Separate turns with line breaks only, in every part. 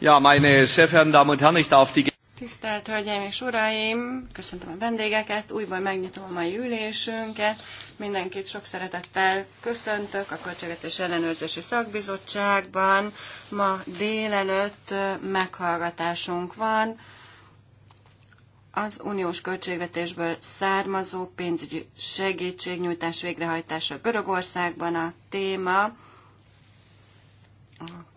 Ja, meine sehr verehrten Damen und Herren, ich darf die... Tisztelt Hölgyeim és Uraim, köszöntöm a vendégeket, újból megnyitom a mai ülésünket. Mindenkit sok szeretettel köszöntök a Költségvetés Ellenőrzési Szakbizottságban. Ma délelőtt meghallgatásunk van az uniós költségvetésből származó pénzügyi segítségnyújtás végrehajtása Görögországban a téma a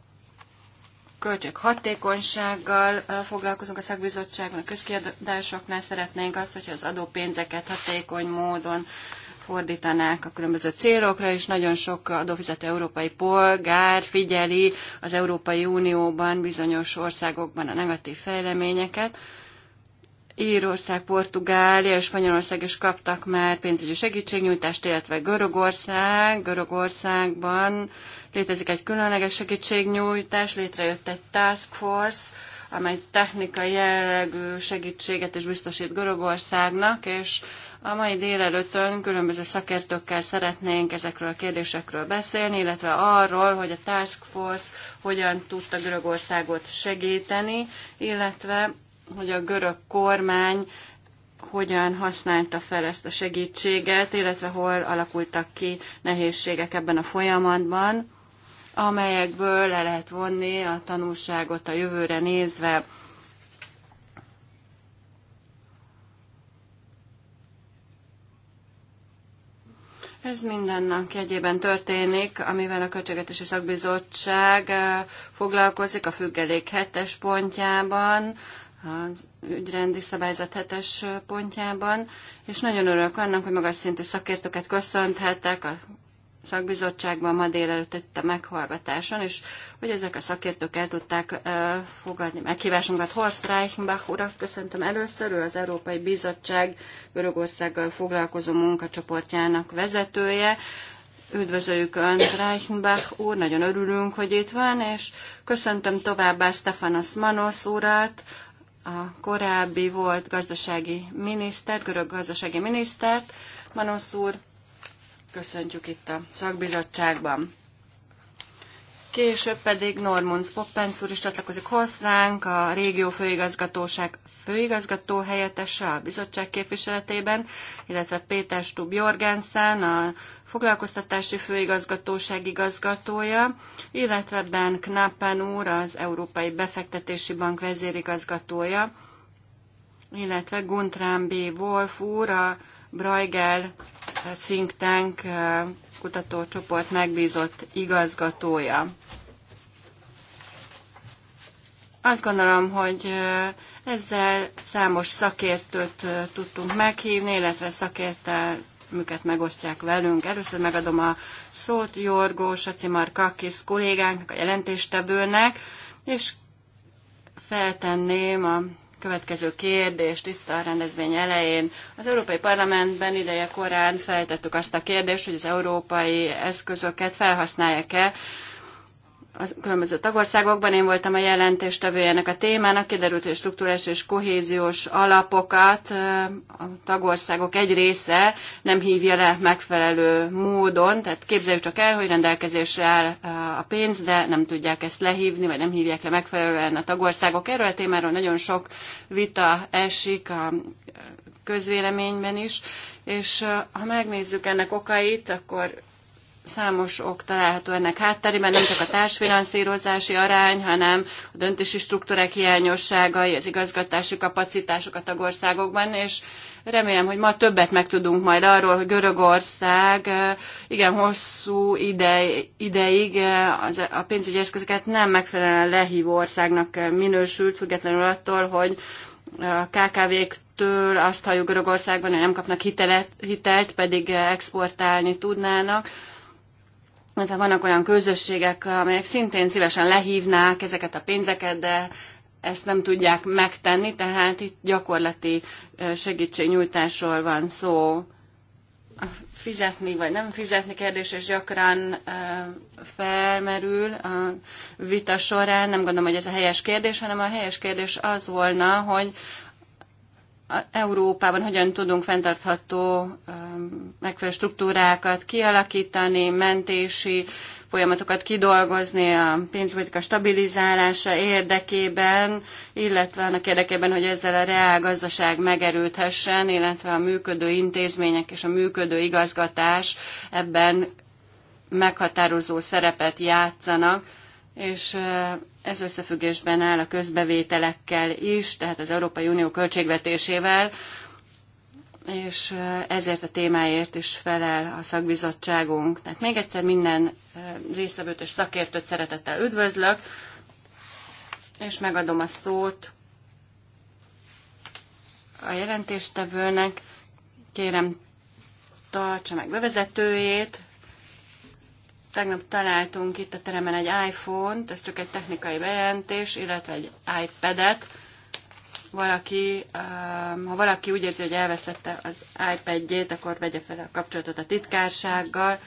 költség hatékonysággal foglalkozunk a szakbizottságban, a közkiadásoknál szeretnénk azt, hogyha az adópénzeket hatékony módon fordítanák a különböző célokra, és nagyon sok adófizető európai polgár figyeli az Európai Unióban bizonyos országokban a negatív fejleményeket. Írország, Portugália és Spanyolország is kaptak már pénzügyi segítségnyújtást, illetve Görögország. Görögországban létezik egy különleges segítségnyújtás, létrejött egy task force, amely technikai jellegű segítséget is biztosít Görögországnak, és a mai délelőttön különböző szakértőkkel szeretnénk ezekről a kérdésekről beszélni, illetve arról, hogy a Task Force hogyan tudta Görögországot segíteni, illetve hogy a görög kormány hogyan használta fel ezt a segítséget, illetve hol alakultak ki nehézségek ebben a folyamatban, amelyekből le lehet vonni a tanulságot a jövőre nézve. Ez mindennek egyében történik, amivel a Költségvetési Szakbizottság eh, foglalkozik a függelék hetes pontjában, az ügyrendi szabályzat hetes pontjában, és nagyon örülök annak, hogy magas szintű szakértőket köszönthettek a szakbizottságban ma délelőtt itt a meghallgatáson, és hogy ezek a szakértők el tudták fogadni meghívásunkat. Horst Reichenbach urat köszöntöm először, ő az Európai Bizottság Görögországgal foglalkozó munkacsoportjának vezetője. Üdvözöljük Önt, Reichenbach úr, nagyon örülünk, hogy itt van, és köszöntöm továbbá Stefanos Manos urat, a korábbi volt gazdasági miniszter, görög gazdasági minisztert, Manos úr, köszöntjük itt a szakbizottságban. Később pedig Normund Poppens úr is csatlakozik hozzánk, a régió főigazgatóság főigazgató helyettese a bizottság képviseletében, illetve Péter Stub Jorgensen, a foglalkoztatási főigazgatóság igazgatója, illetve Ben Knappen úr, az Európai Befektetési Bank vezérigazgatója, illetve Guntram B. Wolf úr, a Bruegel Think Tank eh, kutatócsoport megbízott igazgatója. Azt gondolom, hogy eh, ezzel számos szakértőt eh, tudtunk meghívni, illetve szakértel, őket megosztják velünk. Először megadom a szót Jorgó Sacimar Kakis kollégánknak, a jelentéstebőnek, és feltenném a következő kérdést itt a rendezvény elején. Az Európai Parlamentben ideje korán feltettük azt a kérdést, hogy az európai eszközöket felhasználják-e a különböző tagországokban. Én voltam a jelentéstevője ennek a témának, kiderült, hogy struktúrás és kohéziós alapokat a tagországok egy része nem hívja le megfelelő módon. Tehát képzeljük csak el, hogy rendelkezésre áll a pénz, de nem tudják ezt lehívni, vagy nem hívják le megfelelően a tagországok. Erről a témáról nagyon sok vita esik a közvéleményben is, és ha megnézzük ennek okait, akkor Számos ok található ennek hátterében, nem csak a társfinanszírozási arány, hanem a döntési struktúrák hiányosságai, az igazgatási kapacitások a tagországokban, és remélem, hogy ma többet megtudunk majd arról, hogy Görögország igen hosszú idei, ideig a pénzügyi eszközöket nem megfelelően lehívó országnak minősült, függetlenül attól, hogy a kkv től azt halljuk Görögországban, hogy nem kapnak hitelet, hitelt, pedig exportálni tudnának mert hát vannak olyan közösségek, amelyek szintén szívesen lehívnák ezeket a pénzeket, de ezt nem tudják megtenni, tehát itt gyakorlati segítségnyújtásról van szó. A fizetni vagy nem fizetni kérdés, és gyakran felmerül a vita során. Nem gondolom, hogy ez a helyes kérdés, hanem a helyes kérdés az volna, hogy Európában hogyan tudunk fenntartható megfelelő struktúrákat kialakítani, mentési folyamatokat kidolgozni a pénzpolitika stabilizálása érdekében, illetve annak érdekében, hogy ezzel a reálgazdaság megerődhessen, illetve a működő intézmények és a működő igazgatás ebben meghatározó szerepet játszanak és ez összefüggésben áll a közbevételekkel is, tehát az Európai Unió költségvetésével, és ezért a témáért is felel a szakbizottságunk. Tehát még egyszer minden résztvevőt és szakértőt szeretettel üdvözlök, és megadom a szót a jelentéstevőnek. Kérem, tartsa meg bevezetőjét, Tegnap találtunk itt a teremen egy iPhone-t, ez csak egy technikai bejelentés, illetve egy iPad-et. Valaki, um, ha valaki úgy érzi, hogy elvesztette az iPad-jét, akkor vegye fel a kapcsolatot a titkársággal.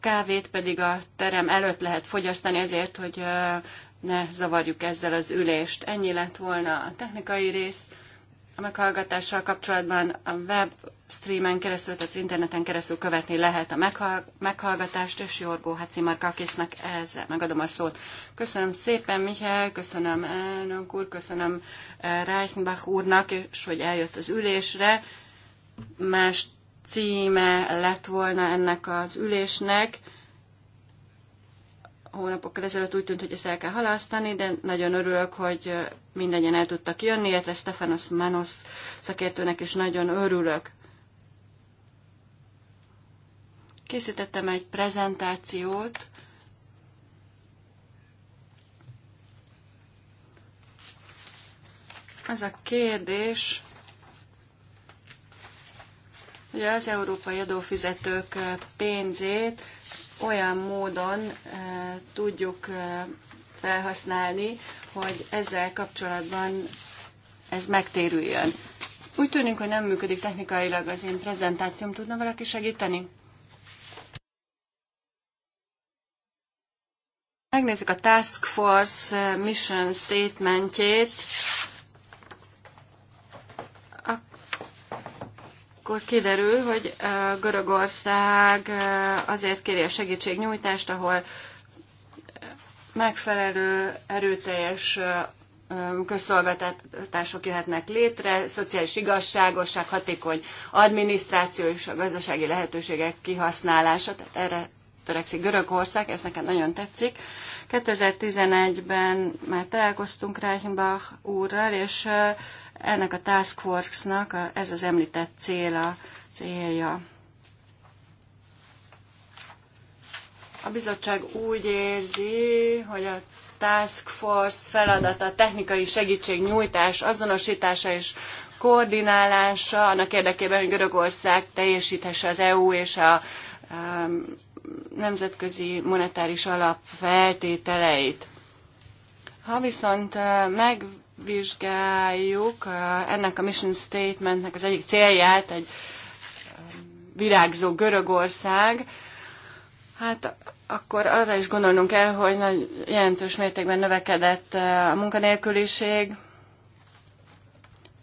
Kávét pedig a terem előtt lehet fogyasztani, ezért, hogy uh, ne zavarjuk ezzel az ülést. Ennyi lett volna a technikai rész. A meghallgatással kapcsolatban a webstreamen keresztül, tehát az interneten keresztül követni lehet a meghallgatást, és Jorgó Hacimarkakisnak ezzel megadom a szót. Köszönöm szépen, Mihály, köszönöm elnök úr, köszönöm eh, Reichenbach úrnak, és hogy eljött az ülésre. Más címe lett volna ennek az ülésnek, hónapokkal ezelőtt úgy tűnt, hogy ezt el kell halasztani, de nagyon örülök, hogy mindannyian el tudtak jönni, illetve Stefanos Manos szakértőnek is nagyon örülök. Készítettem egy prezentációt, Az a kérdés, hogy az európai adófizetők pénzét olyan módon eh, tudjuk eh, felhasználni, hogy ezzel kapcsolatban ez megtérüljön. Úgy tűnik, hogy nem működik technikailag az én prezentációm. Tudna valaki segíteni? Megnézzük a Task Force eh, Mission Statementjét. akkor kiderül, hogy Görögország azért kéri a segítségnyújtást, ahol megfelelő, erőteljes közszolgáltatások jöhetnek létre, szociális igazságosság, hatékony adminisztráció és a gazdasági lehetőségek kihasználása, tehát erre törekszik Görögország, ez nekem nagyon tetszik. 2011-ben már találkoztunk Reichenbach úrral, és ennek a Task Force-nak ez az említett céla, célja. A bizottság úgy érzi, hogy a Task Force feladata technikai segítség nyújtás, azonosítása és koordinálása annak érdekében, hogy Görögország teljesíthesse az EU és a um, nemzetközi monetáris alap feltételeit. Ha viszont uh, meg vizsgáljuk uh, ennek a mission statementnek az egyik célját, egy um, virágzó Görögország, hát akkor arra is gondolnunk kell, hogy nagy, jelentős mértékben növekedett uh, a munkanélküliség.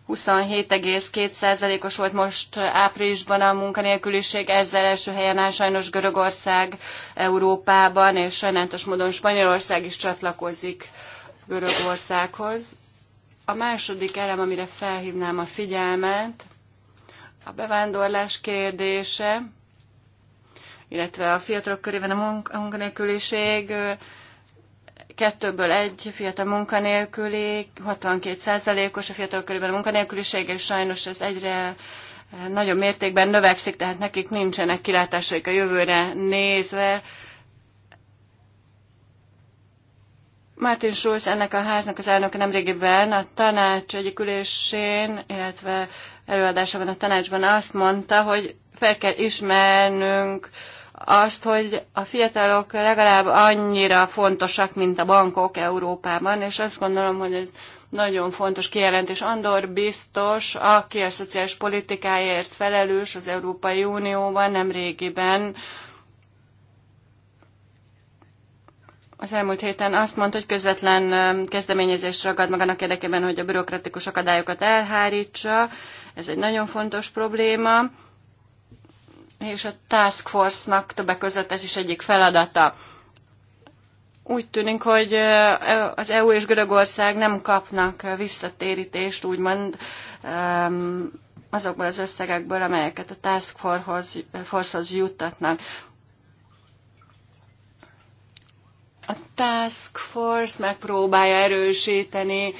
27,2%-os volt most áprilisban a munkanélküliség, ezzel első helyen áll sajnos Görögország Európában, és sajnálatos módon Spanyolország is csatlakozik Görögországhoz. A második elem, amire felhívnám a figyelmet, a bevándorlás kérdése, illetve a fiatalok körében a munkanélküliség, kettőből egy fiatal munkanélküli, 62 százalékos a fiatalok körében a munkanélküliség, és sajnos ez egyre eh, nagyobb mértékben növekszik, tehát nekik nincsenek kilátásaik a jövőre nézve, Martin Schulz, ennek a háznak az elnöke nemrégiben a tanács egyik ülésén, illetve előadásában a tanácsban azt mondta, hogy fel kell ismernünk azt, hogy a fiatalok legalább annyira fontosak, mint a bankok Európában, és azt gondolom, hogy ez nagyon fontos kijelentés. Andor biztos, aki a szociális politikáért felelős az Európai Unióban, nem régiben az elmúlt héten azt mondta, hogy közvetlen kezdeményezést ragad magának érdekében, hogy a bürokratikus akadályokat elhárítsa. Ez egy nagyon fontos probléma. És a Task Force-nak többek között ez is egyik feladata. Úgy tűnik, hogy e, az EU és Görögország nem kapnak visszatérítést, úgymond azokból az összegekből, amelyeket a Task Force-hoz juttatnak. A Task Force megpróbálja erősíteni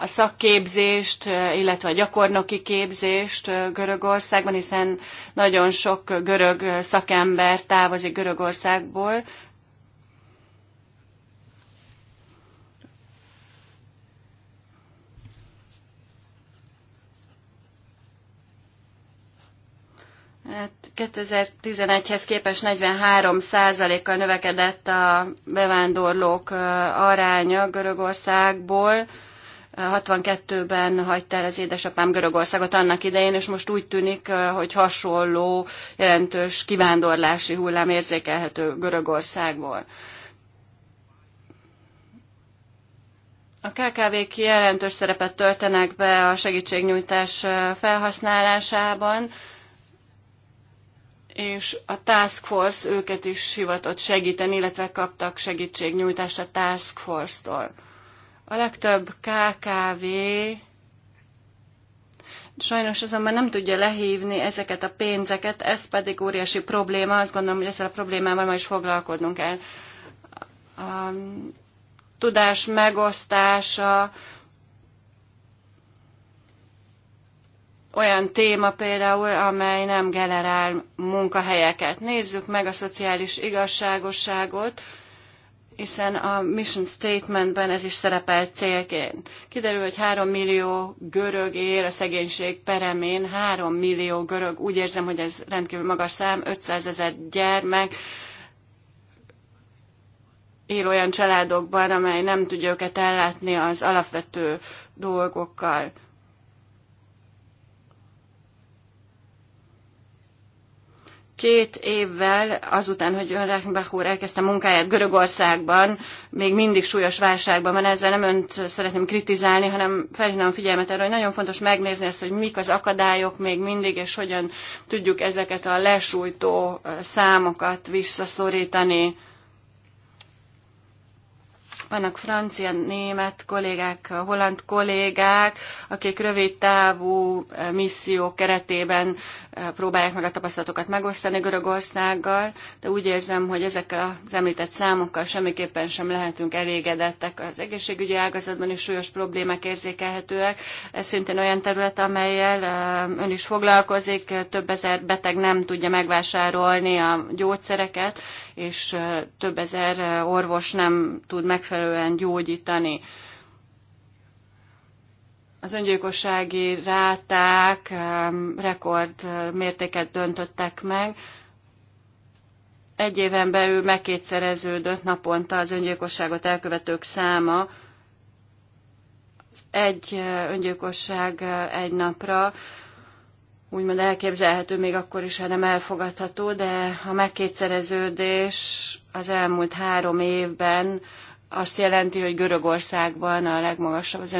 a szakképzést, illetve a gyakornoki képzést Görögországban, hiszen nagyon sok görög szakember távozik Görögországból, 2011-hez hát képest 43%-kal növekedett a bevándorlók aránya Görögországból. 62-ben hagyta el az édesapám Görögországot annak idején, és most úgy tűnik, hogy hasonló jelentős kivándorlási hullám érzékelhető Görögországból. A KKV-k jelentős szerepet töltenek be a segítségnyújtás felhasználásában és a Task Force őket is hivatott segíteni, illetve kaptak segítségnyújtást a Task Force-tól. A legtöbb KKV sajnos azonban nem tudja lehívni ezeket a pénzeket, ez pedig óriási probléma, azt gondolom, hogy ezzel a problémával ma is foglalkodnunk kell. A tudás megosztása, olyan téma például, amely nem generál munkahelyeket. Nézzük meg a szociális igazságosságot, hiszen a mission statementben ez is szerepel célként. Kiderül, hogy 3 millió görög él a szegénység peremén, 3 millió görög, úgy érzem, hogy ez rendkívül magas szám, 500 ezer gyermek él olyan családokban, amely nem tudja őket ellátni az alapvető dolgokkal. két évvel azután, hogy ön Reichenbach úr elkezdte munkáját Görögországban, még mindig súlyos válságban van, ezzel nem önt szeretném kritizálni, hanem felhívnám a figyelmet erre, hogy nagyon fontos megnézni ezt, hogy mik az akadályok még mindig, és hogyan tudjuk ezeket a lesújtó számokat visszaszorítani. Vannak francia, német kollégák, holland kollégák, akik rövid távú eh, misszió keretében eh, próbálják meg a tapasztalatokat megosztani Görögországgal, de úgy érzem, hogy ezekkel az említett számokkal semmiképpen sem lehetünk elégedettek. Az egészségügyi ágazatban is súlyos problémák érzékelhetőek. Ez szintén olyan terület, amelyel eh, ön is foglalkozik, több ezer beteg nem tudja megvásárolni a gyógyszereket, és több ezer orvos nem tud megfelelni megfelelően gyógyítani. Az öngyilkossági ráták rekord mértéket döntöttek meg. Egy éven belül megkétszereződött naponta az öngyilkosságot elkövetők száma, egy öngyilkosság egy napra, úgymond elképzelhető még akkor is, ha nem elfogadható, de a megkétszereződés az elmúlt három évben azt jelenti, hogy Görögországban a legmagasabb az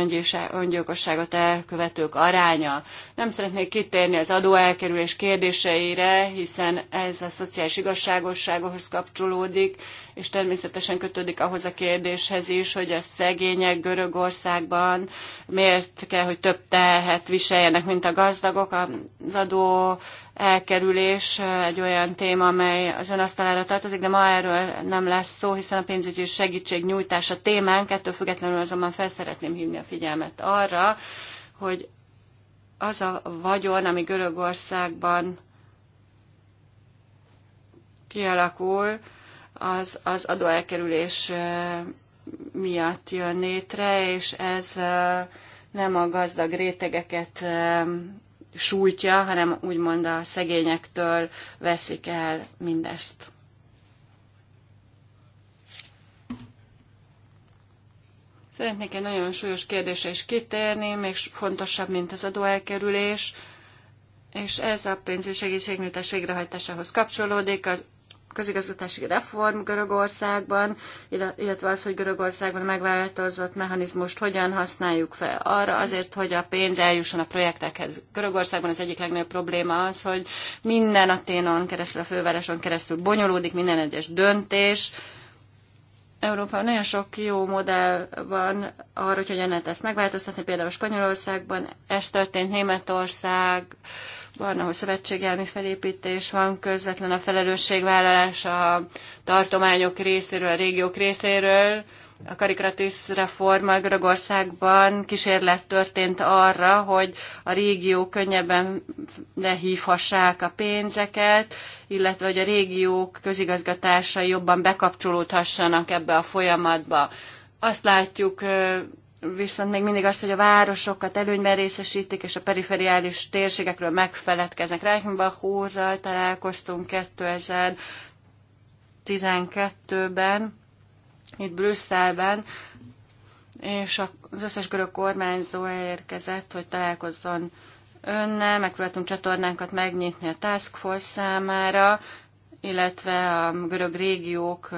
öngyilkosságot elkövetők aránya. Nem szeretnék kitérni az adóelkerülés kérdéseire, hiszen ez a szociális igazságossághoz kapcsolódik, és természetesen kötődik ahhoz a kérdéshez is, hogy a szegények Görögországban miért kell, hogy több terhet viseljenek, mint a gazdagok. Az adó elkerülés eh, egy olyan téma, amely az ön asztalára tartozik, de ma erről nem lesz szó, hiszen a pénzügyi segítség nyújtása témánk, ettől függetlenül azonban fel szeretném hívni a figyelmet arra, hogy az a vagyon, ami Görögországban kialakul, az, az adóelkerülés eh, miatt jön létre, és ez eh, nem a gazdag rétegeket sújtja, hanem úgymond a szegényektől veszik el mindezt. Szeretnék egy nagyon súlyos kérdésre is kitérni, még fontosabb, mint az adóelkerülés, és ez a pénzügyi segítségnyújtás végrehajtásához kapcsolódik, az közigazgatási reform Görögországban, illetve az, hogy Görögországban megváltozott mechanizmust hogyan használjuk fel arra, azért, hogy a pénz eljusson a projektekhez. Görögországban az egyik legnagyobb probléma az, hogy minden Ténon keresztül, a fővároson keresztül bonyolódik minden egyes döntés, Európában nagyon sok jó modell van arra, hogy hogyan lehet ezt megváltoztatni. Például Spanyolországban ez történt, Németország, Barna, hogy szövetségelmi felépítés van, közvetlen a felelősségvállalás a tartományok részéről, a régiók részéről. A reform a Görögországban kísérlet történt arra, hogy a régiók könnyebben lehívhassák a pénzeket, illetve hogy a régiók közigazgatásai jobban bekapcsolódhassanak ebbe a folyamatba. Azt látjuk viszont még mindig az, hogy a városokat előnyben részesítik, és a perifériális térségekről megfeledkeznek. Reichenbach úrral találkoztunk 2012-ben, itt Brüsszelben, és az összes görög kormányzó érkezett, hogy találkozzon önnel, megpróbáltunk csatornánkat megnyitni a Task Force számára, illetve a görög régiók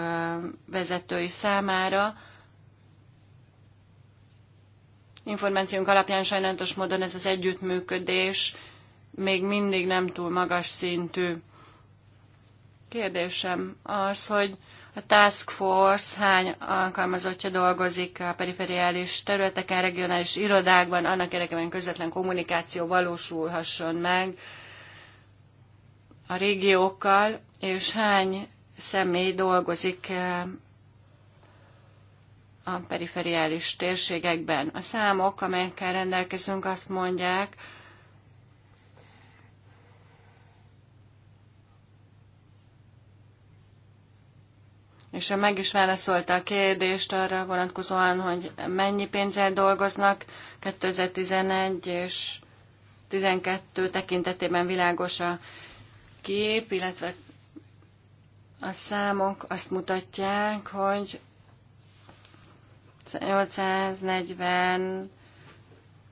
vezetői számára, információnk alapján sajnálatos módon ez az együttműködés még mindig nem túl magas szintű. Kérdésem az, hogy a Task Force hány alkalmazottja dolgozik a perifériális területeken, regionális irodákban, annak érdekében közvetlen kommunikáció valósulhasson meg a régiókkal, és hány személy dolgozik eh, a periferiális térségekben. A számok, amelyekkel rendelkezünk, azt mondják, és ő meg is válaszolta a kérdést arra vonatkozóan, hogy mennyi pénzzel dolgoznak 2011 és 12 tekintetében világos a kép, illetve a számok azt mutatják, hogy 840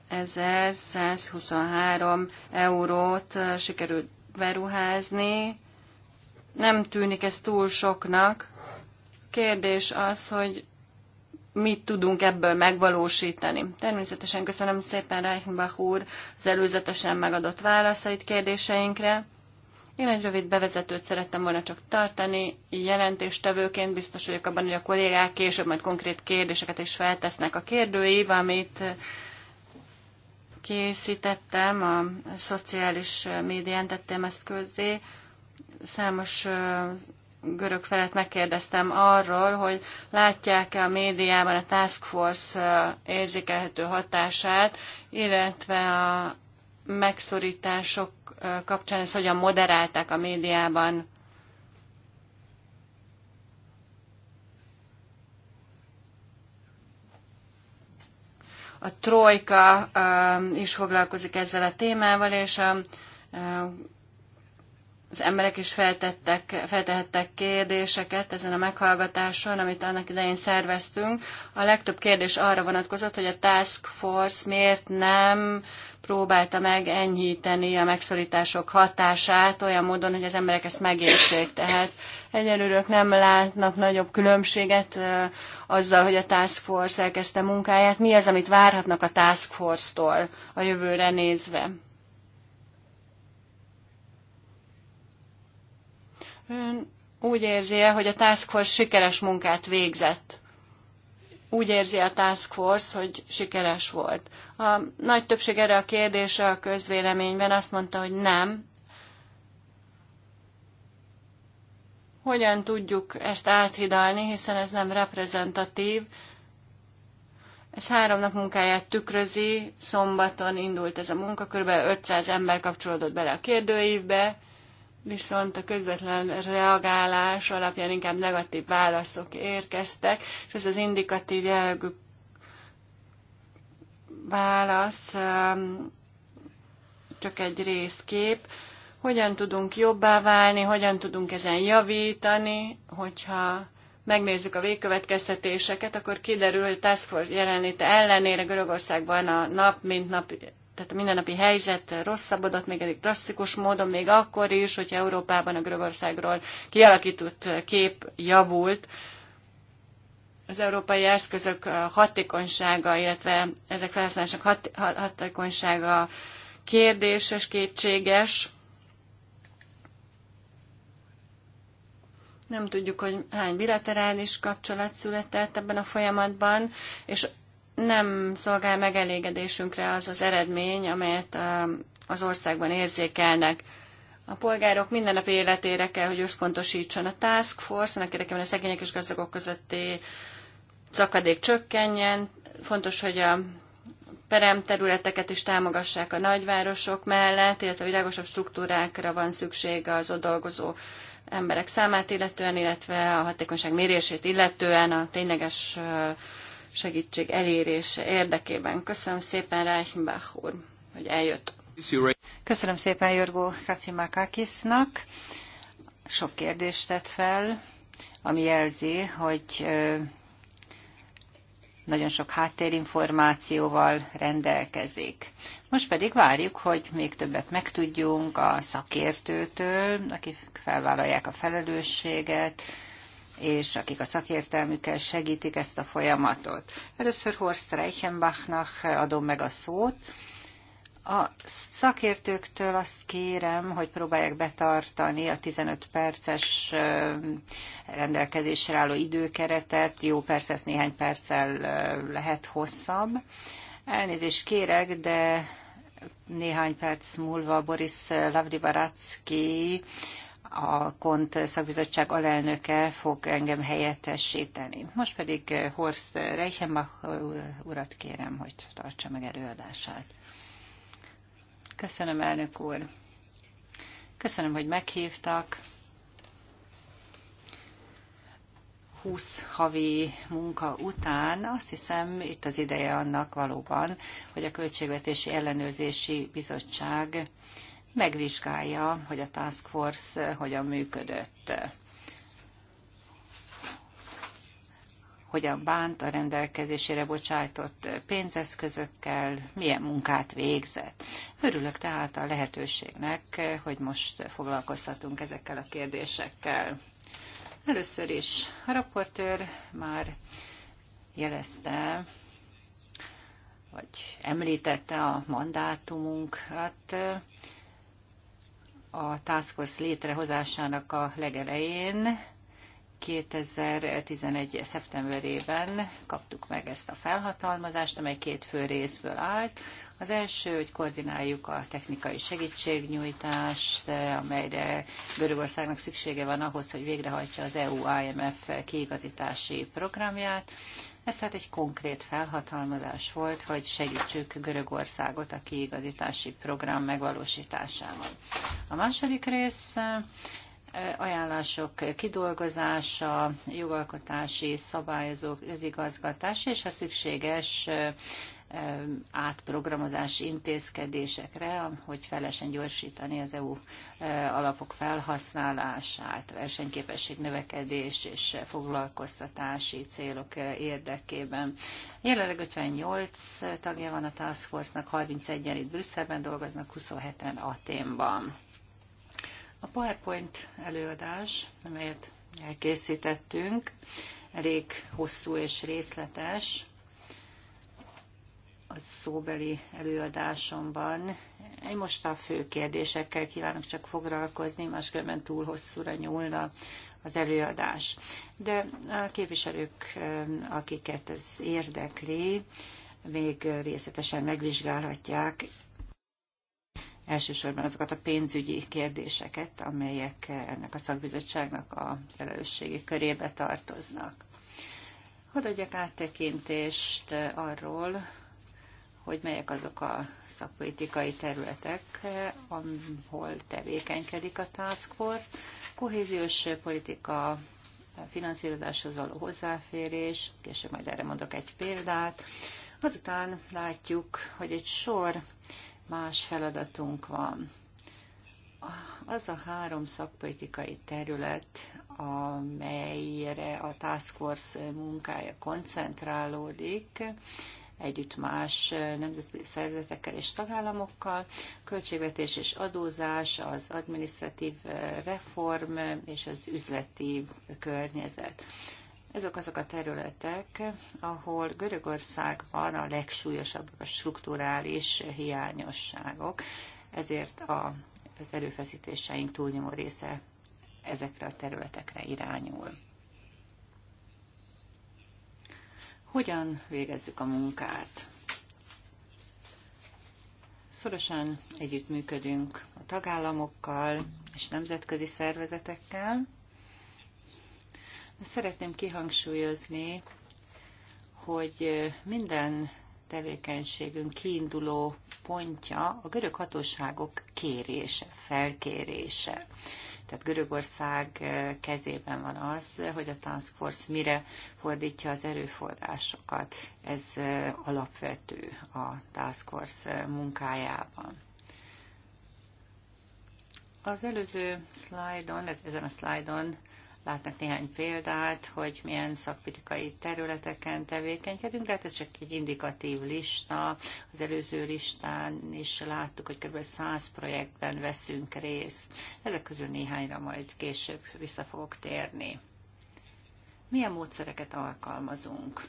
1123 eurót sikerült beruházni. Nem tűnik ez túl soknak. Kérdés az, hogy mit tudunk ebből megvalósítani. Természetesen köszönöm szépen Reichenbach úr az előzetesen megadott válaszait kérdéseinkre. Én egy rövid bevezetőt szerettem volna csak tartani. Jelentéstevőként biztos vagyok abban, hogy a kollégák később majd konkrét kérdéseket is feltesznek a kérdőív, amit készítettem, a szociális médián tettem ezt közzé. Számos görög felett megkérdeztem arról, hogy látják-e a médiában a Task Force érzékelhető hatását, illetve a megszorítások kapcsán ezt hogyan moderálták a médiában? A Trojka is foglalkozik ezzel a témával, és a az emberek is feltettek, feltehettek kérdéseket ezen a meghallgatáson, amit annak idején szerveztünk. A legtöbb kérdés arra vonatkozott, hogy a Task Force miért nem próbálta meg enyhíteni a megszorítások hatását olyan módon, hogy az emberek ezt megértsék. Tehát egyelőrök nem látnak nagyobb különbséget azzal, hogy a Task Force elkezdte munkáját. Mi az, amit várhatnak a Task Force-tól a jövőre nézve? Ön úgy érzi -e, hogy a Task Force sikeres munkát végzett? Úgy érzi a Task Force, hogy sikeres volt. A nagy többség erre a kérdésre a közvéleményben azt mondta, hogy nem. Hogyan tudjuk ezt áthidalni, hiszen ez nem reprezentatív, ez három nap munkáját tükrözi, szombaton indult ez a munka, kb. 500 ember kapcsolódott bele a kérdőívbe, viszont a közvetlen reagálás alapján inkább negatív válaszok érkeztek, és ez az indikatív jellegű válasz um, csak egy részkép. Hogyan tudunk jobbá válni, hogyan tudunk ezen javítani, hogyha megnézzük a végkövetkeztetéseket, akkor kiderül, hogy a Task Force jelenléte ellenére Görögországban a nap mint nap tehát a mindennapi helyzet rosszabbodott, még elég drasztikus módon, még akkor is, hogyha Európában a Görögországról kialakított kép javult, az európai eszközök hatékonysága, illetve ezek felhasználásának hat, hat, hatékonysága kérdéses, kétséges. Nem tudjuk, hogy hány bilaterális kapcsolat született ebben a folyamatban, és nem szolgál megelégedésünkre az az eredmény, amelyet az országban érzékelnek. A polgárok minden nap életére kell, hogy összpontosítson a Task Force, annak érdekében a szegények és gazdagok közötti szakadék csökkenjen. Fontos, hogy a peremterületeket is támogassák a nagyvárosok mellett, illetve világosabb struktúrákra van szükség az ott dolgozó emberek számát illetően, illetve a hatékonyság mérését illetően a tényleges segítség elérése érdekében. Köszönöm szépen Reichenbach úr, hogy eljött. Köszönöm szépen Jörgó Kacimakakisnak.
Sok kérdést tett fel, ami jelzi, hogy nagyon sok háttérinformációval rendelkezik. Most pedig várjuk, hogy még többet megtudjunk a szakértőtől, akik felvállalják a felelősséget, és akik a szakértelmükkel segítik ezt a folyamatot. Először Horst Reichenbachnak adom meg a szót. A szakértőktől azt kérem, hogy próbálják betartani a 15 perces rendelkezésre álló időkeretet. Jó, persze ez néhány perccel lehet hosszabb. Elnézést kérek, de néhány perc múlva Boris Lavribaracki a KONT szakbizottság alelnöke fog engem helyettesíteni. Most pedig eh, Horst Reichenbach urat kérem, hogy tartsa meg előadását. Köszönöm, elnök úr. Köszönöm, hogy meghívtak. 20 havi munka után azt hiszem itt az ideje annak valóban, hogy a Költségvetési Ellenőrzési Bizottság megvizsgálja, hogy a Task Force hogyan működött, hogyan bánt a rendelkezésére bocsájtott pénzeszközökkel, milyen munkát végzett. Örülök tehát a lehetőségnek, hogy most foglalkozhatunk ezekkel a kérdésekkel. Először is a raportőr már jelezte, vagy említette a mandátumunkat a Task Force létrehozásának a legelején, 2011. szeptemberében kaptuk meg ezt a felhatalmazást, amely két fő részből állt. Az első, hogy koordináljuk a technikai segítségnyújtást, amelyre Görögországnak szüksége van ahhoz, hogy végrehajtsa az EU-IMF kiigazítási programját. Ez tehát egy konkrét felhatalmazás volt, hogy segítsük Görögországot a kiigazítási program megvalósításában. A második rész ajánlások kidolgozása, jogalkotási szabályozó közigazgatás és a szükséges átprogramozás intézkedésekre, hogy felesen gyorsítani az EU e, alapok felhasználását, versenyképesség növekedés és foglalkoztatási célok e, érdekében. Jelenleg 58 tagja van a Task Force-nak, 31-en itt Brüsszelben dolgoznak, 27-en Aténban. A PowerPoint előadás, amelyet elkészítettünk, elég hosszú és részletes, a szóbeli előadásomban. Én most a fő kérdésekkel kívánok csak foglalkozni, máskülönben túl hosszúra nyúlna az előadás. De a képviselők, akiket ez érdekli, még részletesen megvizsgálhatják elsősorban azokat a pénzügyi kérdéseket, amelyek ennek a szakbizottságnak a felelősségi körébe tartoznak. Hadd adjak áttekintést arról, hogy melyek azok a szakpolitikai területek, ahol tevékenykedik a Task Force. Kohéziós politika, finanszírozáshoz való hozzáférés, később majd erre mondok egy példát. Azután látjuk, hogy egy sor más feladatunk van. Az a három szakpolitikai terület, amelyre a Task Force munkája koncentrálódik, együtt más nemzetközi szervezetekkel és tagállamokkal. Költségvetés és adózás, az administratív reform és az üzleti környezet. Ezek azok a területek, ahol Görögországban a legsúlyosabbak a strukturális hiányosságok, ezért a, az erőfeszítéseink túlnyomó része ezekre a területekre irányul. hogyan végezzük a munkát. Szorosan együttműködünk a tagállamokkal és nemzetközi szervezetekkel. Szeretném kihangsúlyozni, hogy minden tevékenységünk kiinduló pontja a görög hatóságok kérése, felkérése. Tehát Görögország eh, kezében van az, hogy a Task Force mire fordítja az erőforrásokat. Ez eh, alapvető a Task Force eh, munkájában. Az előző szlájdon, ezen a szlájdon Látnak néhány példát, hogy milyen szakpolitikai területeken tevékenykedünk, de hát ez csak egy indikatív lista. Az előző listán is láttuk, hogy kb. 100 projektben veszünk részt. Ezek közül néhányra majd később vissza fogok térni. Milyen módszereket alkalmazunk?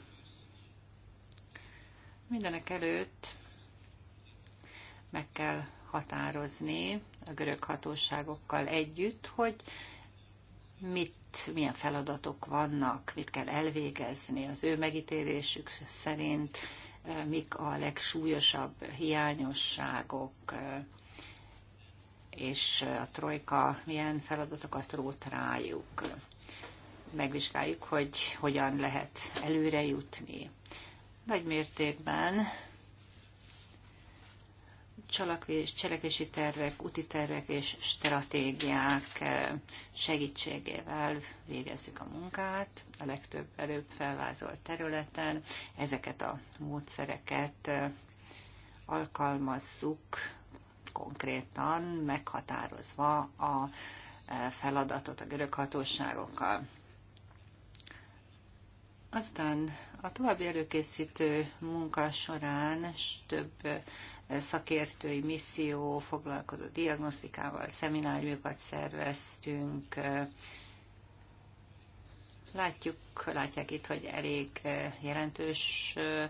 Mindenek előtt meg kell határozni a görög hatóságokkal együtt, hogy mit, milyen feladatok vannak, mit kell elvégezni az ő megítélésük szerint, eh, mik a legsúlyosabb hiányosságok, eh, és a trojka milyen feladatokat rót rájuk. Megvizsgáljuk, hogy hogyan lehet előre jutni. Nagy mértékben csalakvés, cselekvési tervek, úti tervek és stratégiák eh, segítségével végezzük a munkát a legtöbb előbb felvázolt területen. Ezeket a módszereket eh, alkalmazzuk konkrétan, meghatározva a eh, feladatot a görög hatóságokkal. Azután a további előkészítő munka során több szakértői misszió foglalkozott diagnosztikával, szemináriumokat szerveztünk. Látjuk, látják itt, hogy elég eh, jelentős eh,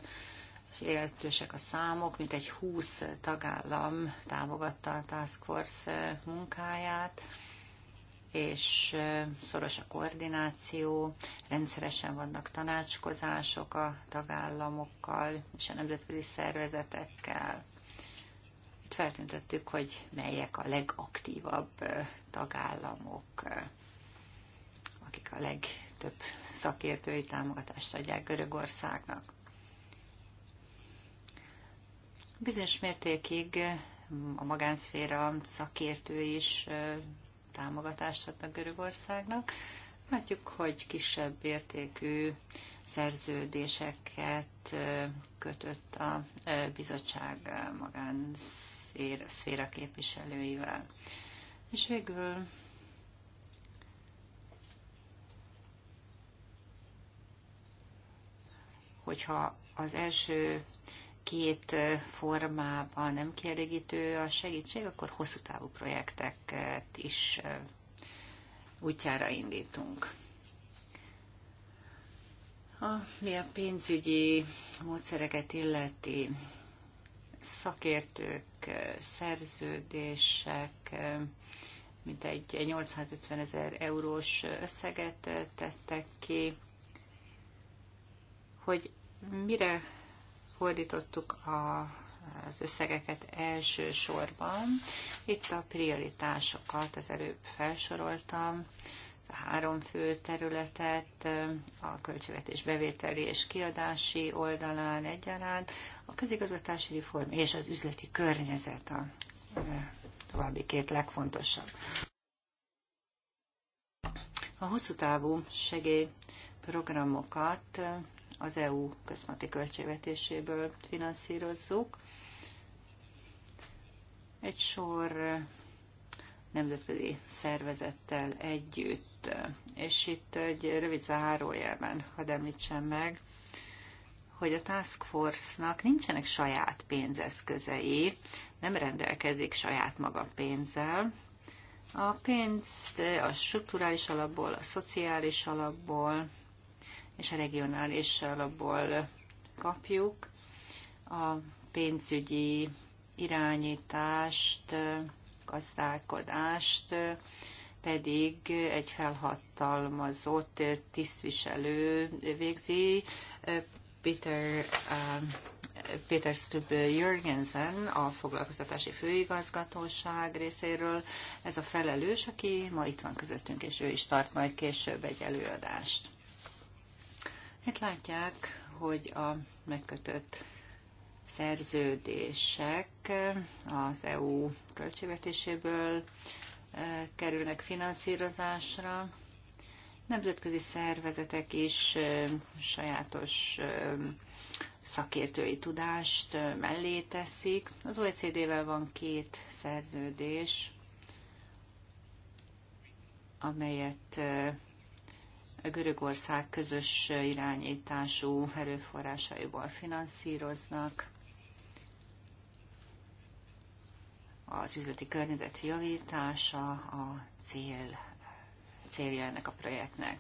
jelentősek a számok, mint egy 20 tagállam támogatta a Task Force eh, munkáját, és szoros a koordináció, rendszeresen vannak tanácskozások a tagállamokkal és a nemzetközi szervezetekkel. Itt feltüntettük, hogy melyek a legaktívabb tagállamok, akik a legtöbb szakértői támogatást adják Görögországnak. Bizonyos mértékig a magánszféra szakértő is támogatást adnak Görögországnak. Látjuk, hogy kisebb értékű szerződéseket kötött a bizottság magánszféra szféra képviselőivel. És végül hogyha az első két formában nem kielégítő a segítség, akkor hosszú távú projekteket is útjára indítunk. Mi a pénzügyi módszereket illeti, szakértők, szerződések, mint egy 850 ezer eurós összeget tettek ki, hogy mire fordítottuk a, az összegeket elsősorban. Itt a prioritásokat az előbb felsoroltam, három fő területet, a költségvetés bevételi és kiadási oldalán egyaránt, a közigazgatási reform és az üzleti környezet a további két legfontosabb. A hosszú távú segélyprogramokat az EU központi költségvetéséből finanszírozzuk. Egy sor nemzetközi szervezettel együtt. És itt egy rövid zárójelben hadd említsem meg, hogy a Task Force-nak nincsenek saját pénzeszközei, nem rendelkezik saját maga pénzzel. A pénzt a strukturális alapból, a szociális alapból és a regionális alapból kapjuk. A pénzügyi irányítást gazdálkodást pedig egy felhatalmazott tisztviselő végzi, Peter, Peter Stubb Jürgensen, a foglalkoztatási főigazgatóság részéről. Ez a felelős, aki ma itt van közöttünk, és ő is tart majd később egy előadást. Itt látják, hogy a megkötött szerződések az EU költségvetéséből eh, kerülnek finanszírozásra. Nemzetközi szervezetek is eh, sajátos eh, szakértői tudást mellé teszik. Az OECD-vel van két szerződés, amelyet a Görögország közös irányítású erőforrásaiból finanszíroznak. az üzleti környezet javítása a cél, célja ennek a projektnek.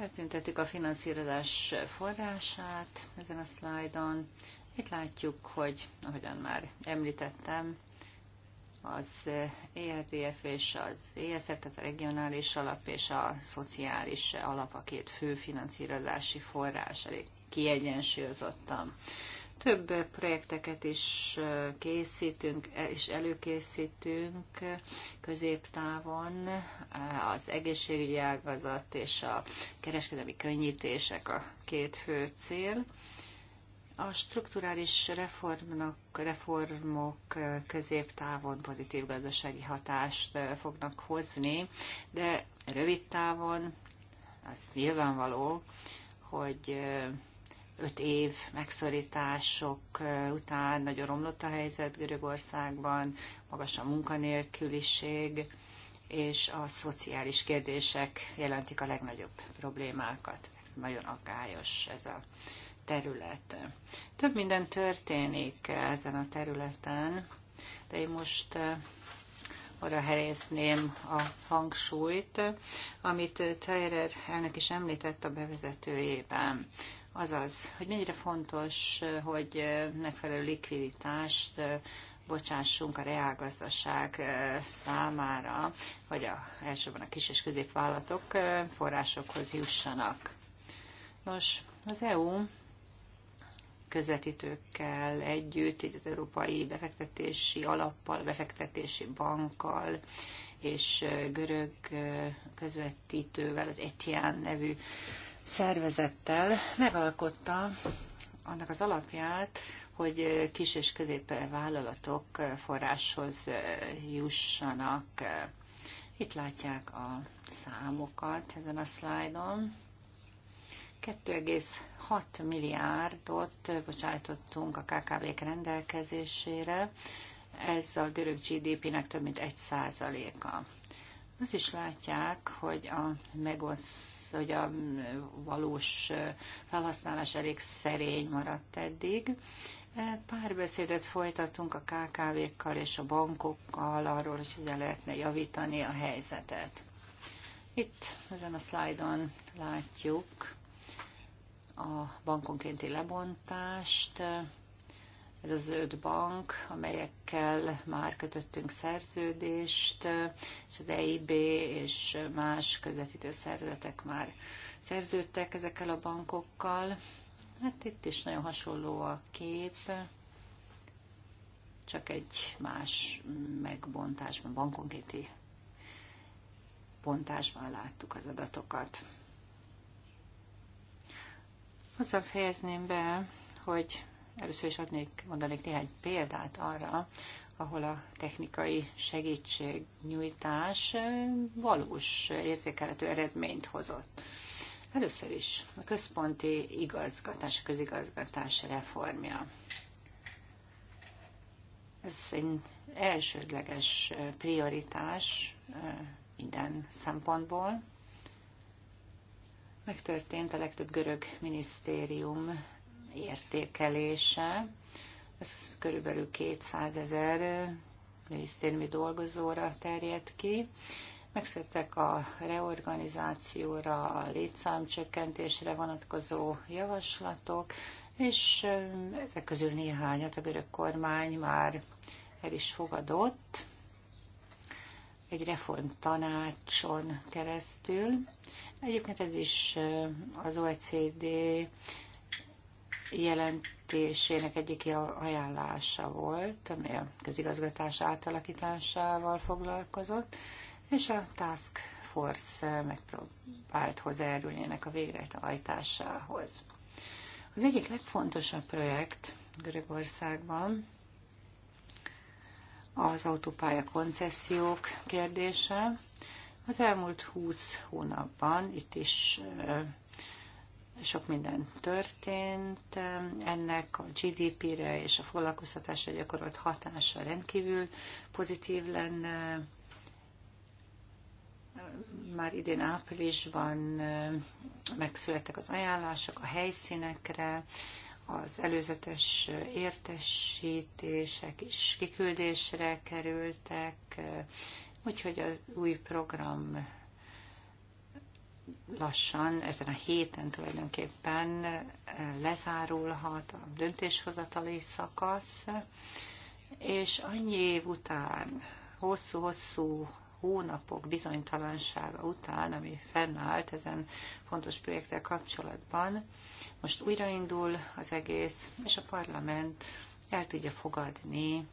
Eltüntettük a finanszírozás forrását ezen a szlájdon. Itt látjuk, hogy ahogyan már említettem, az ERDF és az ESF, tehát a regionális alap és a szociális alap a két fő finanszírozási forrás elég kiegyensúlyozottan több projekteket is készítünk, és e, előkészítünk középtávon. Az egészségügyi ágazat és a kereskedelmi könnyítések a két fő cél. A strukturális reformnak, reformok középtávon pozitív gazdasági hatást fognak hozni, de rövid távon az nyilvánvaló, hogy öt év megszorítások után nagyon romlott a helyzet Görögországban, magas a munkanélküliség, és a szociális kérdések jelentik a legnagyobb problémákat. Nagyon aggályos ez a terület. Több minden történik ezen a területen, de én most arra helyezném a hangsúlyt, amit Tejerer elnök is említett a bevezetőjében az az, hogy mennyire fontos, hogy megfelelő likviditást bocsássunk a reálgazdaság számára, hogy a, elsőben a kis és középvállalatok forrásokhoz jussanak. Nos, az EU közvetítőkkel együtt, így az Európai Befektetési Alappal, Befektetési Bankkal és görög közvetítővel, az Etián nevű szervezettel megalkotta annak az alapját, hogy kis és középvállalatok forráshoz jussanak. Itt látják a számokat ezen a szlájdon. 2,6 milliárdot bocsájtottunk a KKV-k rendelkezésére, ez a görög GDP-nek több mint 1 százaléka. Azt is látják, hogy a megosz hogy a valós felhasználás elég szerény maradt eddig. Párbeszédet folytatunk a KKV-kkal és a bankokkal arról, hogy hogyan lehetne javítani a helyzetet. Itt ezen a szlájdon látjuk a bankonkénti lebontást, ez az öt bank, amelyekkel már kötöttünk szerződést, és az EIB és más közvetítő szervezetek már szerződtek ezekkel a bankokkal. Hát itt is nagyon hasonló a kép, csak egy más megbontásban, bankonkéti bontásban láttuk az adatokat. Azzal fejezném be, hogy Először is adnék, mondanék néhány példát arra, ahol a technikai segítségnyújtás valós érzékelhető eredményt hozott. Először is a központi igazgatás, közigazgatás reformja. Ez egy elsődleges prioritás minden szempontból. Megtörtént a legtöbb görög minisztérium értékelése. Ez körülbelül 200 ezer minisztériumi dolgozóra terjed ki. Megszülettek a reorganizációra, a létszámcsökkentésre vonatkozó javaslatok, és ezek közül néhányat a görög kormány már el is fogadott egy reformtanácson keresztül. Egyébként ez is az OECD jelentésének egyik ajánlása volt, ami a közigazgatás átalakításával foglalkozott, és a Task Force megpróbált hozzájárulni ennek a végrehajtásához. Az egyik legfontosabb projekt Görögországban az autópálya koncesziók kérdése. Az elmúlt 20 hónapban itt is sok minden történt, ennek a GDP-re és a foglalkoztatásra gyakorolt hatása rendkívül pozitív lenne. Már idén áprilisban megszülettek az ajánlások a helyszínekre, az előzetes értesítések is kiküldésre kerültek, úgyhogy az új program lassan ezen a héten tulajdonképpen eh, lezárulhat a döntéshozatali szakasz, és annyi év után, hosszú-hosszú hónapok bizonytalansága után, ami fennállt ezen fontos projekttel kapcsolatban, most újraindul az egész, és a parlament el tudja fogadni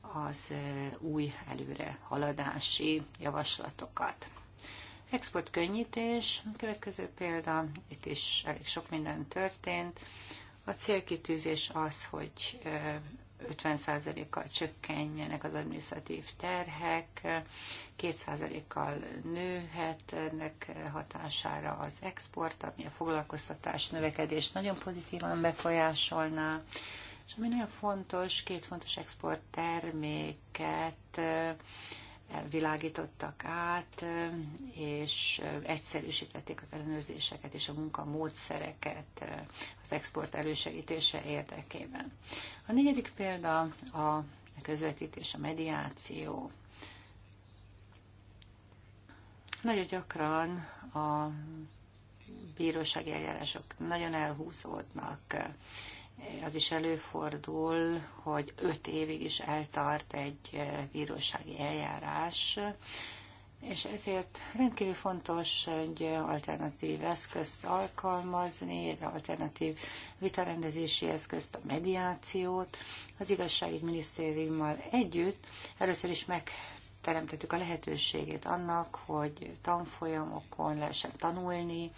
az eh, új előre haladási javaslatokat. Export könnyítés, következő példa, itt is elég sok minden történt. A célkitűzés az, hogy 50%-kal csökkenjenek az administratív terhek, 2%-kal nőhetnek hatására az export, ami a foglalkoztatás növekedést nagyon pozitívan befolyásolná. És ami nagyon fontos, két fontos export terméket világítottak át, és egyszerűsítették az ellenőrzéseket és a munkamódszereket az export elősegítése érdekében. A negyedik példa a közvetítés, a mediáció. Nagyon gyakran a bírósági eljárások nagyon elhúzódnak, az is előfordul, hogy öt évig is eltart egy eh, bírósági eljárás, és ezért rendkívül fontos egy alternatív eszközt alkalmazni, egy alternatív vitarendezési eszközt, a mediációt. Az igazságügyminisztériummal együtt először is meg megteremtettük a lehetőségét annak, hogy tanfolyamokon lehessen tanulni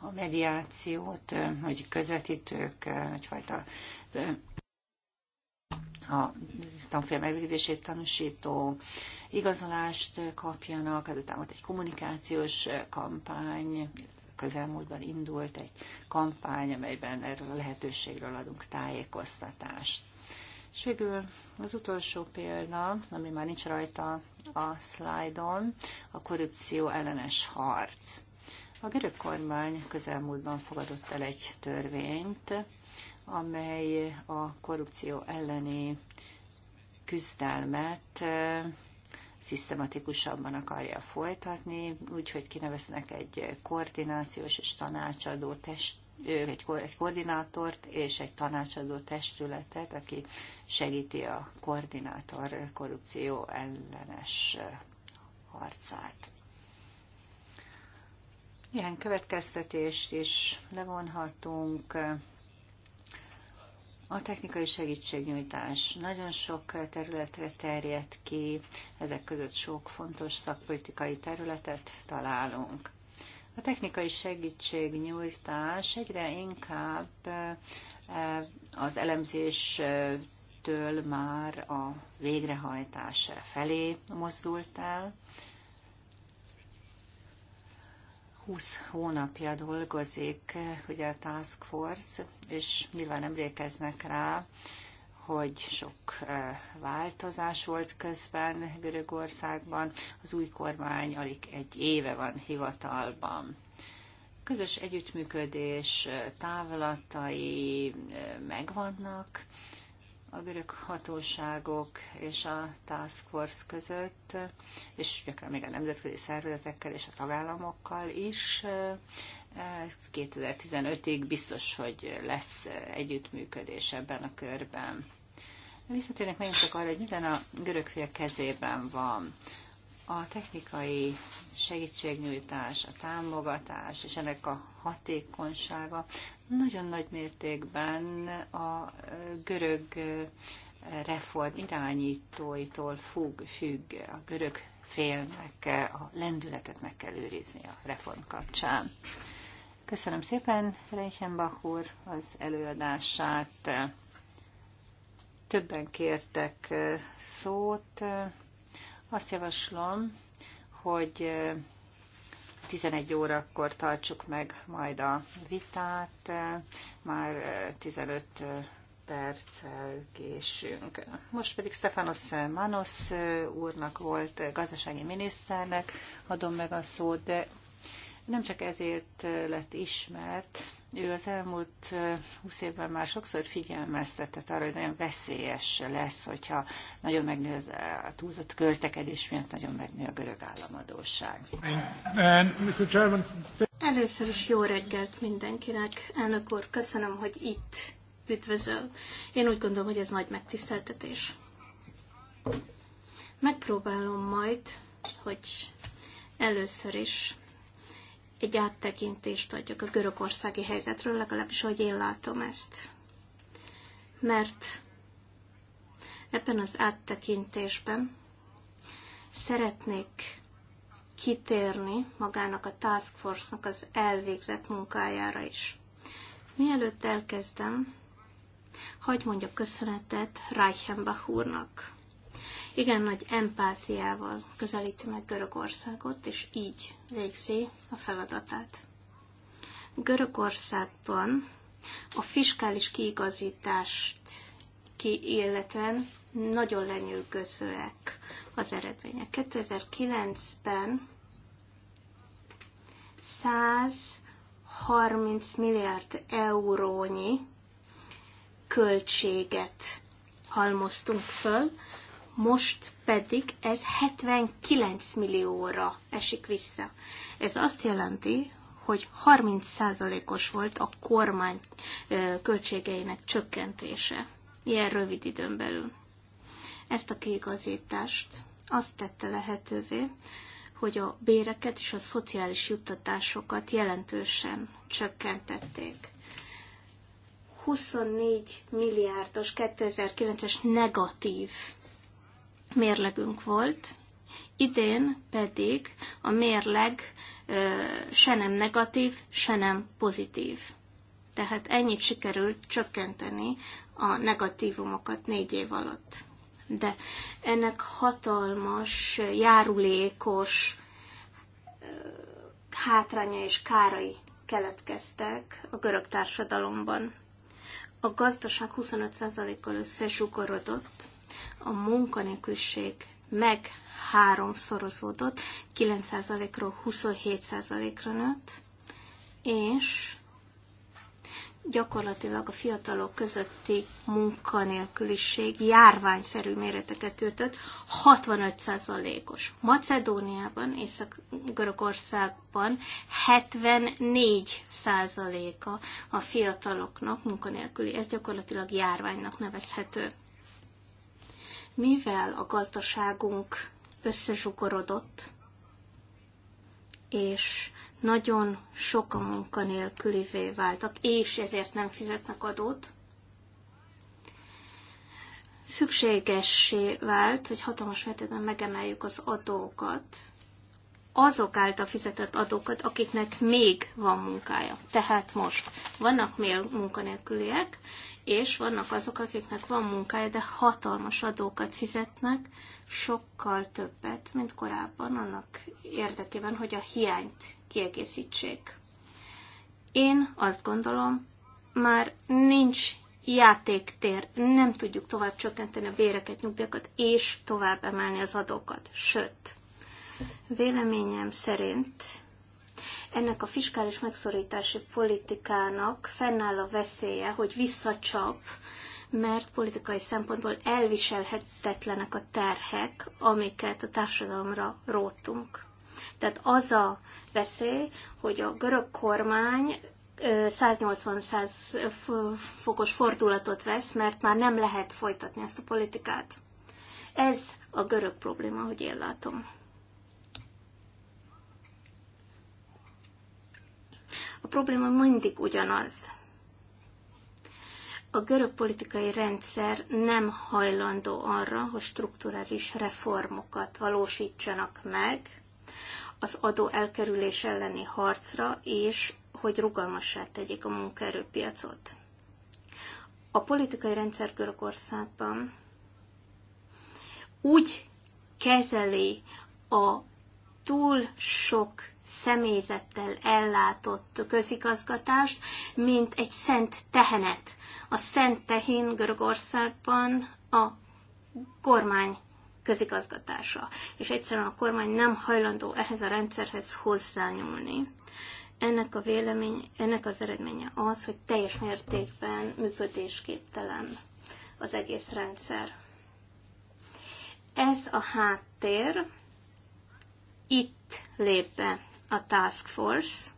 a mediációt, hogy közvetítők egyfajta a tanfolyam elvégzését tanúsító igazolást kapjanak, ezután volt egy kommunikációs kampány, közelmúltban indult egy kampány, amelyben erről a lehetőségről adunk tájékoztatást. És végül az utolsó példa, ami már nincs rajta a szlájdon, a korrupció ellenes harc. A görög kormány közelmúltban fogadott el egy törvényt, amely a korrupció elleni küzdelmet eh, szisztematikusabban akarja folytatni, úgyhogy kineveznek egy koordinációs és tanácsadó test, ő egy, egy koordinátort és egy tanácsadó testületet, aki segíti a koordinátor korrupció ellenes harcát. Ilyen következtetést is levonhatunk. A technikai segítségnyújtás nagyon sok területre terjed ki, ezek között sok fontos szakpolitikai területet találunk. A technikai segítségnyújtás egyre inkább az elemzéstől már a végrehajtás felé mozdult el. 20 hónapja dolgozik ugye a Task Force, és nyilván emlékeznek rá, hogy sok eh, változás volt közben Görögországban. Az új kormány alig egy éve van hivatalban. Közös együttműködés eh, távlatai eh, megvannak a görög hatóságok és a Task Force között, és gyakran még a nemzetközi szervezetekkel és a tagállamokkal is. 2015-ig biztos, hogy lesz együttműködés ebben a körben. Visszatérnek megint csak arra, hogy minden a görög fél kezében van. A technikai segítségnyújtás, a támogatás és ennek a hatékonysága nagyon nagy mértékben a görög reform irányítóitól függ, függ a görög félnek a lendületet meg kell őrizni a reform kapcsán. Köszönöm szépen Reichenbach úr az előadását. Többen kértek szót. Azt javaslom, hogy 11 órakor tartsuk meg majd a vitát, már 15 perccel késünk. Most pedig Stefanos Manos úrnak volt gazdasági miniszternek, adom meg a szót, de nem csak ezért lett ismert, ő az elmúlt 20 évben már sokszor figyelmeztetett arra, hogy nagyon veszélyes lesz, hogyha nagyon megnő az, a túlzott költekedés miatt nagyon megnő a görög államadóság.
Először is jó reggelt mindenkinek. Elnök úr, köszönöm, hogy itt üdvözöl. Én úgy gondolom, hogy ez nagy megtiszteltetés. Megpróbálom majd, hogy először is egy áttekintést adjak a görögországi helyzetről, legalábbis hogy én látom ezt. Mert ebben az áttekintésben szeretnék kitérni magának a Task Force-nak az elvégzett munkájára is. Mielőtt elkezdem, hagy mondja köszönetet Reichenbach úrnak igen nagy empátiával közelíti meg Görögországot, és így végzi a feladatát. Görögországban a fiskális kiigazítást kiilleten nagyon lenyűgözőek az eredmények. 2009-ben 130 milliárd eurónyi költséget halmoztunk föl, most pedig ez 79 millióra esik vissza. Ez azt jelenti, hogy 30%-os volt a kormány költségeinek csökkentése ilyen rövid időn belül. Ezt a kiigazítást azt tette lehetővé, hogy a béreket és a szociális juttatásokat jelentősen csökkentették. 24 milliárdos 2009-es negatív mérlegünk volt, idén pedig a mérleg se nem negatív, se nem pozitív. Tehát ennyit sikerült csökkenteni a negatívumokat négy év alatt. De ennek hatalmas, járulékos hátránya és kárai keletkeztek a görög társadalomban. A gazdaság 25%-kal összezsugorodott, a munkanélküliség meg háromszorozódott, 9%-ról 27%-ra nőtt, és gyakorlatilag a fiatalok közötti munkanélküliség járványszerű méreteket ütött, 65%-os. Macedóniában, Észak-Görögországban 74%-a a fiataloknak munkanélküli. Ez gyakorlatilag járványnak nevezhető mivel a gazdaságunk összezsugorodott, és nagyon sok a munkanélkülivé váltak, és ezért nem fizetnek adót, szükségessé vált, hogy hatalmas mértékben megemeljük az adókat, azok által fizetett adókat, akiknek még van munkája. Tehát most vannak még munkanélküliek, és vannak azok, akiknek van munkája, de hatalmas adókat fizetnek, sokkal többet, mint korábban, annak érdekében, hogy a hiányt kiegészítsék. Én azt gondolom, már nincs játéktér, nem tudjuk tovább csökkenteni a béreket, nyugdíjakat, és tovább emelni az adókat. Sőt, véleményem szerint ennek a fiskális megszorítási politikának fennáll a veszélye, hogy visszacsap, mert politikai szempontból elviselhetetlenek a terhek, amiket a társadalomra róttunk. Tehát az a veszély, hogy a görög kormány 180 fokos fordulatot vesz, mert már nem lehet folytatni ezt a politikát. Ez a görög probléma, hogy én látom. a probléma mindig ugyanaz. A görög politikai rendszer nem hajlandó arra, hogy strukturális reformokat valósítsanak meg az adó elkerülés elleni harcra, és hogy rugalmassá tegyék a munkaerőpiacot. A politikai rendszer Görögországban úgy kezeli a túl sok személyzettel ellátott közigazgatást, mint egy szent tehenet. A szent tehén Görögországban a kormány közigazgatása, és egyszerűen a kormány nem hajlandó ehhez a rendszerhez hozzányúlni. Ennek, a vélemény, ennek az eredménye az, hogy teljes mértékben működésképtelen az egész rendszer. Ez a háttér itt lép be a Task Force,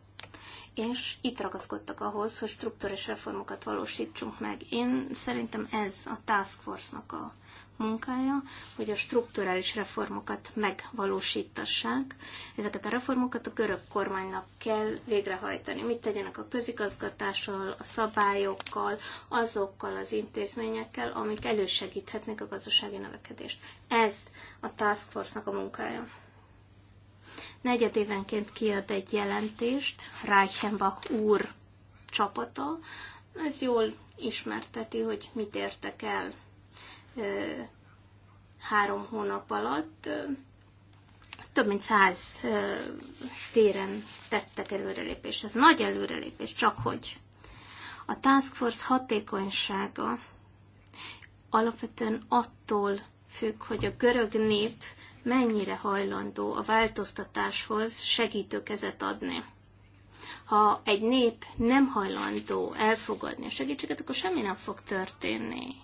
és itt ragaszkodtak ahhoz, hogy struktúrás reformokat valósítsunk meg. Én szerintem ez a Task Force-nak a munkája, hogy a strukturális reformokat megvalósítassák. Ezeket a reformokat a görög kormánynak kell végrehajtani. Mit tegyenek a közigazgatással, a szabályokkal, azokkal az intézményekkel, amik elősegíthetnek a gazdasági növekedést. Ez a Task Force-nak a munkája negyedévenként kiad egy jelentést, Reichenbach úr csapata, ez jól ismerteti, hogy mit értek el három hónap alatt. Több mint száz téren tettek előrelépést. Ez nagy előrelépés, csak hogy a Task Force hatékonysága alapvetően attól függ, hogy a görög nép mennyire hajlandó a változtatáshoz segítő kezet adni. Ha egy nép nem hajlandó elfogadni a segítséget, akkor semmi nem fog történni.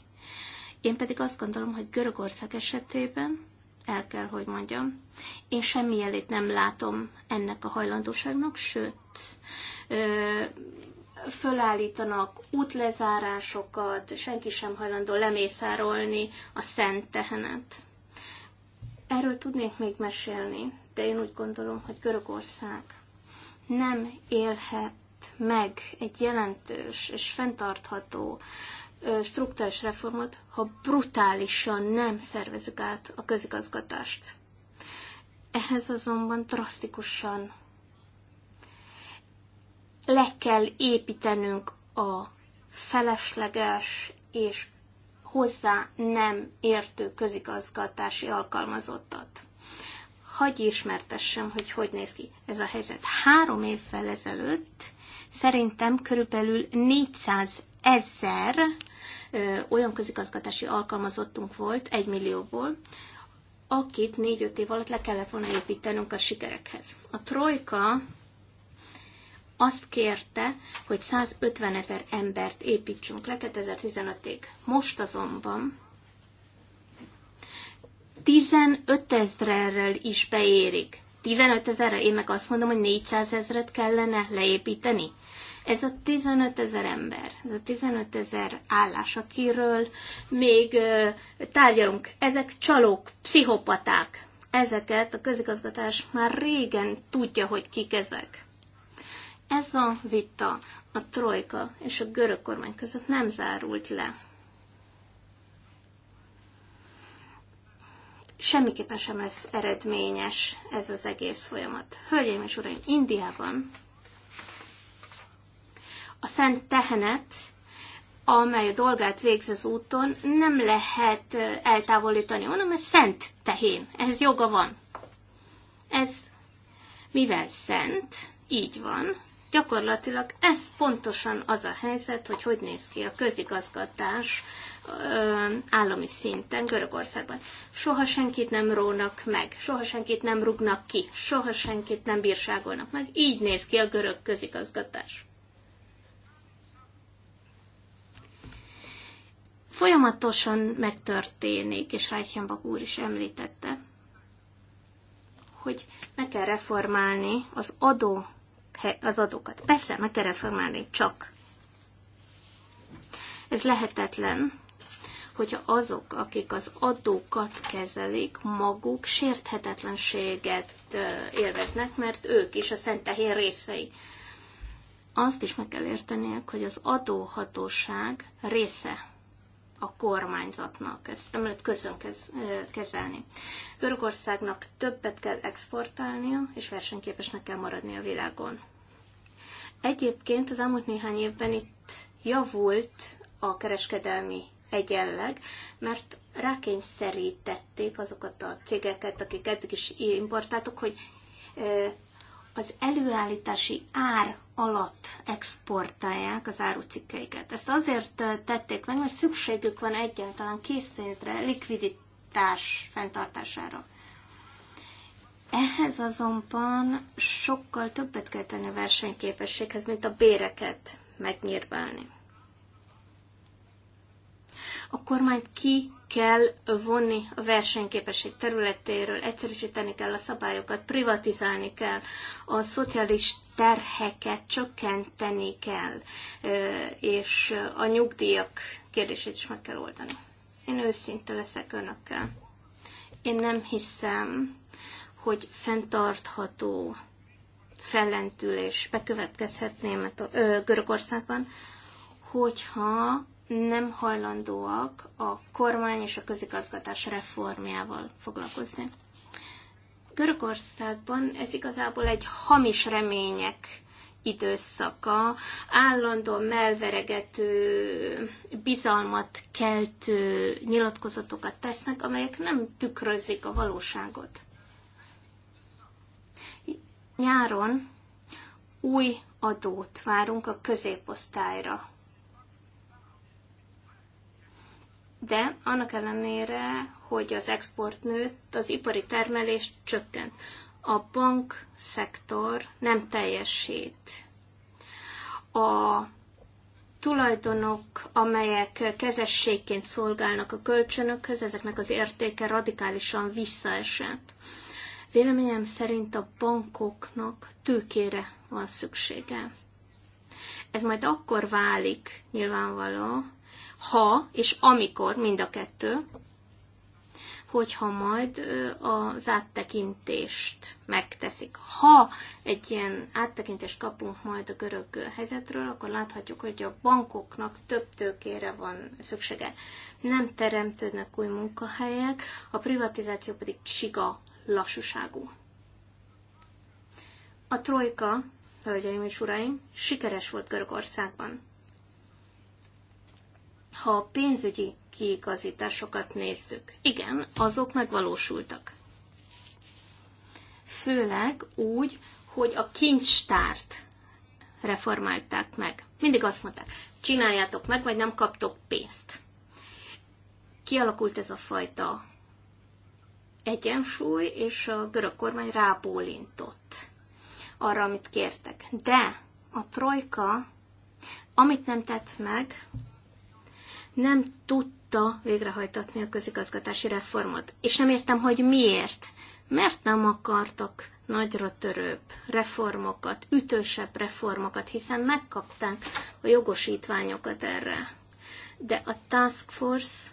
Én pedig azt gondolom, hogy Görögország esetében, el kell, hogy mondjam, én semmi jelét nem látom ennek a hajlandóságnak, sőt, ö, fölállítanak útlezárásokat, senki sem hajlandó lemészárolni a szent tehenet. Erről tudnék még mesélni, de én úgy gondolom, hogy Görögország nem élhet meg egy jelentős és fenntartható struktúrás reformot, ha brutálisan nem szervezük át a közigazgatást. Ehhez azonban drasztikusan le kell építenünk a felesleges és hozzá nem értő közigazgatási alkalmazottat. Hagy ismertessem, hogy hogy néz ki ez a helyzet. Három évvel ezelőtt szerintem körülbelül 400 ezer olyan közigazgatási alkalmazottunk volt, egy millióból, akit négy-öt év alatt le kellett volna építenünk a sikerekhez. A trojka azt kérte, hogy 150 ezer embert építsünk le 2015-ig. Most azonban 15 ezerrel is beérik. 15 ezerre? Én meg azt mondom, hogy 400 ezeret kellene leépíteni. Ez a 15 ezer ember, ez a 15 ezer állás, akiről még tárgyalunk, ezek csalók, pszichopaták. Ezeket a közigazgatás már régen tudja, hogy kik ezek. Ez a vita a trojka és a görög kormány között nem zárult le. Semmiképpen sem ez eredményes, ez az egész folyamat. Hölgyeim és uraim, Indiában a szent tehenet, amely a dolgát végz az úton, nem lehet eltávolítani onnan, mert szent tehén, ez joga van. Ez mivel szent, így van, Gyakorlatilag ez pontosan az a helyzet, hogy hogy néz ki a közigazgatás állami szinten Görögországban. Soha senkit nem rónak meg, soha senkit nem rugnak ki, soha senkit nem bírságolnak meg. Így néz ki a görög közigazgatás. Folyamatosan megtörténik, és Reichenbach úr is említette, hogy meg kell reformálni az adó az adókat. Persze, meg kell reformálni, csak ez lehetetlen, hogyha azok, akik az adókat kezelik, maguk sérthetetlenséget élveznek, mert ők is a szentehén részei. Azt is meg kell érteniek, hogy az adóhatóság része a kormányzatnak. Ezt nem lehet közön kezelni. Görögországnak többet kell exportálnia, és versenyképesnek kell maradni a világon. Egyébként az elmúlt néhány évben itt javult a kereskedelmi egyenleg, mert rákényszerítették azokat a cégeket, akik eddig is importáltak, hogy az előállítási ár alatt exportálják az árucikkeiket. Ezt azért tették meg, mert szükségük van egyáltalán készpénzre, likviditás fenntartására. Ehhez azonban sokkal többet kell tenni a versenyképességhez, mint a béreket megnyírválni. A kormány ki kell vonni a versenyképesség területéről, egyszerűsíteni kell a szabályokat, privatizálni kell, a szociális terheket csökkenteni kell, és a nyugdíjak kérdését is meg kell oldani. Én őszinte leszek önökkel. Én nem hiszem, hogy fenntartható fellentülés bekövetkezhet Német, ö, Görögországban, hogyha nem hajlandóak a kormány és a közigazgatás reformjával foglalkozni. Görögországban ez igazából egy hamis remények időszaka, állandó melveregető, bizalmat keltő nyilatkozatokat tesznek, amelyek nem tükrözik a valóságot. Nyáron új adót várunk a középosztályra de annak ellenére, hogy az export nőtt, az ipari termelés csökkent. A szektor nem teljesít. A tulajdonok, amelyek kezességként szolgálnak a kölcsönökhöz, ezeknek az értéke radikálisan visszaesett. Véleményem szerint a bankoknak tőkére van szüksége. Ez majd akkor válik nyilvánvaló, ha és amikor mind a kettő, hogyha majd az áttekintést megteszik. Ha egy ilyen áttekintést kapunk majd a görög helyzetről, akkor láthatjuk, hogy a bankoknak több tőkére van szüksége. Nem teremtődnek új munkahelyek, a privatizáció pedig csiga lassúságú. A trojka, hölgyeim és uraim, sikeres volt Görögországban. Ha a pénzügyi kiigazításokat nézzük, igen, azok megvalósultak. Főleg úgy, hogy a kincstárt reformálták meg. Mindig azt mondták, csináljátok meg, vagy nem kaptok pénzt. Kialakult ez a fajta egyensúly, és a görög kormány rábólintott arra, amit kértek. De a trojka, amit nem tett meg, nem tudta végrehajtatni a közigazgatási reformot. És nem értem, hogy miért. Mert nem akartak nagyra törőbb reformokat, ütősebb reformokat, hiszen megkapták a jogosítványokat erre. De a Task Force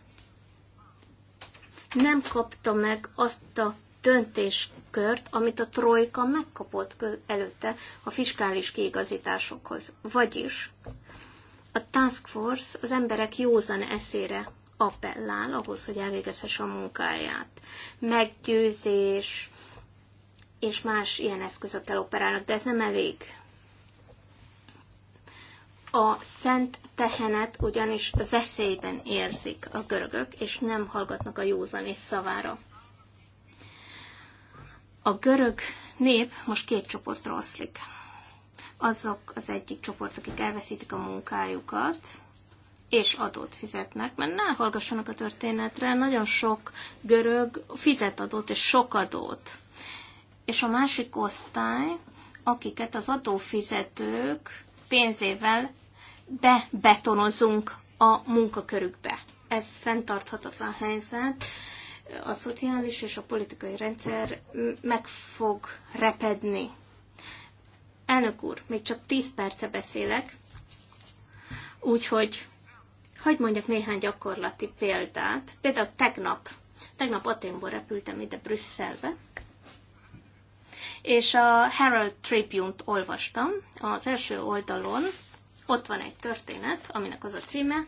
nem kapta meg azt a döntéskört, amit a trojka megkapott előtte a fiskális kiigazításokhoz. Vagyis a Task Force az emberek józan eszére appellál ahhoz, hogy elvégezhesse a munkáját. Meggyőzés és más ilyen eszközökkel operálnak, de ez nem elég. A szent tehenet ugyanis veszélyben érzik a görögök, és nem hallgatnak a józan és szavára. A görög nép most két csoportra oszlik azok az egyik csoport, akik elveszítik a munkájukat, és adót fizetnek, mert ne hallgassanak a történetre, nagyon sok görög fizet adót, és sok adót. És a másik osztály, akiket az adófizetők pénzével bebetonozunk a munkakörükbe. Ez fenntarthatatlan helyzet. A szociális és a politikai rendszer meg fog repedni Elnök úr, még csak 10 perce beszélek, úgyhogy hagyd mondjak néhány gyakorlati példát. Például tegnap, tegnap Aténból repültem ide Brüsszelbe, és a Herald Tribune-t olvastam. Az első oldalon ott van egy történet, aminek az a címe,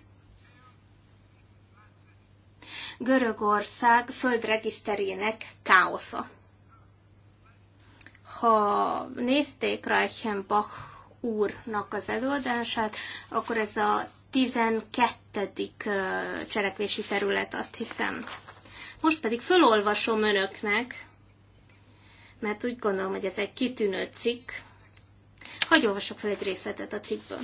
Görögország földregiszterének káosza ha nézték Reichenbach úrnak az előadását, akkor ez a 12. cselekvési terület, azt hiszem. Most pedig fölolvasom önöknek, mert úgy gondolom, hogy ez egy kitűnő cikk. Hagy olvasok fel egy részletet a cikkből.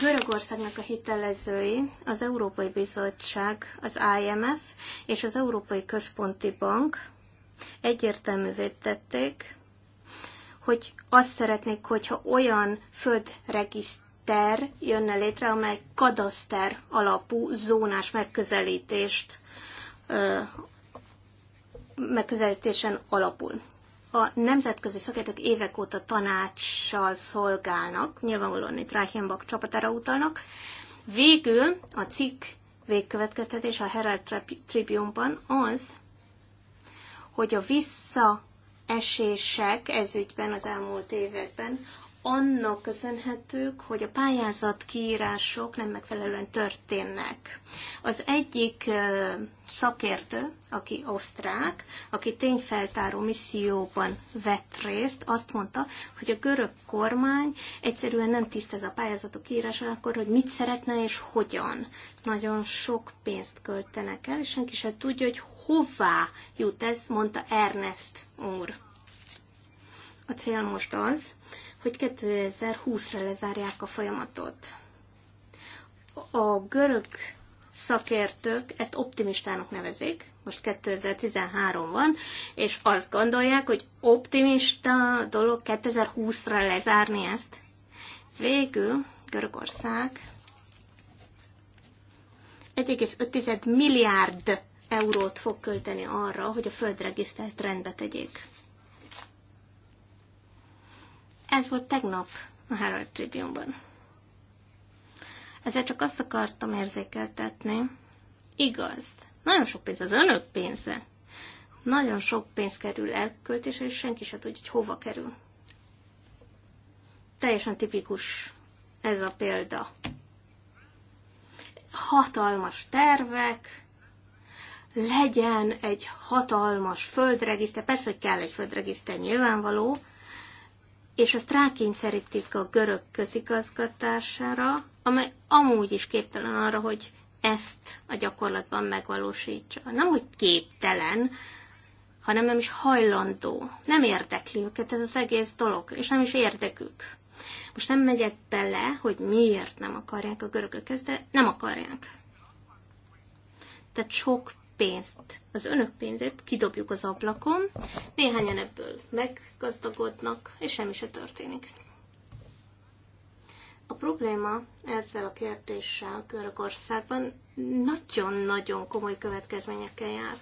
Görögországnak a hitelezői, az Európai Bizottság, az IMF és az Európai Központi Bank egyértelművé tették, hogy azt szeretnék, hogyha olyan földregiszter jönne létre, amely kadaszter alapú zónás megközelítést megközelítésen alapul. A nemzetközi szakértők évek óta tanácssal szolgálnak, nyilvánvalóan itt Reichenbach csapatára utalnak. Végül a cikk végkövetkeztetés a Herald Tribune-ban az, hogy a visszaesések ezügyben az elmúlt években annak köszönhetők, hogy a pályázat kiírások nem megfelelően történnek. Az egyik szakértő, aki osztrák, aki tényfeltáró misszióban vett részt, azt mondta, hogy a görög kormány egyszerűen nem tisztáz a pályázatok akkor hogy mit szeretne és hogyan. Nagyon sok pénzt költenek el, és senki sem tudja, hogy hová jut ez, mondta Ernest úr. A cél most az, hogy 2020-ra lezárják a folyamatot. A görög szakértők ezt optimistának nevezik, most 2013 van, és azt gondolják, hogy optimista dolog 2020-ra lezárni ezt. Végül Görögország 1,5 milliárd eurót fog költeni arra, hogy a földregisztert rendbe tegyék. Ez volt tegnap a Herald Tribune-ban. Ezzel csak azt akartam érzékeltetni, igaz, nagyon sok pénz az önök pénze. Nagyon sok pénz kerül elköltésre, és senki se tudja, hogy hova kerül. Teljesen tipikus ez a példa. Hatalmas tervek, legyen egy hatalmas földregiszter, persze, hogy kell egy földregiszter nyilvánvaló, és azt rákényszerítik a görög közigazgatására, amely amúgy is képtelen arra, hogy ezt a gyakorlatban megvalósítsa. Nem, hogy képtelen, hanem nem is hajlandó. Nem érdekli őket ez az egész dolog, és nem is érdekük. Most nem megyek bele, hogy miért nem akarják a görögök ezt, de nem akarják. Tehát sok pénzt, az önök pénzét kidobjuk az ablakon, néhányan ebből meggazdagodnak, és semmi se történik. A probléma ezzel a kérdéssel Görögországban nagyon-nagyon komoly következményekkel jár.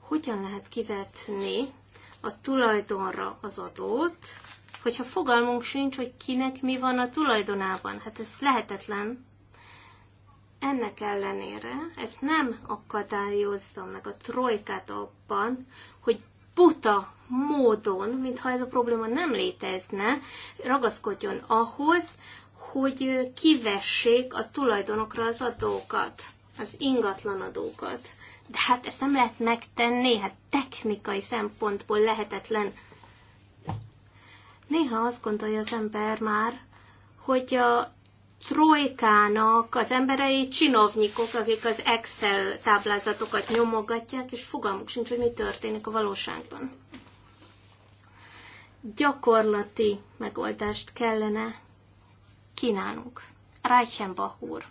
Hogyan lehet kivetni a tulajdonra az adót, hogyha fogalmunk sincs, hogy kinek mi van a tulajdonában? Hát ez lehetetlen ennek ellenére ez nem akadályozza meg a trojkát abban, hogy buta módon, mintha ez a probléma nem létezne, ragaszkodjon ahhoz, hogy kivessék a tulajdonokra az adókat, az ingatlanadókat. De hát ezt nem lehet megtenni, hát technikai szempontból lehetetlen. Néha azt gondolja az ember már, hogy a trojkának az emberei csinovnyikok, akik az Excel táblázatokat nyomogatják, és fogalmuk sincs, hogy mi történik a valóságban. Gyakorlati megoldást kellene kínálnunk. Reichenbach úr.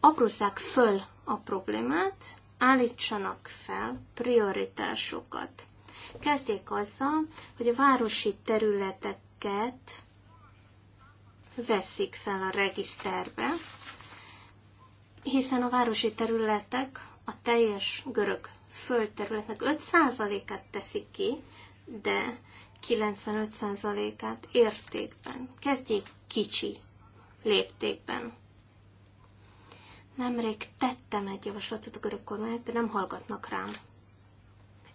Aprózzák föl a problémát, állítsanak fel prioritásokat. Kezdjék azzal, hogy a városi területeket veszik fel a regiszterbe, hiszen a városi területek a teljes görög földterületnek 5%-át teszik ki, de 95%-át értékben. Kezdjék kicsi léptékben. Nemrég tettem egy javaslatot a görög kormányt, de nem hallgatnak rám.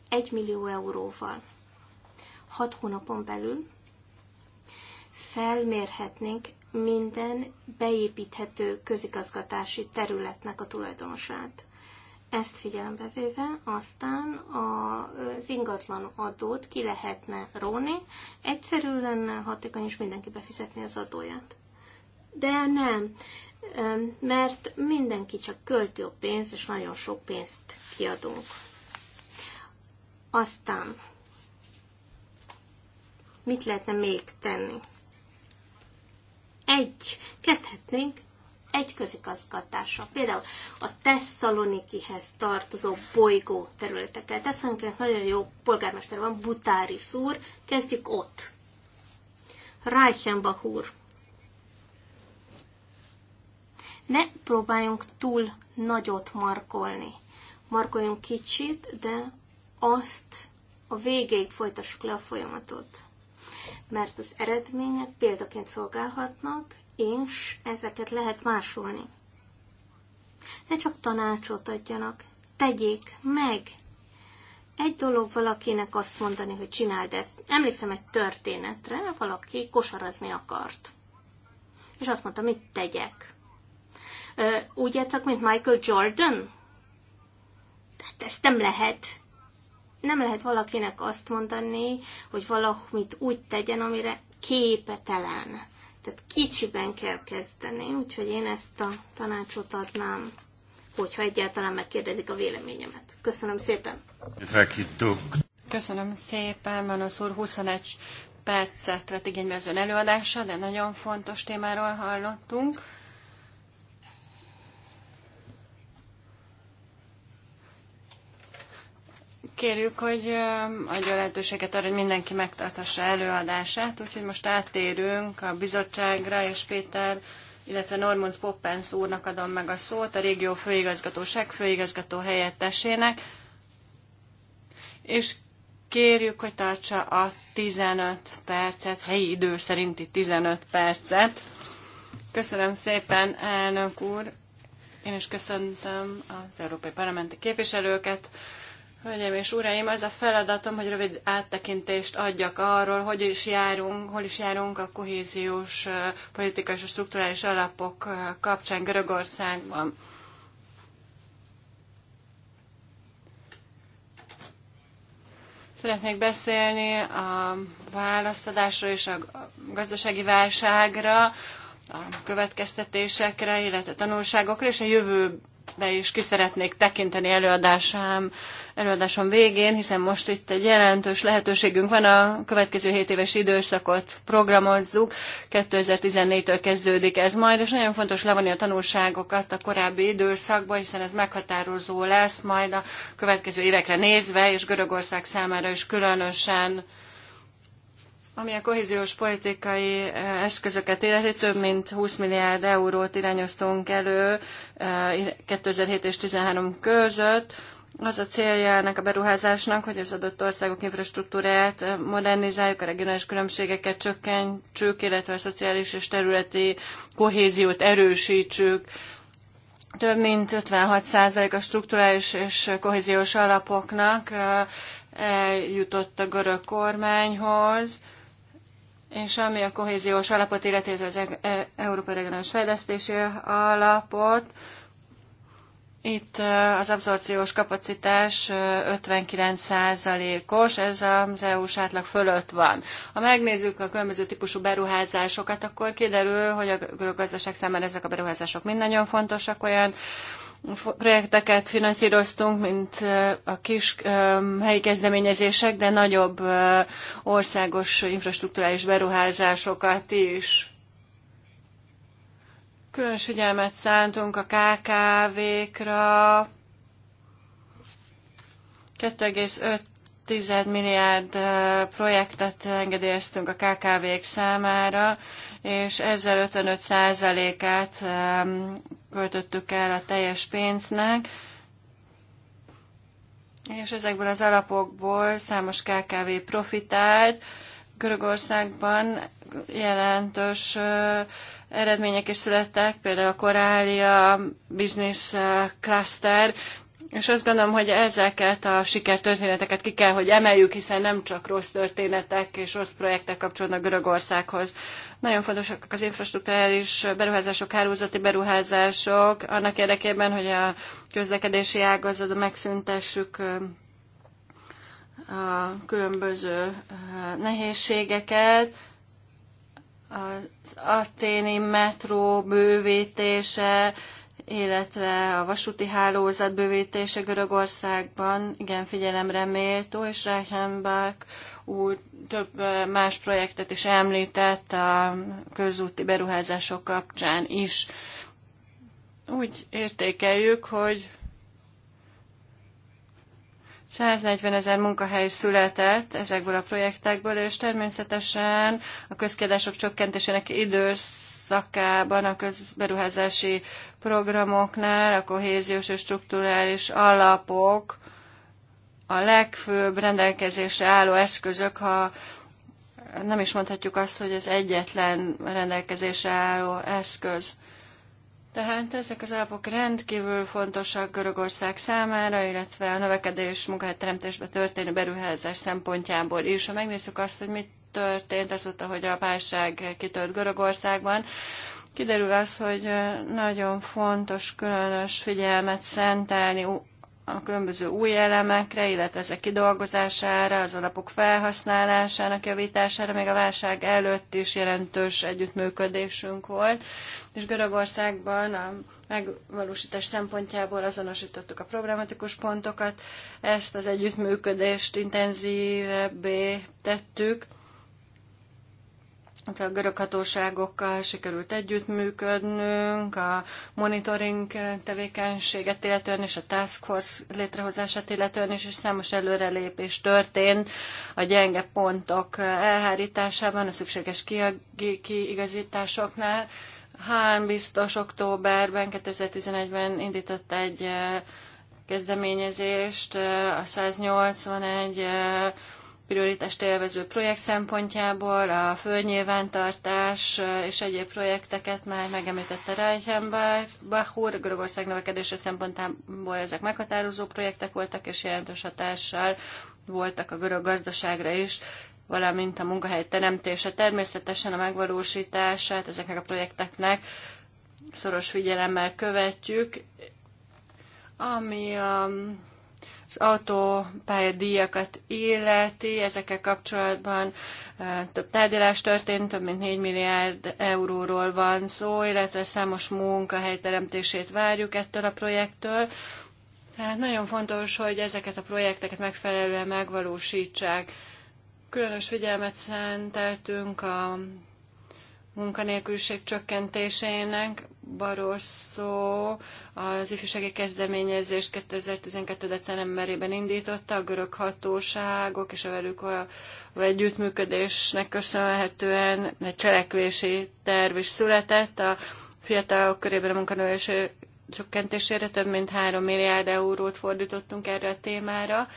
Egy millió euróval. Hat hónapon belül felmérhetnénk minden beépíthető közigazgatási területnek a tulajdonosát. Ezt figyelembe véve aztán az ingatlan adót ki lehetne róni, egyszerű lenne, hatékony, is mindenki befizetni az adóját. De nem, mert mindenki csak költi a pénzt, és nagyon sok pénzt kiadunk. Aztán mit lehetne még tenni? egy, kezdhetnénk egy közigazgatással. Például a Tesszalonikihez tartozó bolygó területekkel. Tesszalonikinek nagyon jó polgármester van, Butári úr, kezdjük ott. Reichenbach úr. Ne próbáljunk túl nagyot markolni. Markoljunk kicsit, de azt a végéig folytassuk le a folyamatot mert az eredmények példaként szolgálhatnak, és ezeket lehet másolni. Ne csak tanácsot adjanak, tegyék meg. Egy dolog valakinek azt mondani, hogy csináld ezt. Emlékszem egy történetre, valaki kosarazni akart. És azt mondta, mit tegyek. Úgy játszak, mint Michael Jordan? Hát ezt nem lehet nem lehet valakinek azt mondani, hogy valamit úgy tegyen, amire képetelen. Tehát kicsiben kell kezdeni, úgyhogy én ezt a tanácsot adnám, hogyha egyáltalán megkérdezik
a véleményemet. Köszönöm szépen! Köszönöm szépen, Manosz úr, 21 percet vett igénybe az ön előadása, de nagyon fontos témáról hallottunk. kérjük, hogy um, adja lehetőséget arra, hogy mindenki megtartassa előadását, úgyhogy most áttérünk a bizottságra, és Péter, illetve Normund Poppens úrnak adom meg a szót, a régió főigazgatóság főigazgató helyettesének, és kérjük, hogy tartsa a 15 percet, helyi idő szerinti 15 percet. Köszönöm szépen, elnök úr! Én is köszöntöm az Európai Parlamenti képviselőket, Hölgyeim és uraim, az a feladatom, hogy rövid áttekintést adjak arról, hogy is járunk, hol is járunk a kohéziós politikai és strukturális alapok kapcsán Görögországban. Szeretnék beszélni a választadásra és a gazdasági válságra, a következtetésekre, illetve tanulságokra és a jövő be is ki szeretnék tekinteni előadásám, előadásom végén, hiszen most itt egy jelentős lehetőségünk van, a következő 7 éves időszakot programozzuk, 2014-től kezdődik ez majd, és nagyon fontos levonni a tanulságokat a korábbi időszakból, hiszen ez meghatározó lesz majd a következő évekre nézve, és Görögország számára is különösen ami a kohéziós politikai eh, eszközöket illeti, több mint 20 milliárd eurót irányoztunk elő 2007 eh, és 2013 között. Az a célja ennek a beruházásnak, hogy az adott országok infrastruktúráját eh, modernizáljuk, a regionális különbségeket csökkentsük, illetve a szociális és területi kohéziót erősítsük. Több mint 56% a strukturális és kohéziós alapoknak jutott a görög kormányhoz. És ami a kohéziós alapot, illetve az e- e- Európai Regionális Fejlesztési Alapot, itt az abszorciós kapacitás 59%-os, ez az EU-s átlag fölött van. Ha megnézzük a különböző típusú beruházásokat, akkor kiderül, hogy a gazdaság számára ezek a beruházások mind nagyon fontosak, olyan projekteket finanszíroztunk, mint a kis helyi kezdeményezések, de nagyobb országos infrastruktúrális beruházásokat is. Különös figyelmet szántunk a KKV-kra. 2,5 milliárd projektet engedélyeztünk a KKV-k számára, és ezzel 55 százalékát költöttük el a teljes pénznek, és ezekből az alapokból számos KKV profitált. Görögországban jelentős eredmények is születtek, például a Korália Business Cluster és azt gondolom, hogy ezeket a sikertörténeteket ki kell, hogy emeljük, hiszen nem csak rossz történetek és rossz projektek kapcsolódnak Görögországhoz. Nagyon fontosak az infrastruktúrális beruházások, hálózati beruházások, annak érdekében, hogy a közlekedési ágazat megszüntessük a különböző nehézségeket, az aténi metró bővítése, illetve a vasúti hálózat bővítése Görögországban igen figyelemre méltó, és Reichenbach úr több más projektet is említett a közúti beruházások kapcsán is. Úgy értékeljük, hogy 140 ezer munkahely született ezekből a projektekből, és természetesen a közkiadások csökkentésének idősz szakában, a közberuházási programoknál, a kohéziós és strukturális alapok a legfőbb rendelkezésre álló eszközök, ha nem is mondhatjuk azt, hogy az egyetlen rendelkezésre álló eszköz. Tehát ezek az alapok rendkívül fontosak Görögország számára, illetve a növekedés munkahelyteremtésbe történő beruházás szempontjából is. Ha megnézzük azt, hogy mit történt azóta, hogy a válság kitört Görögországban, kiderül az, hogy nagyon fontos különös figyelmet szentelni a különböző új elemekre, illetve ezek kidolgozására, az alapok felhasználásának javítására, még a válság előtt is jelentős együttműködésünk volt, és Görögországban a megvalósítás szempontjából azonosítottuk a programatikus pontokat, ezt az együttműködést intenzívebbé tettük, Hát a görög hatóságokkal sikerült együttműködnünk, a monitoring tevékenységet illetően és a task force létrehozását illetően is, és számos előrelépés történt a gyenge pontok elhárításában, a szükséges kiigazításoknál. Hán biztos októberben 2011-ben indított egy eh, kezdeményezést, eh, a 181 prioritást élvező projekt szempontjából, a földnyilvántartás és egyéb projekteket már megemlítette Reichenbach úr, Görögország növekedése szempontjából ezek meghatározó projektek voltak, és jelentős hatással voltak a görög gazdaságra is, valamint a munkahely teremtése. Természetesen a megvalósítását ezeknek a projekteknek szoros figyelemmel követjük, ami a az autópályadíjakat illeti, ezekkel kapcsolatban több tárgyalás történt, több mint 4 milliárd euróról van szó, illetve számos munkahely teremtését várjuk ettől a projektől. Tehát nagyon fontos, hogy ezeket a projekteket megfelelően megvalósítsák. Különös figyelmet szenteltünk a munkanélküliség csökkentésének. Barosszó az ifjúsági kezdeményezést 2012. decemberében indította, a görög hatóságok és a velük a, a együttműködésnek köszönhetően egy cselekvési terv is született. A fiatalok körében a munkanélküliség csökkentésére több mint 3 milliárd eurót fordítottunk erre a témára.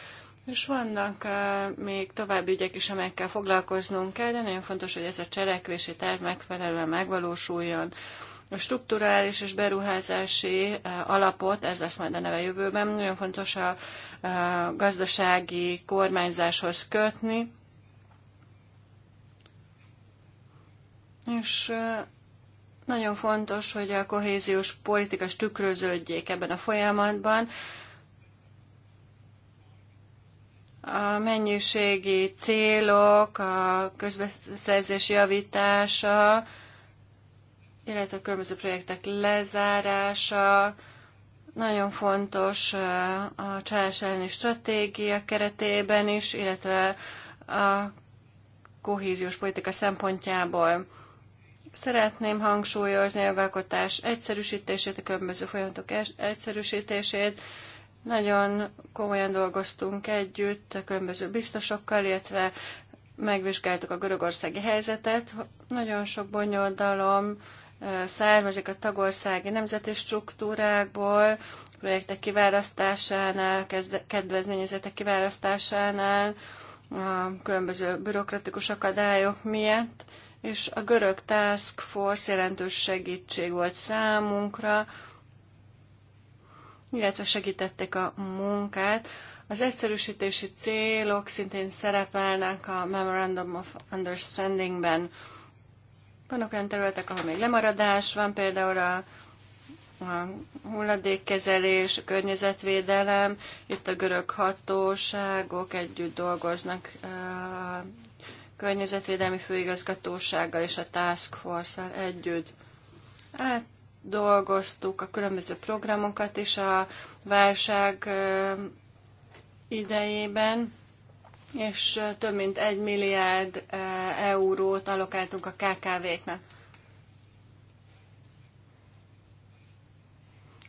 És vannak uh, még további ügyek is, amelyekkel foglalkoznunk kell, de nagyon fontos, hogy ez a cselekvési terv megfelelően megvalósuljon. A strukturális és beruházási alapot, ez lesz majd a neve jövőben, nagyon fontos a, a gazdasági kormányzáshoz kötni. És nagyon fontos, hogy a kohéziós politika tükröződjék ebben a folyamatban. A mennyiségi célok, a közbeszerzés javítása, illetve a különböző projektek lezárása, nagyon fontos a csalás elleni stratégia keretében is, illetve a kohéziós politika szempontjából. Szeretném hangsúlyozni a jogalkotás egyszerűsítését, a különböző folyamatok egyszerűsítését, nagyon komolyan dolgoztunk együtt a különböző biztosokkal, illetve megvizsgáltuk a görögországi helyzetet. Nagyon sok bonyodalom származik a tagországi nemzeti struktúrákból, projektek kiválasztásánál, kedvezményezetek kiválasztásánál, a különböző bürokratikus akadályok miatt, és a görög task force jelentős segítség volt számunkra, illetve segítették a munkát. Az egyszerűsítési célok szintén szerepelnek a Memorandum of Understandingben. Vannak olyan területek, ahol még lemaradás van, például a a hulladékkezelés, a környezetvédelem, itt a görög hatóságok együtt dolgoznak a környezetvédelmi főigazgatósággal és a Task force szal együtt. Hát, dolgoztuk a különböző programokat is a válság idejében, és több mint egy milliárd eurót alokáltunk a KKV-knak.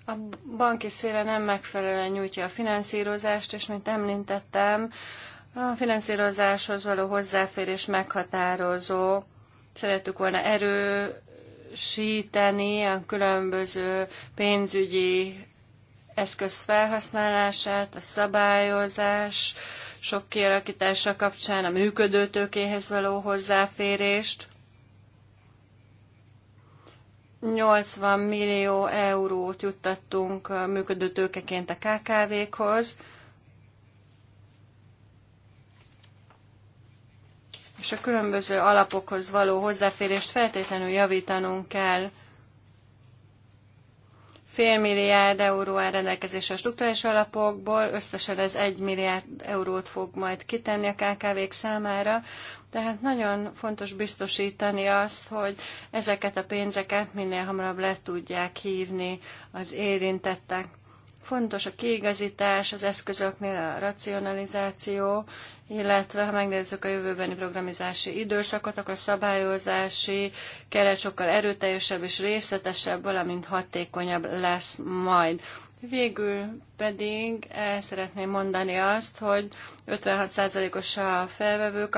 A banki szféra nem megfelelően nyújtja a finanszírozást, és mint említettem, a finanszírozáshoz való hozzáférés meghatározó. Szerettük volna erő erősíteni a különböző pénzügyi eszköz felhasználását, a szabályozás, sok kialakítása kapcsán a működőtőkéhez való hozzáférést. 80 millió eurót juttattunk működőtőkeként a KKV-khoz, és a különböző alapokhoz való hozzáférést feltétlenül javítanunk kell. Fél milliárd euró áll rendelkezés a struktúrális alapokból, összesen ez egy milliárd eurót fog majd kitenni a KKV-k számára, tehát nagyon fontos biztosítani azt, hogy ezeket a pénzeket minél hamarabb le tudják hívni az érintettek Fontos a kiigazítás, az eszközöknél a racionalizáció, illetve ha megnézzük a jövőbeni programizási időszakot, akkor a szabályozási keret sokkal erőteljesebb és részletesebb, valamint hatékonyabb lesz majd. Végül pedig el szeretném mondani azt, hogy 56%-os a felvevő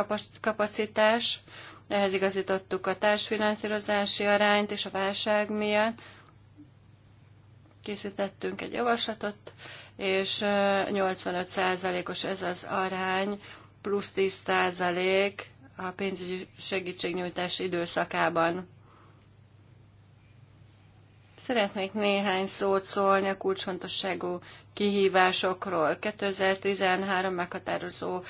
kapacitás, ehhez igazítottuk a társfinanszírozási arányt és a válság miatt, készítettünk egy javaslatot, és 85%-os ez az arány, plusz 10% a pénzügyi segítségnyújtás időszakában. Szeretnék néhány szót szólni a kulcsfontosságú kihívásokról. 2013 meghatározó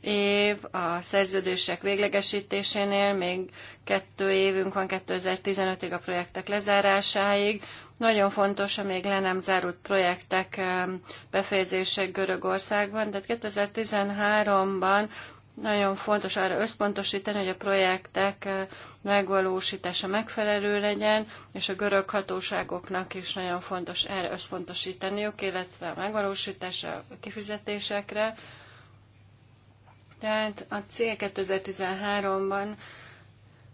év a szerződések véglegesítésénél, még kettő évünk van 2015-ig a projektek lezárásáig. Nagyon fontos a még le nem zárult projektek eh, befejezése Görögországban, tehát 2013-ban nagyon fontos arra összpontosítani, hogy a projektek eh, megvalósítása megfelelő legyen, és a görög hatóságoknak is nagyon fontos erre összpontosítaniuk, illetve a megvalósítása a kifizetésekre. Tehát a cél 2013-ban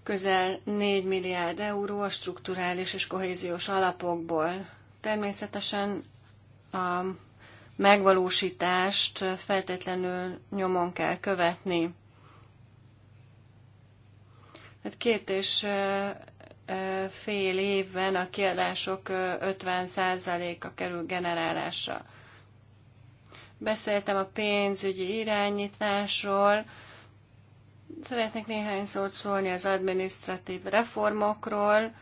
közel 4 milliárd euró a strukturális és kohéziós alapokból. Természetesen a megvalósítást feltétlenül nyomon kell követni. Tehát két és fél évben a kiadások 50%-a kerül generálásra. Beszéltem a pénzügyi irányításról, Szeretnék néhány szót szólni az administratív reformokról.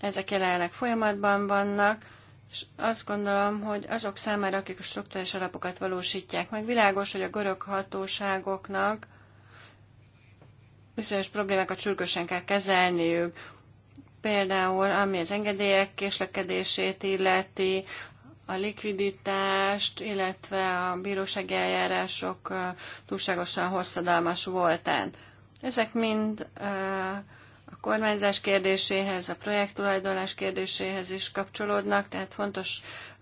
Ezek jelenleg folyamatban vannak, és azt gondolom, hogy azok számára, akik a struktúrális alapokat valósítják meg, világos, hogy a görög hatóságoknak bizonyos problémákat sürgősen kell kezelniük. Például, ami az engedélyek késlekedését illeti, a likviditást, illetve a bírósági eljárások túlságosan hosszadalmas voltán. Ezek mind a kormányzás kérdéséhez, a projekttulajdonlás kérdéséhez is kapcsolódnak, tehát fontos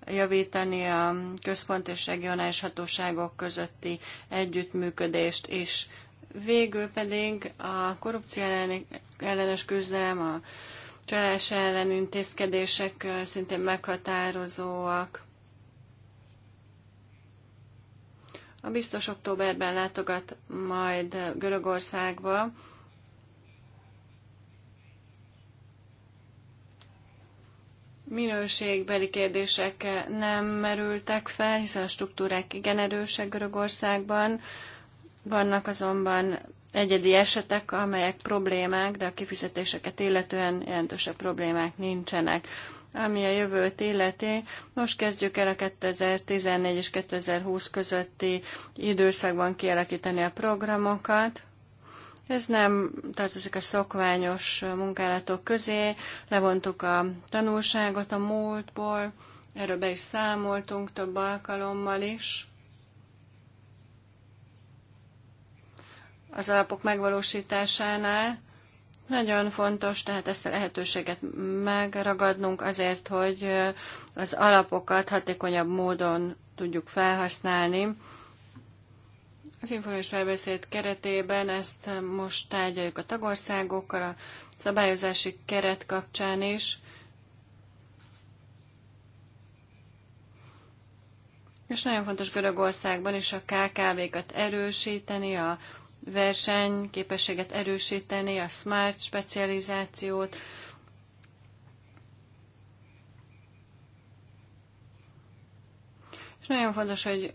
javítani a központ és regionális hatóságok közötti együttműködést is. Végül pedig a korrupció ellenes küzdelem, a csalás ellen intézkedések szintén meghatározóak. A biztos októberben látogat majd Görögországba. Minőségbeli kérdések nem merültek fel, hiszen a struktúrák igen erősek Görögországban. Vannak azonban egyedi esetek, amelyek problémák, de a kifizetéseket illetően jelentősebb problémák nincsenek. Ami a jövőt illeti, most kezdjük el a 2014 és 2020 közötti időszakban kialakítani a programokat. Ez nem tartozik a szokványos munkálatok közé, levontuk a tanulságot a múltból, erről be is számoltunk több alkalommal is. az alapok megvalósításánál. Nagyon fontos, tehát ezt a lehetőséget megragadnunk azért, hogy az alapokat hatékonyabb módon tudjuk felhasználni. Az információs felbeszéd keretében ezt most tárgyaljuk a tagországokkal, a szabályozási keret kapcsán is. És nagyon fontos Görögországban is a KKV-kat erősíteni, a versenyképességet erősíteni, a smart specializációt, És nagyon fontos, hogy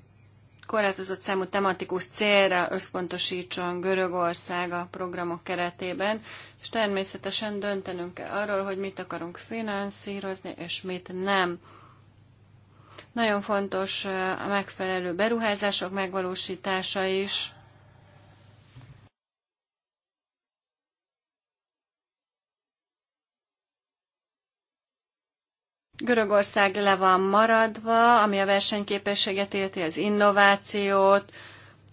korlátozott számú tematikus célra összpontosítson Görögország a programok keretében, és természetesen döntenünk kell arról, hogy mit akarunk finanszírozni, és mit nem. Nagyon fontos eh, a megfelelő beruházások megvalósítása is, Görögország le van maradva, ami a versenyképességet érti az innovációt,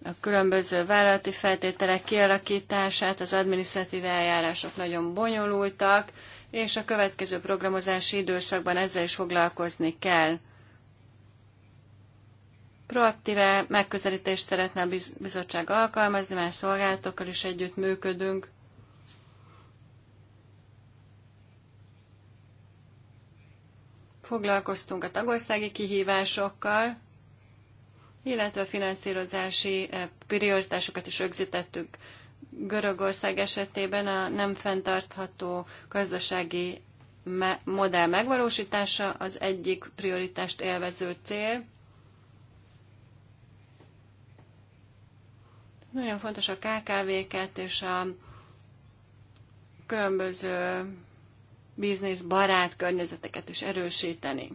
a különböző vállalati feltételek kialakítását, az adminisztratív eljárások nagyon bonyolultak, és a következő programozási időszakban ezzel is foglalkozni kell. Proaktíve megközelítést szeretne a bizottság alkalmazni, mert szolgálatokkal is együtt működünk. Foglalkoztunk a tagországi kihívásokkal, illetve a finanszírozási eh, prioritásokat is rögzítettük. Görögország esetében a nem fenntartható gazdasági modell megvalósítása az egyik prioritást élvező cél. Nagyon fontos a KKV-ket és a különböző barát környezeteket is erősíteni.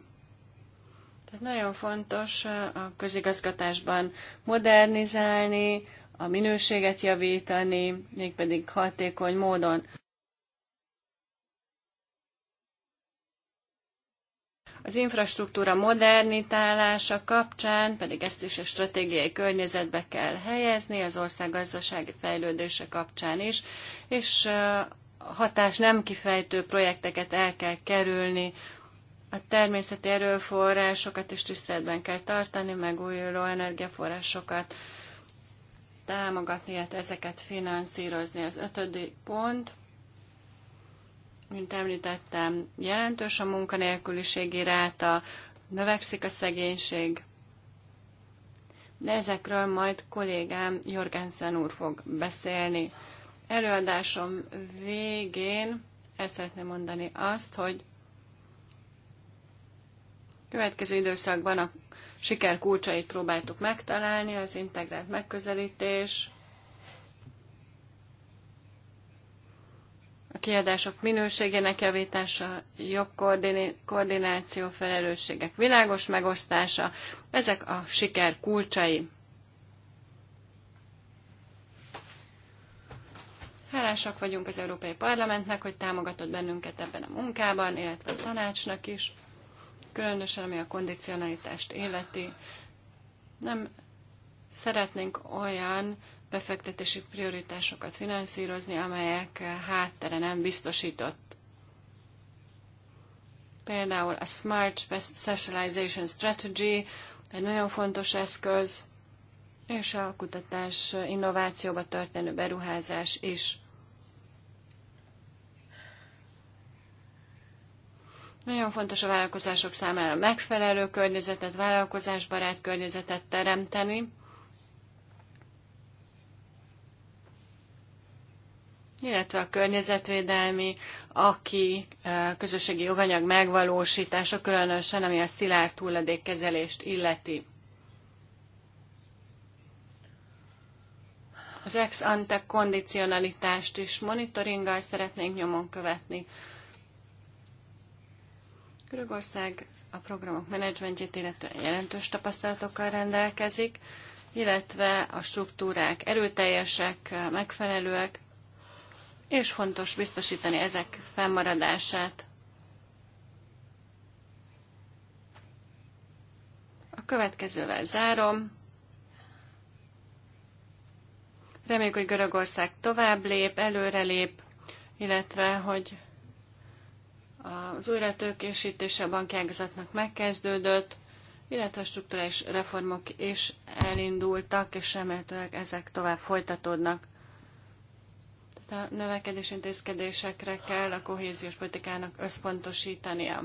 Tehát nagyon fontos a közigazgatásban modernizálni, a minőséget javítani, mégpedig hatékony módon. Az infrastruktúra modernitálása kapcsán pedig ezt is a stratégiai környezetbe kell helyezni, az ország gazdasági fejlődése kapcsán is, és hatás nem kifejtő projekteket el kell kerülni, a természeti erőforrásokat is tiszteletben kell tartani, megújuló energiaforrásokat támogatni, illetve hát ezeket finanszírozni. Az ötödik pont, mint említettem, jelentős a munkanélküliségi ráta, növekszik a szegénység, de ezekről majd kollégám Jorgensen úr fog beszélni. Előadásom végén el szeretném mondani azt, hogy következő időszakban a siker kulcsait próbáltuk megtalálni, az integrált megközelítés, a kiadások minőségének javítása, jobb koordináció, felelősségek világos megosztása, ezek a siker kulcsai. Hálásak vagyunk az Európai Parlamentnek, hogy támogatott bennünket ebben a munkában, illetve a tanácsnak is, különösen ami a kondicionalitást illeti. Nem szeretnénk olyan befektetési prioritásokat finanszírozni, amelyek háttere nem biztosított. Például a Smart Specialization Strategy egy nagyon fontos eszköz, és a kutatás innovációba történő beruházás is. Nagyon fontos a vállalkozások számára megfelelő környezetet, vállalkozásbarát környezetet teremteni. illetve a környezetvédelmi, aki közösségi joganyag megvalósítása, különösen ami a szilárd hulladékkezelést illeti. Az ex ante kondicionalitást is monitoringgal szeretnénk nyomon követni. Görögország a programok menedzsmentjét illetve jelentős tapasztalatokkal rendelkezik, illetve a struktúrák erőteljesek, megfelelőek, és fontos biztosítani ezek fennmaradását. A következővel zárom. Reméljük, hogy Görögország tovább lép, előrelép, illetve hogy az újratőkésítése a bankágazatnak megkezdődött, illetve a struktúrális reformok is elindultak, és remélhetőleg ezek tovább folytatódnak. Tehát a növekedés intézkedésekre kell a kohéziós politikának összpontosítania.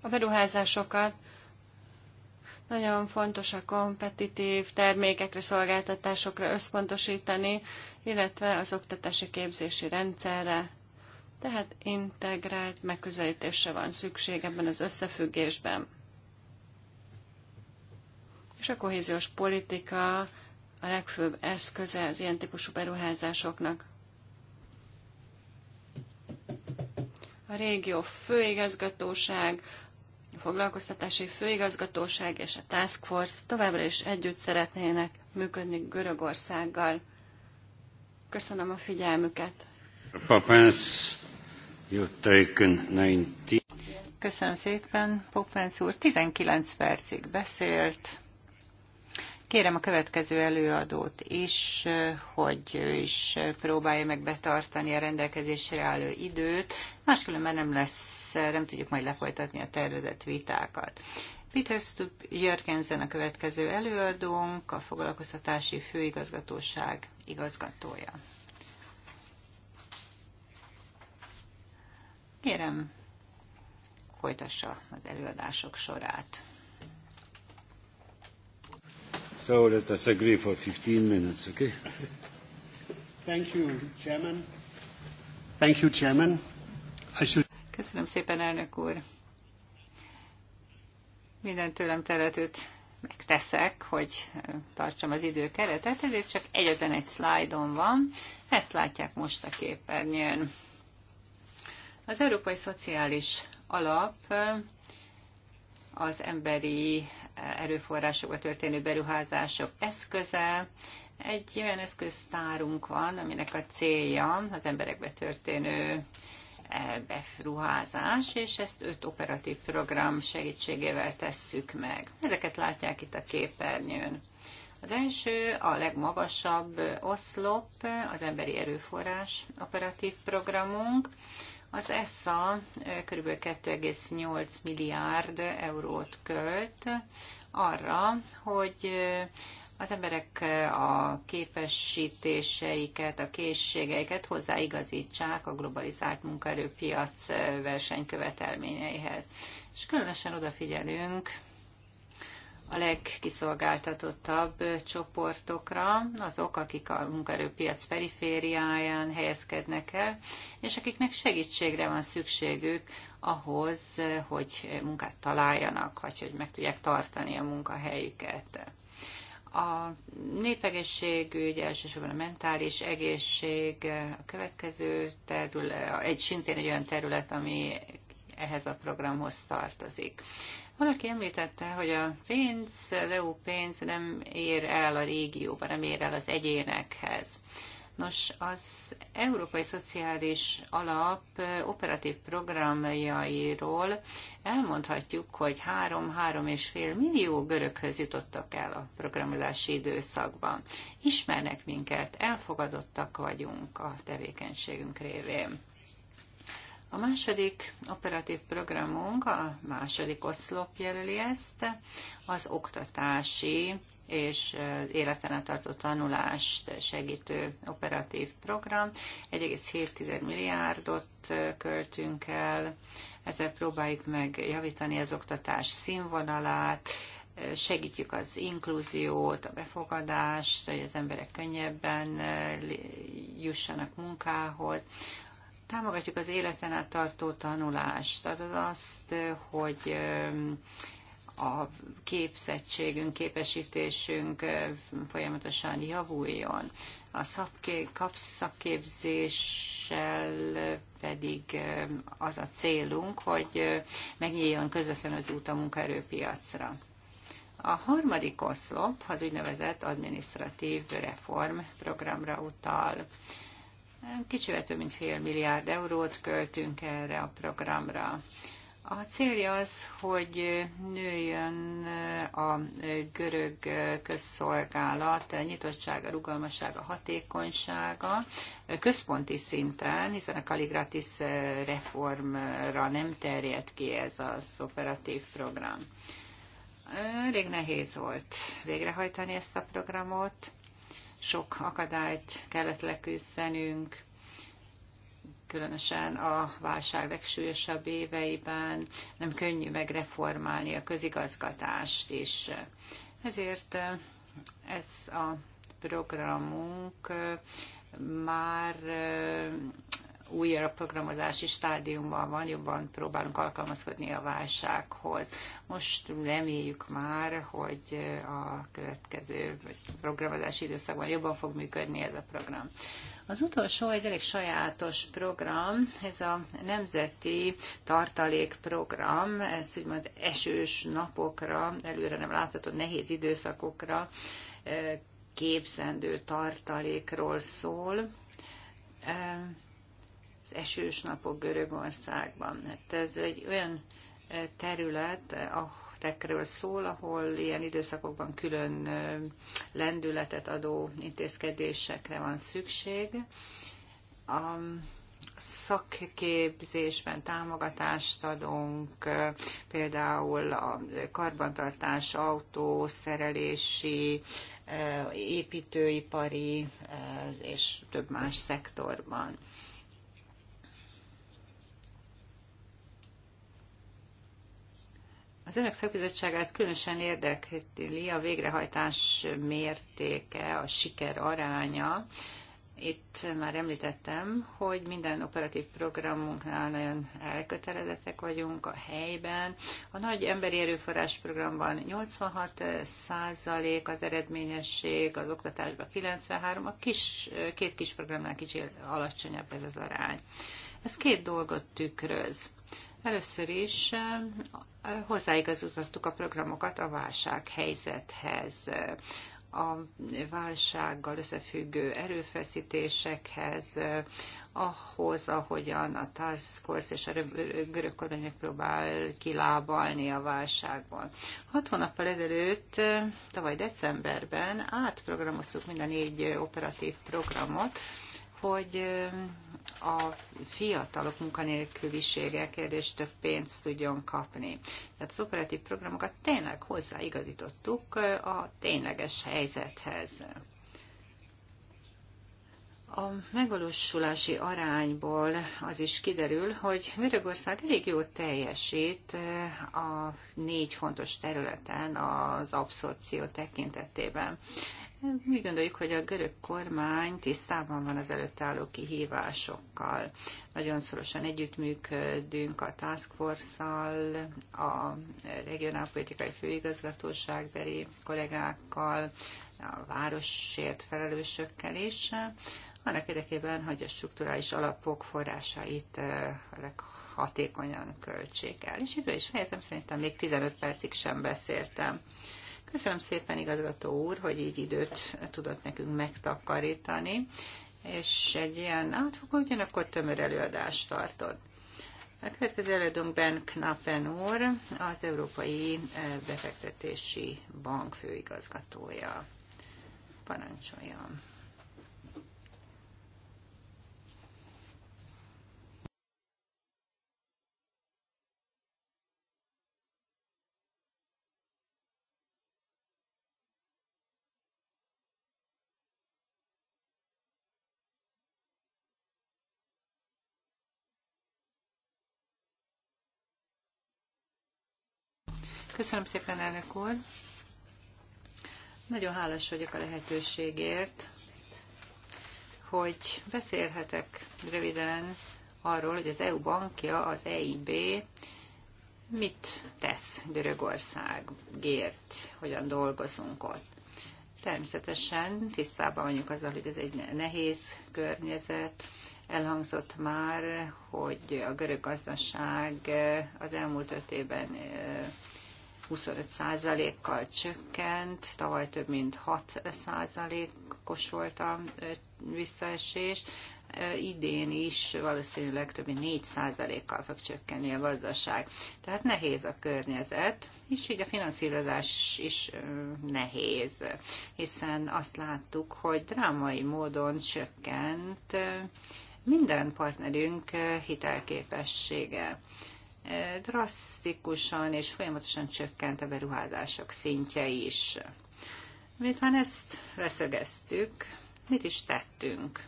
A beruházásokat nagyon fontos a kompetitív termékekre, szolgáltatásokra összpontosítani, illetve az oktatási képzési rendszerre, tehát integrált megközelítésre van szükség ebben az összefüggésben. És a kohéziós politika a legfőbb eszköze az ilyen típusú beruházásoknak. A régió főigazgatóság, a foglalkoztatási főigazgatóság és a Task Force továbbra is együtt szeretnének működni Görögországgal. Köszönöm a figyelmüket. Papens, taken 19. Köszönöm szépen,
Popens úr. 19 percig beszélt. Kérem a következő előadót is, hogy ő is próbálja meg betartani a rendelkezésre álló időt, máskülönben nem lesz, nem tudjuk majd lefolytatni a tervezett vitákat. Peter Stup Jörgensen a következő előadónk, a foglalkoztatási főigazgatóság igazgatója. Kérem, folytassa az előadások sorát.
So let us agree for 15 minutes, okay?
Thank you, Chairman.
Thank you, Chairman. I should...
Köszönöm szépen, elnök úr. Minden tőlem teretőt megteszek, hogy tartsam az időkeretet, ezért csak egyetlen egy szlájdon van. Ezt látják most a képernyőn. Az Európai Szociális Alap az emberi erőforrásokba történő beruházások eszköze. Egy olyan eszköztárunk van, aminek a célja az emberekbe történő beruházás, és ezt öt operatív program segítségével tesszük meg. Ezeket látják itt a képernyőn. Az első, a legmagasabb oszlop, az emberi erőforrás operatív programunk. Az ESSA kb. 2,8 milliárd eurót költ arra, hogy az emberek a képesítéseiket, a készségeiket hozzáigazítsák a globalizált munkaerőpiac versenykövetelményeihez. És különösen odafigyelünk a legkiszolgáltatottabb csoportokra, azok, akik a munkaerőpiac perifériáján helyezkednek el, és akiknek segítségre van szükségük ahhoz, hogy munkát találjanak, vagy hogy meg tudják tartani a munkahelyüket. A ugye elsősorban a mentális egészség a következő terület, egy szintén egy olyan terület, ami ehhez a programhoz tartozik. Valaki említette, hogy a pénz, az EU pénz nem ér el a régióba, nem ér el az egyénekhez. Nos, az Európai Szociális Alap operatív programjairól elmondhatjuk, hogy 3-3,5 millió görökhöz jutottak el a programozási időszakban. Ismernek minket, elfogadottak vagyunk a tevékenységünk révén. A második operatív programunk, a második oszlop jelöli ezt, az oktatási és életen át tartó tanulást segítő operatív program. 1,7 milliárdot költünk el, ezzel próbáljuk meg javítani az oktatás színvonalát, segítjük az inkluziót, a befogadást, hogy az emberek könnyebben jussanak munkához. Támogatjuk az életen át tartó tanulást, azaz azt, hogy a képzettségünk, képesítésünk folyamatosan javuljon. A szakképzéssel pedig az a célunk, hogy megnyíljon közvetlen az út a munkaerőpiacra. A harmadik oszlop az úgynevezett administratív reform programra utal. Kicsivel több mint fél milliárd eurót költünk erre a programra. A célja az, hogy nőjön a görög közszolgálat nyitottsága, rugalmassága, hatékonysága központi szinten, hiszen a Kaligratis reformra nem terjed ki ez az operatív program. Rég nehéz volt végrehajtani ezt a programot, sok akadályt kellett leküzdenünk, különösen a válság legsúlyosabb éveiben nem könnyű megreformálni a közigazgatást is. Ezért eh, ez a programunk eh, már eh, újra programozási stádiumban van, jobban próbálunk alkalmazkodni a válsághoz. Most reméljük már, hogy a következő vagy programozási időszakban jobban fog működni ez a program. Az utolsó egy elég sajátos program, ez a Nemzeti Tartalékprogram, ez úgymond esős napokra, előre nem látható nehéz időszakokra eh, képzendő tartalékról szól eh, az esős napok Görögországban. Hát ez egy olyan eh, terület, ahol projektekről szól, ahol ilyen időszakokban külön lendületet adó intézkedésekre van szükség. A szakképzésben támogatást adunk, például a karbantartás, autószerelési, építőipari és több más szektorban. Az önök szakbizottságát különösen érdekli a végrehajtás mértéke, a siker aránya. Itt már említettem, hogy minden operatív programunknál nagyon elkötelezettek vagyunk a helyben. A nagy emberi erőforrás programban 86 százalék az eredményesség, az oktatásban 93, a kis, két kis programnál kicsi alacsonyabb ez az arány. Ez két dolgot tükröz. Először is hozzáigazítottuk a programokat a válsághelyzethez a válsággal összefüggő erőfeszítésekhez, ahhoz, ahogyan a Task Force és a görög kormány megpróbál kilábalni a válságból. Hat hónappal ezelőtt, tavaly decemberben átprogramoztuk mind a négy operatív programot, hogy a fiatalok munkanélkülisége kérdés több pénzt tudjon kapni. Tehát az operatív programokat tényleg hozzáigazítottuk a tényleges helyzethez. A megvalósulási arányból az is kiderül, hogy Görögország elég jól teljesít a négy fontos területen az abszorpció tekintetében. Mi gondoljuk, hogy a görög kormány tisztában van az előtt álló kihívásokkal. Nagyon szorosan együttműködünk a Task Force-szal, a regionálpolitikai beri kollégákkal, a városért felelősökkel is, annak érdekében, hogy a strukturális alapok forrásait a eh, leghatékonyan költsék el. És időre is fejezem, szerintem még 15 percig sem beszéltem. Köszönöm szépen, igazgató úr, hogy így időt tudott nekünk megtakarítani, és egy ilyen átfogó, ugyanakkor tömör előadást tartott. A következő Ben Knappen úr, az Európai eh, Befektetési Bank főigazgatója. Parancsoljon! Köszönöm szépen, elnök úr. Nagyon hálás vagyok a lehetőségért, hogy beszélhetek röviden arról, hogy az EU bankja, az EIB mit tesz Görögországért, hogyan dolgozunk ott. Természetesen tisztában vagyunk azzal, hogy ez egy nehéz környezet. Elhangzott már, hogy a görög gazdaság eh, az elmúlt öt évben eh, 25%-kal csökkent, tavaly több mint 6%-os volt a visszaesés, idén is valószínűleg több mint 4%-kal fog csökkenni a gazdaság. Tehát nehéz a környezet, és így a finanszírozás is nehéz, hiszen azt láttuk, hogy drámai módon csökkent minden partnerünk hitelképessége drasztikusan és folyamatosan csökkent a beruházások szintje is. Miután ezt leszögeztük, mit is tettünk?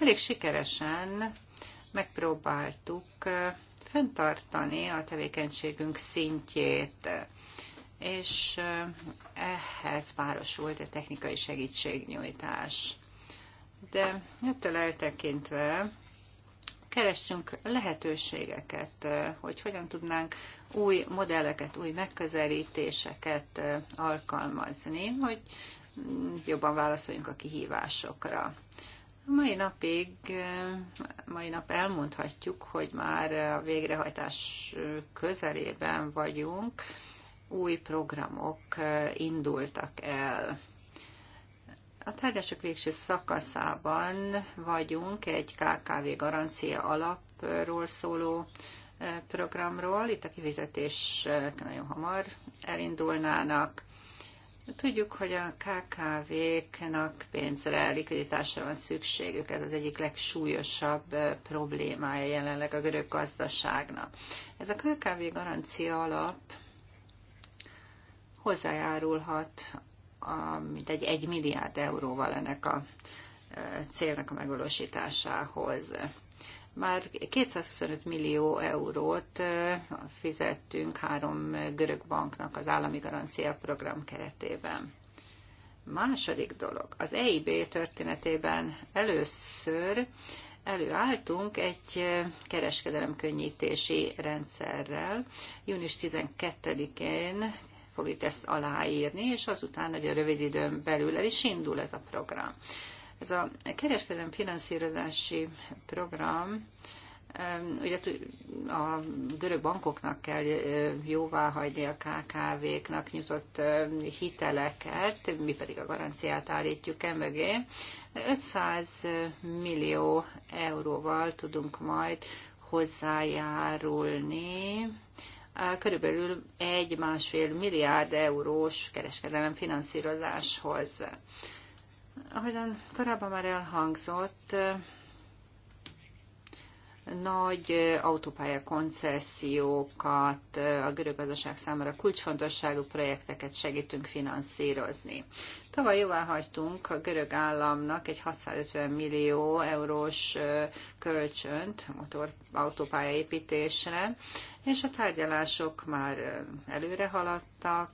Elég sikeresen megpróbáltuk fenntartani a tevékenységünk szintjét, és ehhez párosult a technikai segítségnyújtás. De ettől eltekintve keressünk lehetőségeket, hogy hogyan tudnánk új modelleket, új megközelítéseket alkalmazni, hogy mm, jobban válaszoljunk a kihívásokra. Mai napig, mai nap elmondhatjuk, hogy már a végrehajtás közelében vagyunk, új programok indultak el a tárgyások végső szakaszában vagyunk egy KKV garancia alapról szóló e, programról. Itt a kivizetés nagyon hamar elindulnának. Tudjuk, hogy a KKV-knak pénzre, likviditásra van szükségük. Ez az egyik legsúlyosabb e, problémája jelenleg a görög gazdaságnak. Ez a KKV garancia alap hozzájárulhat a, mint egy 1 milliárd euróval ennek a e, célnak a megvalósításához. Már 225 millió eurót e, fizettünk három görög banknak az állami garancia program keretében. Második dolog, az EIB történetében először előálltunk egy e, kereskedelemkönnyítési rendszerrel. Június 12-én fogjuk ezt aláírni, és azután nagyon rövid időn belül el is indul ez a program. Ez a kereskedelmi finanszírozási program ugye a görög bankoknak kell jóvá hagyni a KKV-knak nyitott hiteleket, mi pedig a garanciát állítjuk emögé. 500 millió euróval tudunk majd hozzájárulni körülbelül egy másfél milliárd eurós kereskedelem finanszírozáshoz. Ahogyan korábban már elhangzott, nagy autópálya koncesziókat, a görög gazdaság számára kulcsfontosságú projekteket segítünk finanszírozni. Tavaly jóvá hagytunk a görög államnak egy 650 millió eurós kölcsönt motor autópálya építésre, és a tárgyalások már előre haladtak,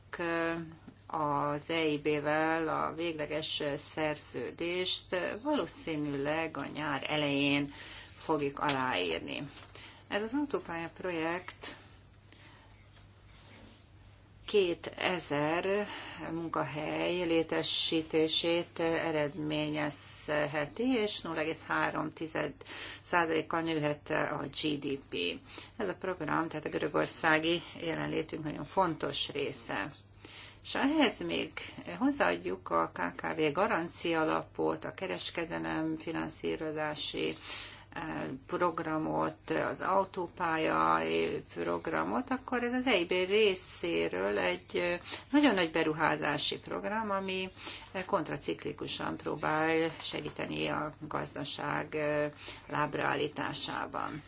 az EIB-vel a végleges szerződést valószínűleg a nyár elején fogjuk aláírni. Ez az autópálya projekt 2000 munkahely létesítését eredményezheti, és 0,3%-kal nőhet a GDP. Ez a program, tehát a görögországi jelenlétünk nagyon fontos része. És ehhez még hozzáadjuk a KKV garancia alapot, a kereskedelem finanszírozási programot, az autópálya programot, akkor ez az EIB részéről egy nagyon nagy beruházási program, ami kontraciklikusan próbál segíteni a gazdaság lábraállításában.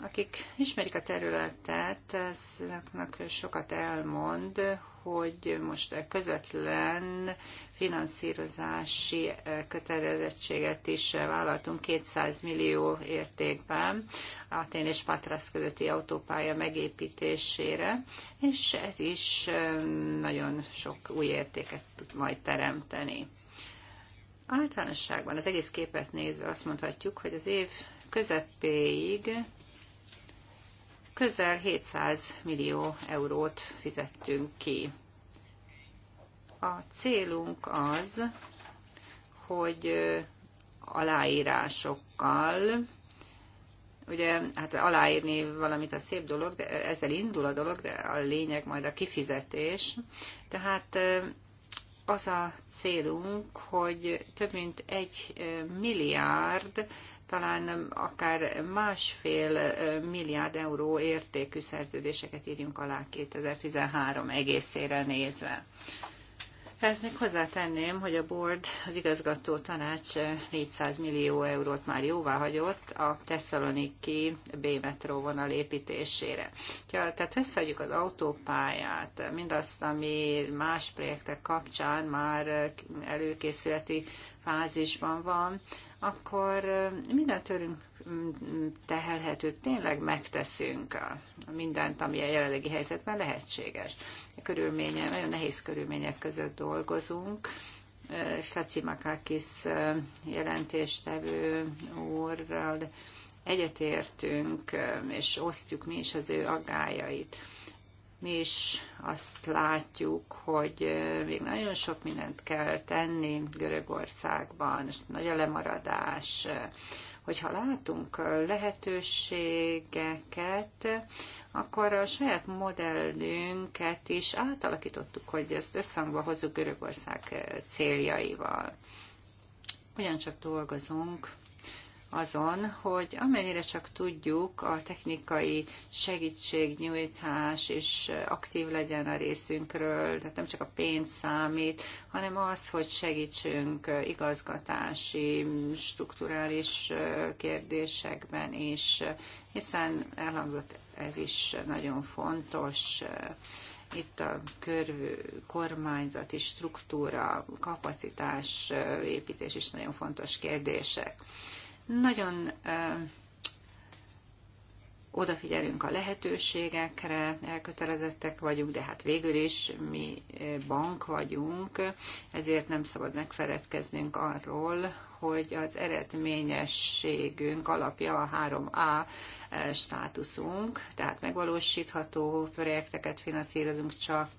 Akik ismerik a területet, azoknak sokat elmond, hogy most e közvetlen finanszírozási e, kötelezettséget is e, vállaltunk 200 millió értékben Atén és Patrasz közötti autópálya megépítésére, és ez is nagyon sok új értéket tud majd teremteni. Általánosságban az egész képet nézve azt mondhatjuk, hogy az év közepéig közel 700 millió eurót fizettünk ki. A célunk az, hogy aláírásokkal, ugye, hát aláírni valamit a szép dolog, de ezzel indul a dolog, de a lényeg majd a kifizetés. Tehát az a célunk, hogy több mint egy milliárd talán akár másfél milliárd euró értékű szerződéseket írjunk alá 2013 egészére nézve. Ez még hozzátenném, hogy a board, az igazgató tanács 400 millió eurót már jóvá hagyott a Thessaloniki B-metró vonal építésére. Ja, tehát összeadjuk az autópályát, mindazt, ami más projektek kapcsán már előkészületi fázisban van, akkor eh, minden törünk terhelhető, tényleg megteszünk mindent, ami a jelenlegi helyzetben lehetséges. A körülmények, nagyon nehéz körülmények között dolgozunk. Slaci Makakis jelentéstevő úrral egyetértünk, és osztjuk mi is az ő aggájait. Mi is azt látjuk, hogy még nagyon sok mindent kell tenni Görögországban, nagy a lemaradás, hogyha látunk lehetőségeket, akkor a saját modellünket is átalakítottuk, hogy ezt összhangba hozzuk Görögország céljaival. Ugyancsak dolgozunk azon, hogy amennyire csak tudjuk, a technikai segítségnyújtás és aktív legyen a részünkről, tehát nem csak a pénz számít, hanem az, hogy segítsünk igazgatási, strukturális kérdésekben is, hiszen elhangzott ez is nagyon fontos. Itt a körvő, kormányzati struktúra, kapacitás építés is nagyon fontos kérdések. Nagyon odafigyelünk a lehetőségekre, elkötelezettek vagyunk, de hát végül is mi bank vagyunk, ezért nem szabad megfeledkeznünk arról, hogy az eredményességünk alapja a 3A státuszunk, tehát megvalósítható projekteket finanszírozunk csak,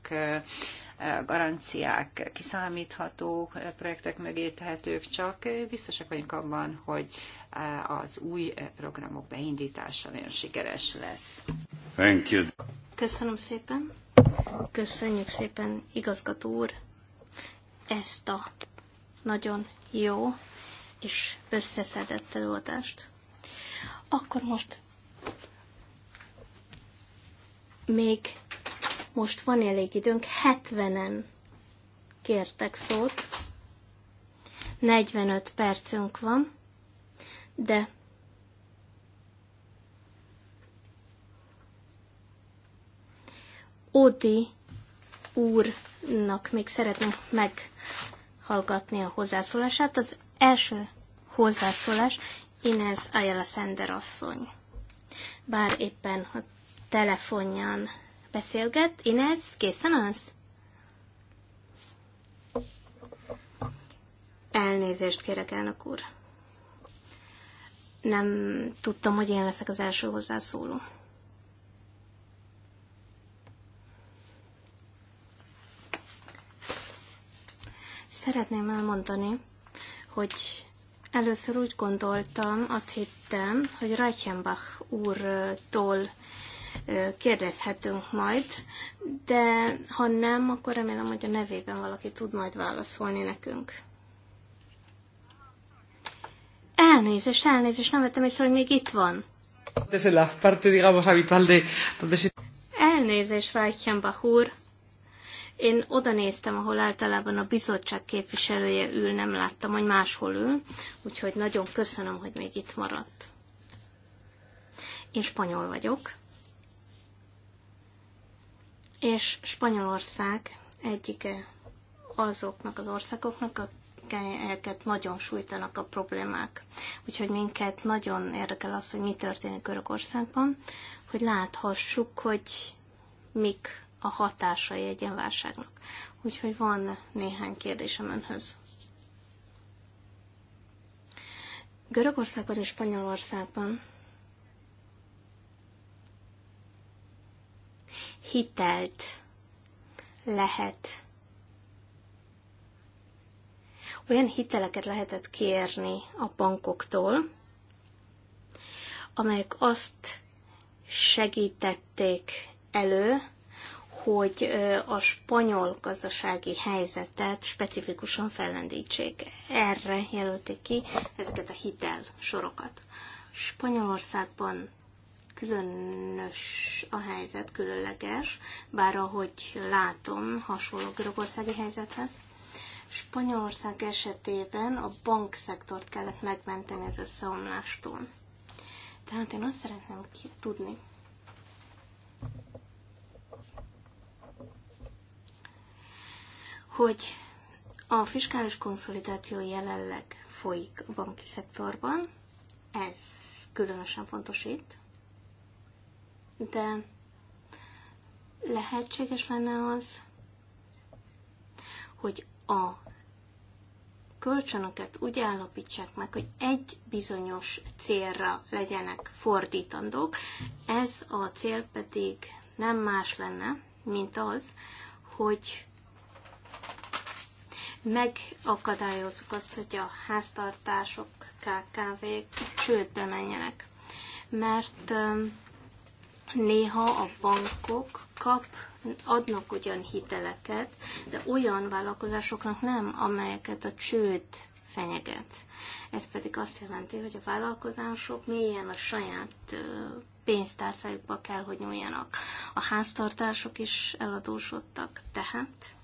garanciák kiszámítható projektek mögé tehetők, csak biztosak vagyunk abban, hogy az új programok beindítása nagyon sikeres lesz. Thank you. Köszönöm szépen. Köszönjük
szépen, igazgató úr, ezt a nagyon jó és összeszedett előadást. Akkor most még most van elég időnk, 70-en kértek szót, 45 percünk van, de Óti úrnak még szeretném meghallgatni a hozzászólását. Az első hozzászólás Inez Ayala Sender asszony. Bár éppen a telefonján beszélget. Inez, készen az? Elnézést kérek, elnök úr nem tudtam, hogy én leszek az első hozzászóló. Szeretném elmondani, hogy először úgy gondoltam, azt hittem, hogy Reichenbach úrtól kérdezhetünk majd, de ha nem, akkor remélem, hogy a nevében valaki tud majd válaszolni nekünk. Elnézést, elnézést, nem vettem észre, hogy még itt van. Ez la
parte, digamos, habitual de...
Elnézést, Reichenbach úr. Én oda néztem, ahol általában a bizottság képviselője ül, nem láttam, hogy máshol ül, úgyhogy nagyon köszönöm, hogy még itt maradt. Én spanyol vagyok, és Spanyolország egyike azoknak az országoknak, amelyeket nagyon sújtanak a problémák. Úgyhogy minket nagyon érdekel az, hogy mi történik Görögországban, hogy láthassuk, hogy mik a hatásai egy ilyen válságnak. Úgyhogy van néhány kérdésem önhöz. Görögországban és Spanyolországban hitelt lehet olyan hiteleket lehetett kérni a bankoktól, amelyek azt segítették elő, hogy a spanyol gazdasági helyzetet specifikusan fellendítsék. Erre jelölték ki ezeket a hitel sorokat. Spanyolországban különös a helyzet, különleges, bár ahogy látom, hasonló görögországi helyzethez. Spanyolország esetében a bankszektort kellett megmenteni az összeomlástól. Tehát én azt szeretném ki tudni, hogy a fiskális konszolidáció jelenleg folyik a banki szektorban, ez különösen fontos itt, de lehetséges lenne az, hogy a kölcsönöket úgy állapítsák meg, hogy egy bizonyos célra legyenek fordítandók. Ez a cél pedig nem más lenne, mint az, hogy megakadályozzuk azt, hogy a háztartások, KKV-k csődbe menjenek. Mert um, Néha a bankok kap, adnak ugyan hiteleket, de olyan vállalkozásoknak nem, amelyeket a csőd fenyeget. Ez pedig azt jelenti, hogy a vállalkozások mélyen a saját pénztárcájukba kell, hogy nyúljanak. A háztartások is eladósodtak, tehát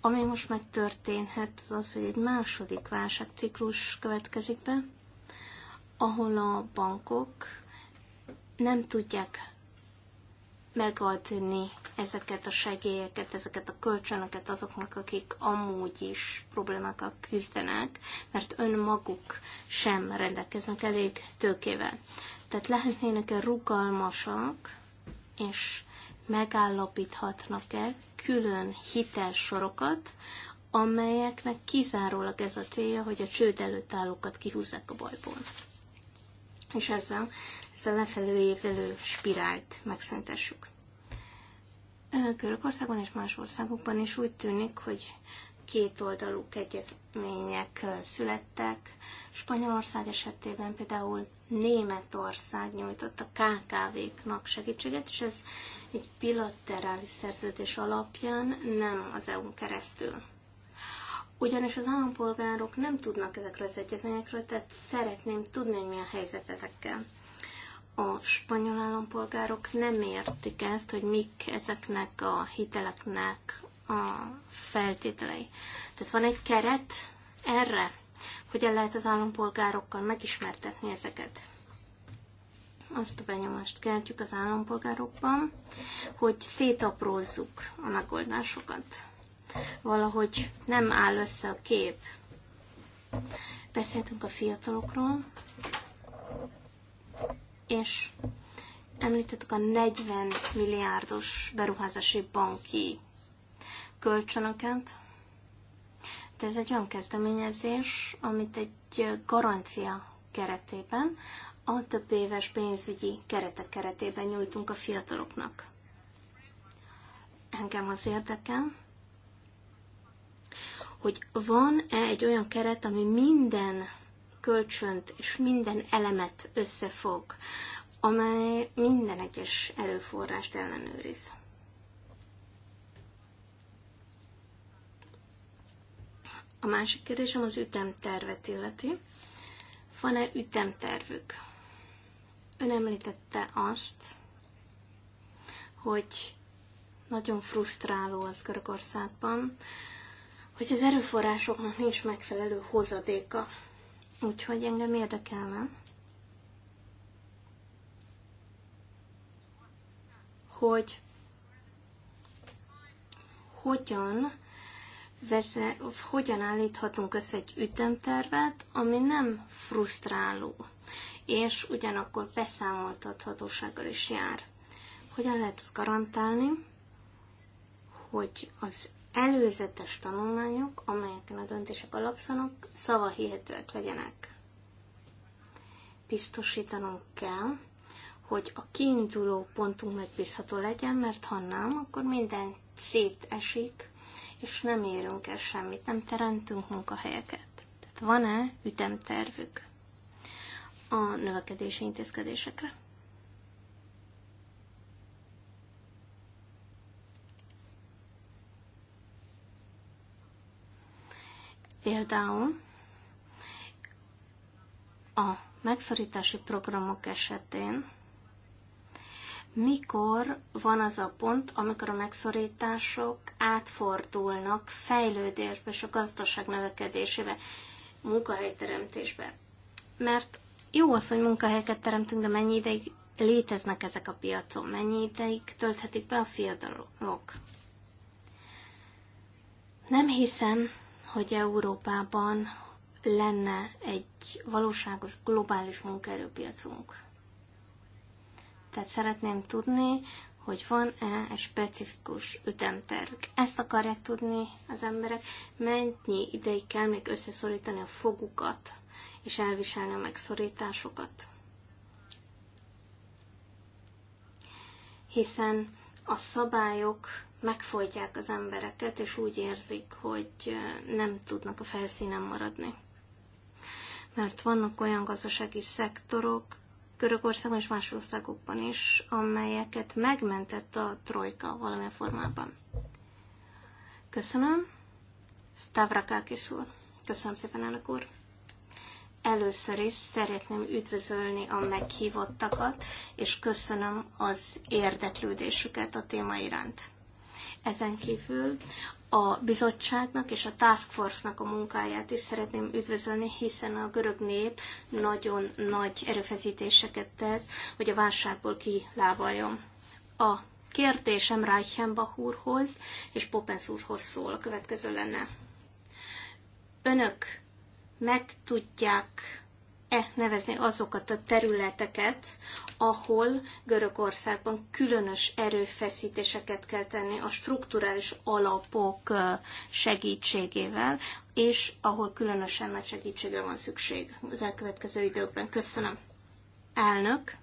ami most megtörténhet, az az, hogy egy második válságciklus következik be, ahol a bankok nem tudják megadni ezeket a segélyeket, ezeket a kölcsönöket azoknak, akik amúgy is problémákkal küzdenek, mert önmaguk sem rendelkeznek elég tőkével. Tehát lehetnének-e rugalmasak, és megállapíthatnak-e külön hitelsorokat, amelyeknek kizárólag ez a célja, hogy a csőd előtt állókat kihúzzák a bajból. És ezzel ezt a lefelé évelő spirált megszüntessük. Körökországon és más országokban is úgy tűnik, hogy két oldalú egyezmények születtek. Spanyolország esetében például Németország nyújtott a KKV-knak segítséget, és ez egy bilaterális szerződés alapján nem az EU-n keresztül. Ugyanis az állampolgárok nem tudnak ezekről az egyezményekről, tehát szeretném tudni, hogy mi a helyzet ezekkel a spanyol állampolgárok nem értik ezt, hogy mik ezeknek a hiteleknek a feltételei. Tehát van egy keret erre, hogyan lehet az állampolgárokkal megismertetni ezeket. Azt a benyomást keltjük az állampolgárokban, hogy szétaprózzuk a megoldásokat. Valahogy nem áll össze a kép. Beszéltünk a fiatalokról, és említettük a 40 milliárdos beruházási banki kölcsönöket, de ez egy olyan kezdeményezés, amit egy garancia keretében, a több éves pénzügyi keretek keretében nyújtunk a fiataloknak. Engem az érdekel, hogy van-e egy olyan keret, ami minden kölcsönt és minden elemet összefog, amely minden egyes erőforrást ellenőriz. A másik kérdésem az ütemtervet illeti. Van-e ütemtervük? Ön említette azt, hogy nagyon frusztráló az Görögországban, hogy az erőforrásoknak nincs megfelelő hozadéka. Úgyhogy engem érdekelne, hogy hogyan veze, hogyan állíthatunk össze egy ütemtervet, ami nem frusztráló, és ugyanakkor beszámoltathatósággal is jár. Hogyan lehet azt garantálni, hogy az előzetes tanulmányok, amelyeken a döntések alapszanak, hihetőek legyenek. Biztosítanunk kell, hogy a kiinduló pontunk megbízható legyen, mert ha nem, akkor minden szétesik, és nem érünk el semmit, nem teremtünk munkahelyeket. Tehát van-e ütemtervük a növekedési intézkedésekre? Például a megszorítási programok esetén mikor van az a pont, amikor a megszorítások átfordulnak fejlődésbe és a gazdaság növekedésébe, munkahelyteremtésbe. Mert jó az, hogy munkahelyeket teremtünk, de mennyi ideig léteznek ezek a piacon, mennyi ideig tölthetik be a fiatalok. Nem hiszem, hogy Európában lenne egy valóságos globális munkaerőpiacunk. Tehát szeretném tudni, hogy van-e egy specifikus ütemtervük. Ezt akarják tudni az emberek, mennyi ideig kell még összeszorítani a fogukat, és elviselni a megszorításokat. Hiszen a szabályok megfojtják az embereket, és úgy érzik, hogy nem tudnak a felszínen maradni. Mert vannak olyan gazdasági szektorok, Görögországban és más országokban is, amelyeket megmentett a trojka valamilyen formában. Köszönöm. Stavrakakis úr. Köszönöm szépen, elnök úr. Először is szeretném üdvözölni a meghívottakat, és köszönöm az érdeklődésüket a téma iránt. Ezen kívül a bizottságnak és a task force-nak a munkáját is szeretném üdvözölni, hiszen a görög nép nagyon nagy erőfeszítéseket tett, hogy a válságból kilábaljon. A kérdésem Reichenbach úrhoz és Popens úrhoz szól. A következő lenne. Önök meg tudják e nevezni azokat a területeket, ahol Görögországban különös erőfeszítéseket kell tenni a strukturális alapok segítségével, és ahol különösen nagy segítségre van szükség az elkövetkező időkben. Köszönöm. Elnök.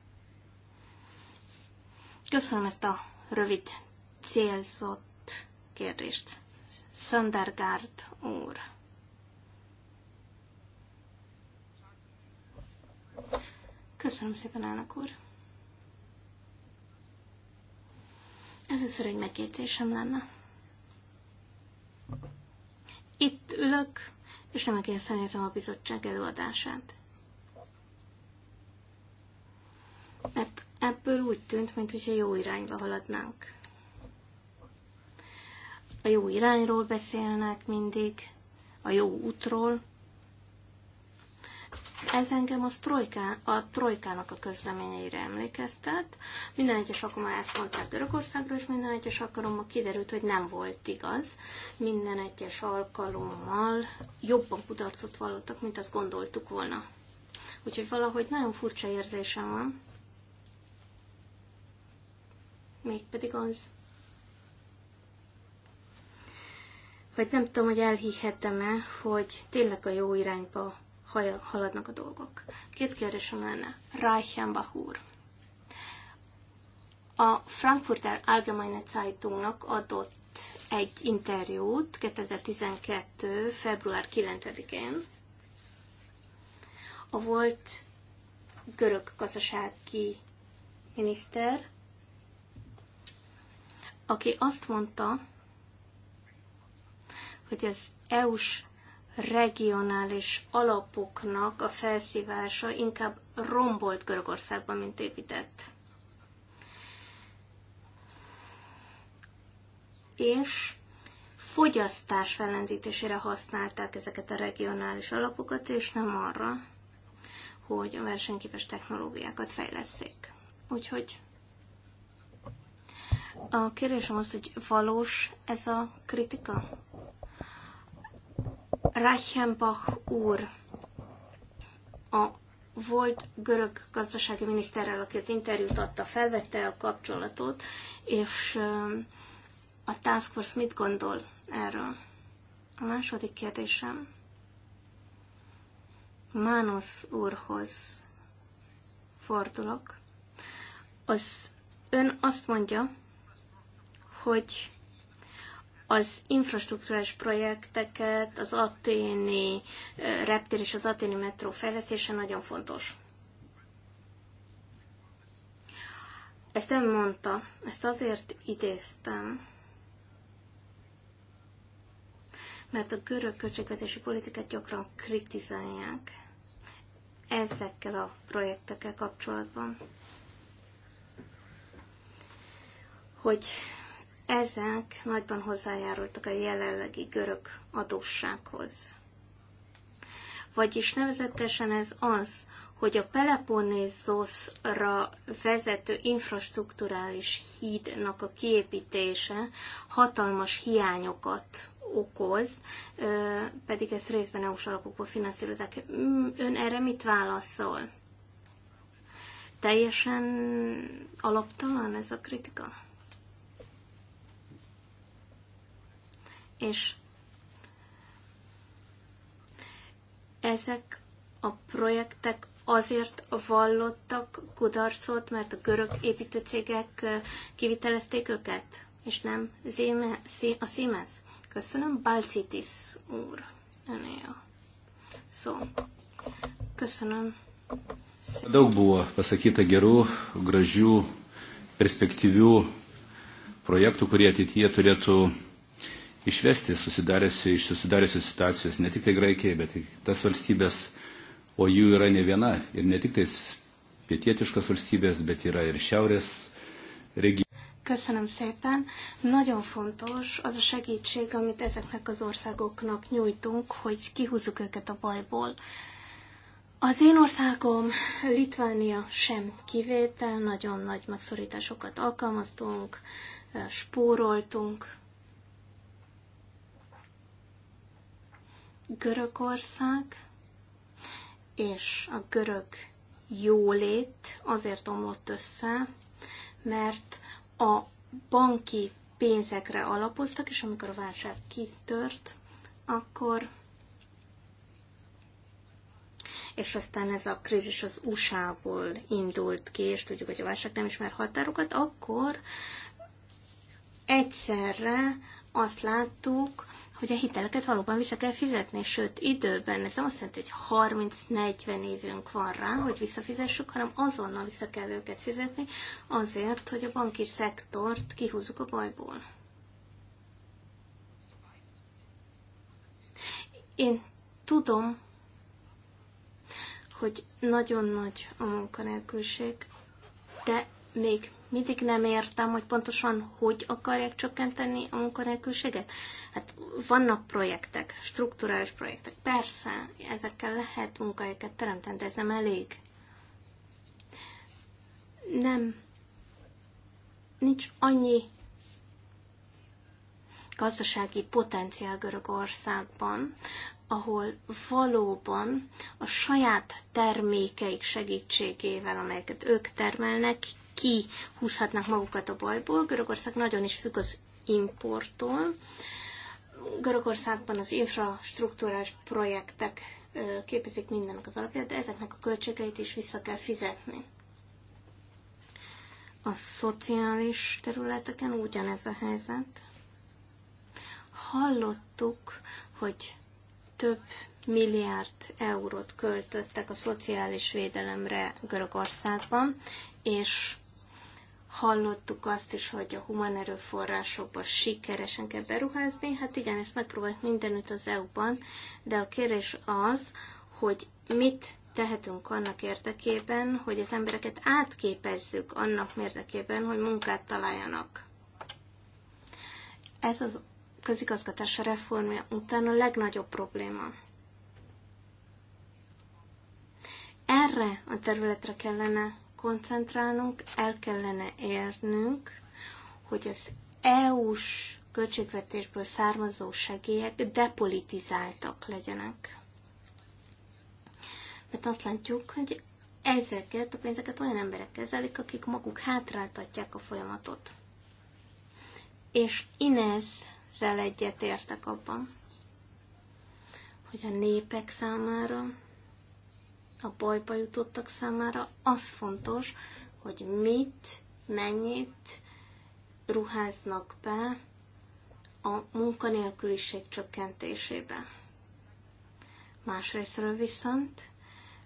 Köszönöm ezt a rövid célzott kérdést. Söndergaard úr. Köszönöm szépen, elnök úr. Először egy megjegyzésem lenne. Itt ülök, és nem egészen értem a bizottság előadását. Mert ebből úgy tűnt, mintha jó irányba haladnánk. A jó irányról beszélnek mindig, a jó útról, ez engem a, trojká, a trojkának a közleményeire emlékeztet. Minden egyes alkalommal ezt mondták Görögországról, és minden egyes alkalommal kiderült, hogy nem volt igaz. Minden egyes alkalommal jobban kudarcot vallottak, mint azt gondoltuk volna. Úgyhogy valahogy nagyon furcsa érzésem van. Mégpedig az, vagy nem tudom, hogy elhihetem-e, hogy tényleg a jó irányba haladnak a dolgok. Két kérdésem lenne. Reichenbach úr. A Frankfurter Allgemeine Zeitungnak adott egy interjút 2012. február 9-én. A volt görög gazdasági miniszter, aki azt mondta, hogy az EU-s regionális alapoknak a felszívása inkább rombolt Görögországban, mint épített. És fogyasztás fellendítésére használták ezeket a regionális alapokat, és nem arra, hogy a versenyképes technológiákat fejleszék. Úgyhogy a kérdésem az, hogy valós ez a kritika? Reichenbach úr a volt görög gazdasági miniszterrel, aki az interjút adta, felvette a kapcsolatot, és a Task Force mit gondol erről? A második kérdésem Mános úrhoz fordulok. Az ön azt mondja, hogy az infrastruktúrás projekteket, az aténi eh, reptér és az aténi metró fejlesztése nagyon fontos. Ezt ön mondta, ezt azért idéztem, mert a görög költségvetési politikát gyakran kritizálják ezekkel a projektekkel kapcsolatban, hogy ezek nagyban hozzájárultak a jelenlegi görög adóssághoz. Vagyis nevezetesen ez az, hogy a Peloponnézoszra vezető infrastruktúrális hídnak a kiépítése hatalmas hiányokat okoz, pedig ezt részben EU-s alapokból finanszírozák. Mm, ön erre mit válaszol? Teljesen alaptalan ez a kritika? és ezek a projektek azért vallottak kudarcot, mert a görög építőcégek kivitelezték őket, és nem a Siemens. Köszönöm, Balcitis úr, önél szó. Köszönöm.
Daug buvo pasakyta gerų, gražių,
perspektyvių projektų, kurie ateityje turėtų išvesti susidariusi, iš susidariusios situacijos ne tik tai Graikijai, bet ir tas valstybės, o jų yra ne viena ir ne tik tais pietietiškas valstybės, bet yra ir šiaurės regionai.
Köszönöm szépen. Nagyon fontos az a segítség, amit ezeknek az országoknak nyújtunk, hogy kihúzzuk őket a bajból. Az én országom, Litvánia sem kivétel, nagyon nagy megszorításokat alkalmaztunk, spóroltunk, Görögország és a görög jólét azért omlott össze, mert a banki pénzekre alapoztak, és amikor a válság kitört, akkor és aztán ez a krízis az USA-ból indult ki, és tudjuk, hogy a válság nem ismer határokat, akkor egyszerre azt láttuk, hogy a hiteleket valóban vissza kell fizetni, sőt időben. Ez nem azt jelenti, hogy 30-40 évünk van rá, hogy visszafizessük, hanem azonnal vissza kell őket fizetni azért, hogy a banki szektort kihúzzuk a bajból. Én tudom, hogy nagyon nagy a munkanélküliség, de még mindig nem értem, hogy pontosan hogy akarják csökkenteni a munkanélküliséget. Hát vannak projektek, strukturális projektek, persze, ezekkel lehet munkahelyeket teremteni, de ez nem elég. Nem. Nincs annyi gazdasági potenciál Görögországban, ahol valóban a saját termékeik segítségével, amelyeket ők termelnek, kihúzhatnak magukat a bajból. Görögország nagyon is függ az importtól. Görögországban az infrastruktúrás projektek képezik mindennek az alapját, de ezeknek a költségeit is vissza kell fizetni. A szociális területeken ugyanez a helyzet. Hallottuk, hogy több milliárd eurót költöttek a szociális védelemre Görögországban, és hallottuk azt is, hogy a human erőforrásokba sikeresen kell beruházni. Hát igen, ezt megpróbáljuk mindenütt az EU-ban, de a kérdés az, hogy mit tehetünk annak érdekében, hogy az embereket átképezzük annak érdekében, hogy munkát találjanak. Ez az közigazgatása reformja után a legnagyobb probléma. Erre a területre kellene koncentrálnunk, el kellene érnünk, hogy az EU-s költségvetésből származó segélyek depolitizáltak legyenek. Mert azt látjuk, hogy ezeket a pénzeket olyan emberek kezelik, akik maguk hátráltatják a folyamatot. És Inezzel értek abban, hogy a népek számára a bajba jutottak számára, az fontos, hogy mit, mennyit ruháznak be a munkanélküliség csökkentésébe. Másrésztről viszont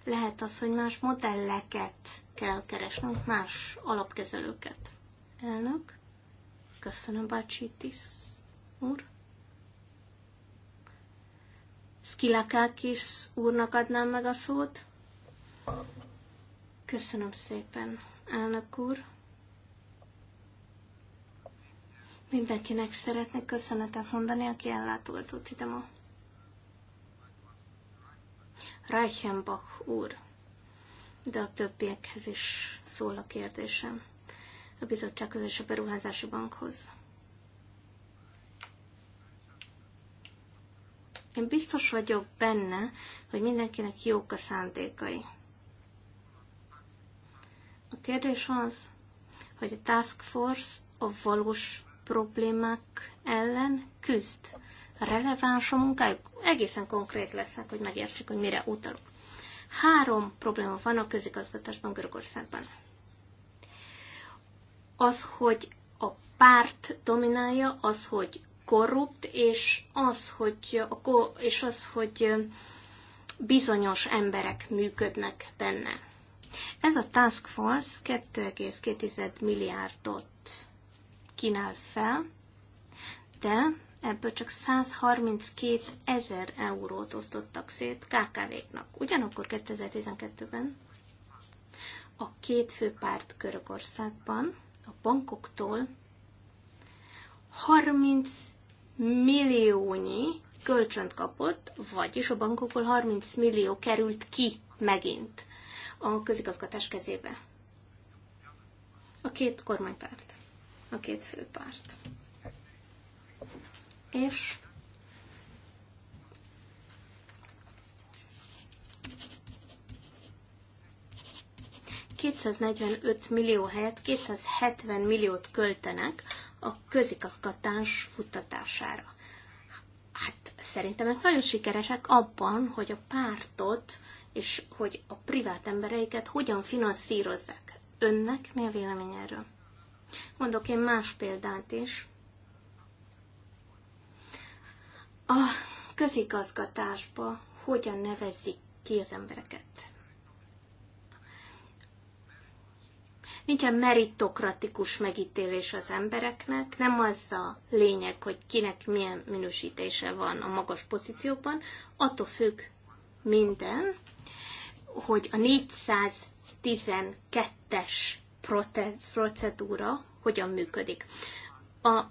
lehet az, hogy más modelleket kell keresnünk, más alapkezelőket. Elnök, köszönöm tisz úr. Skilakákis úrnak adnám meg a szót. Köszönöm szépen, elnök úr. Mindenkinek szeretnék köszönetet mondani, aki ellátogatott ide ma. Reichenbach úr, de a többiekhez is szól a kérdésem. A bizottsághoz és a beruházási bankhoz. Én biztos vagyok benne, hogy mindenkinek jók a szándékai kérdés az, hogy a Task Force a valós problémák ellen küzd. Releváns a munkájuk. Egészen konkrét lesznek, hogy megértsük, hogy mire utalok. Három probléma van a közigazgatásban Görögországban. Az, hogy a párt dominálja, az, hogy korrupt, és az, hogy, a, és az, hogy bizonyos emberek működnek benne. Ez a Task Force 2,2 milliárdot kínál fel, de ebből csak 132 ezer eurót osztottak szét KKV-knak. Ugyanakkor 2012-ben a két főpárt Körökországban a bankoktól 30 milliónyi kölcsönt kapott, vagyis a bankokból 30 millió került ki megint a közigazgatás kezébe. A két kormánypárt, a két főpárt. És ...245 millió helyett 270 milliót költenek a közigazgatás futtatására. Hát szerintem ők nagyon sikeresek abban, hogy a pártot és hogy a privát embereiket hogyan finanszírozzák. Önnek mi a vélemény erről? Mondok én más példát is. A közigazgatásba hogyan nevezik ki az embereket? Nincsen meritokratikus megítélés az embereknek, nem az a lényeg, hogy kinek milyen minősítése van a magas pozíciókban, attól függ minden, hogy a 412-es procedúra hogyan működik. A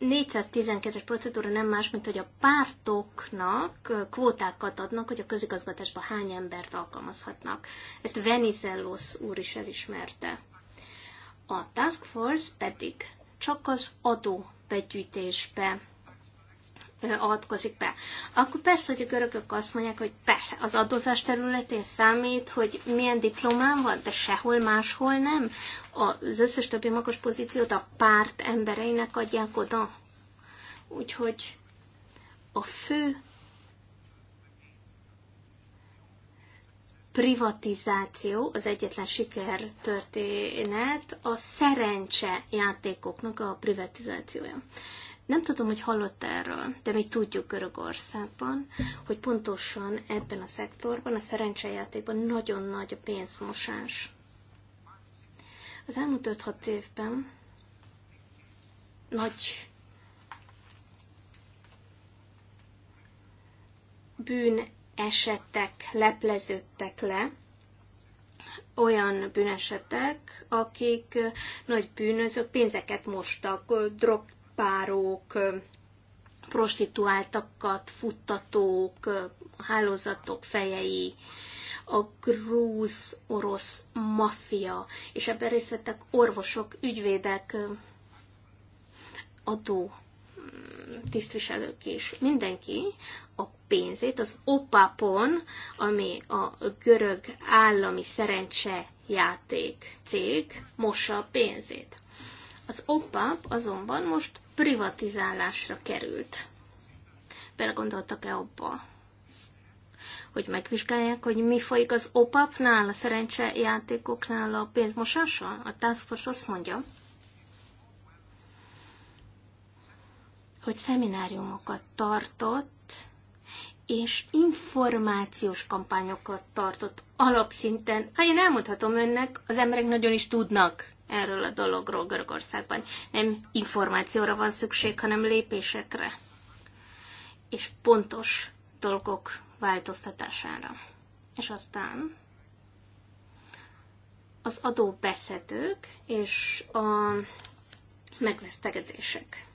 412-es procedúra nem más, mint hogy a pártoknak kvótákat adnak, hogy a közigazgatásban hány embert alkalmazhatnak. Ezt Venizelos úr is elismerte. A Task Force pedig csak az adó begyűjtésbe avatkozik be. Akkor persze, hogy a görögök azt mondják, hogy persze, az adózás területén számít, hogy milyen diplomám van, de sehol máshol nem. Az összes többi magas pozíciót a párt embereinek adják oda. Úgyhogy a fő privatizáció, az egyetlen siker történet, a szerencse játékoknak a privatizációja. Nem tudom, hogy hallott erről, de mi tudjuk Görögországban, hogy pontosan ebben a szektorban, a szerencsejátékban nagyon nagy a pénzmosás. Az elmúlt 5-6 évben nagy bűn esetek lepleződtek le, olyan bűnesetek, akik nagy bűnözők pénzeket mostak, drog párok, prostituáltakat, futtatók, hálózatok fejei, a grúz-orosz maffia, és ebben részt vettek orvosok, ügyvédek, adó mm, tisztviselők is. Mindenki a pénzét az OPAPON, ami a görög állami szerencse játék cég, mossa a pénzét. Az OPAP azonban most privatizálásra került. Belegondoltak-e abba, hogy megvizsgálják, hogy mi folyik az OPAP-nál, a szerencsejátékoknál, a pénzmosással? A Task Force azt mondja, hogy szemináriumokat tartott, és információs kampányokat tartott alapszinten. Ha én elmondhatom önnek, az emberek nagyon is tudnak erről a dologról Görögországban. Nem információra van szükség, hanem lépésekre és pontos dolgok változtatására. És aztán az adóbeszedők és a megvesztegedések.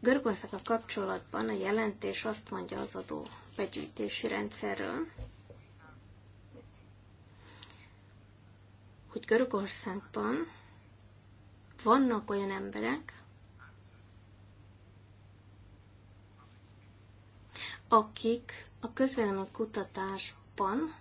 Görögország a kapcsolatban a jelentés azt mondja az adó begyűjtési rendszerről, hogy Görögországban vannak olyan emberek, akik a közvélemény kutatásban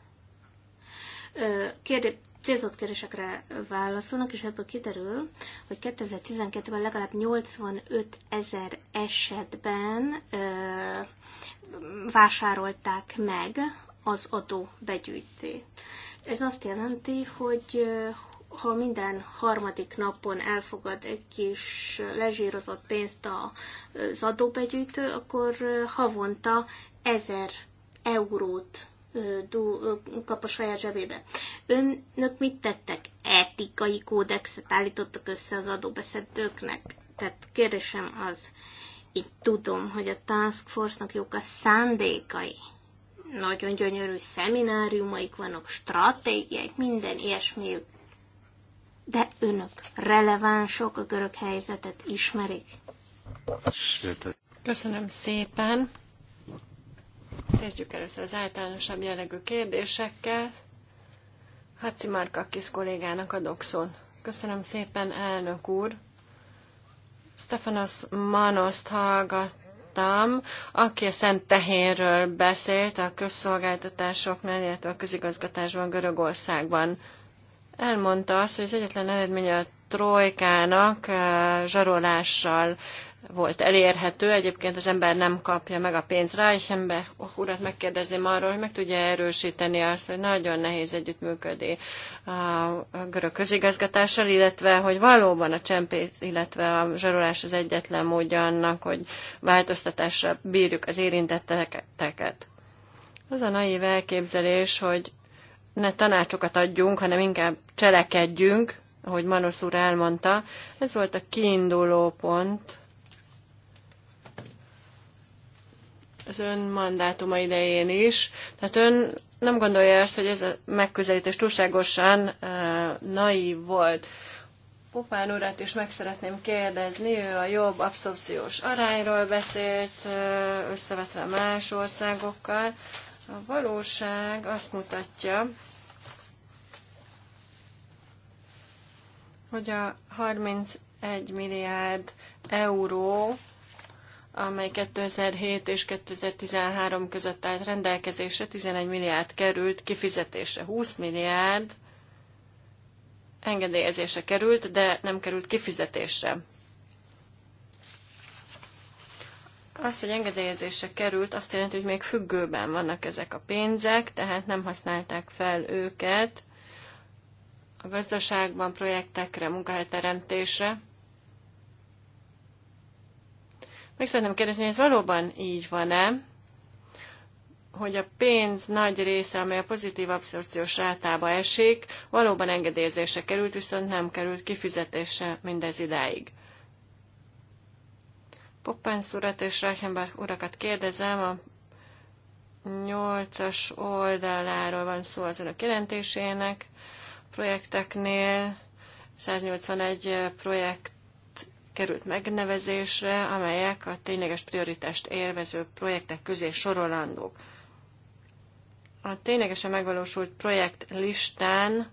kérdé, célzott kérdésekre válaszolnak, és ebből kiderül, hogy 2012-ben legalább 85 ezer esetben ö, vásárolták meg az adó begyűjtét. Ez azt jelenti, hogy ha minden harmadik napon elfogad egy kis lezsírozott pénzt az adóbegyűjtő, akkor havonta ezer eurót kap a saját zsebébe. Önök mit tettek? Etikai kódexet állítottak össze az adóbeszedőknek. Tehát kérdésem az, itt tudom, hogy a Task Force-nak jók a szándékai, nagyon gyönyörű szemináriumaik vannak, stratégiák, minden ilyesmi. De önök relevánsok, a
görög helyzetet ismerik. Köszönöm szépen. Kezdjük először az általánosabb jellegű kérdésekkel. Haci kis kollégának adok szót. Köszönöm szépen, elnök úr. Stefanos Manoszt hallgat, hallottam, aki a Szent Tehénről beszélt a közszolgáltatásoknál, illetve a közigazgatásban Görögországban. Elmondta azt, hogy az egyetlen eredménye a trojkának eh, zsarolással volt elérhető. Egyébként az ember nem kapja meg a pénzt rá, és ember oh, urat megkérdezném arról, hogy meg tudja erősíteni azt, hogy nagyon nehéz együttműködni a görög közigazgatással, illetve hogy valóban a csempét, illetve a zsarolás az egyetlen módja annak, hogy változtatásra bírjuk az érintetteket. Az a naív elképzelés, hogy ne tanácsokat adjunk, hanem inkább cselekedjünk, ahogy Manos úr elmondta, ez volt a kiinduló pont az ön mandátuma idején is. Tehát ön nem gondolja ezt, hogy ez a megközelítés túlságosan uh, naív volt. Popán urat is meg szeretném kérdezni, ő a jobb abszorpciós arányról beszélt, összevetve más országokkal. A valóság azt mutatja, hogy a 31 milliárd euró amely 2007 és 2013 között állt rendelkezésre, 11 milliárd került, kifizetése 20 milliárd, engedélyezése került, de nem került kifizetésre. Az, hogy engedélyezése került, azt jelenti, hogy még függőben vannak ezek a pénzek, tehát nem használták fel őket a gazdaságban, projektekre, munkahelyteremtésre. Meg szeretném kérdezni, hogy ez valóban így van-e, hogy a pénz nagy része, amely a pozitív abszorciós rátába esik, valóban engedélyezése került, viszont nem került kifizetése mindez idáig. Poppens urat és Reichenbach urakat kérdezem, a nyolcas oldaláról van szó az önök jelentésének projekteknél. 181 projekt került megnevezésre, amelyek a tényleges prioritást élvező projektek közé sorolandók. A ténylegesen megvalósult projekt listán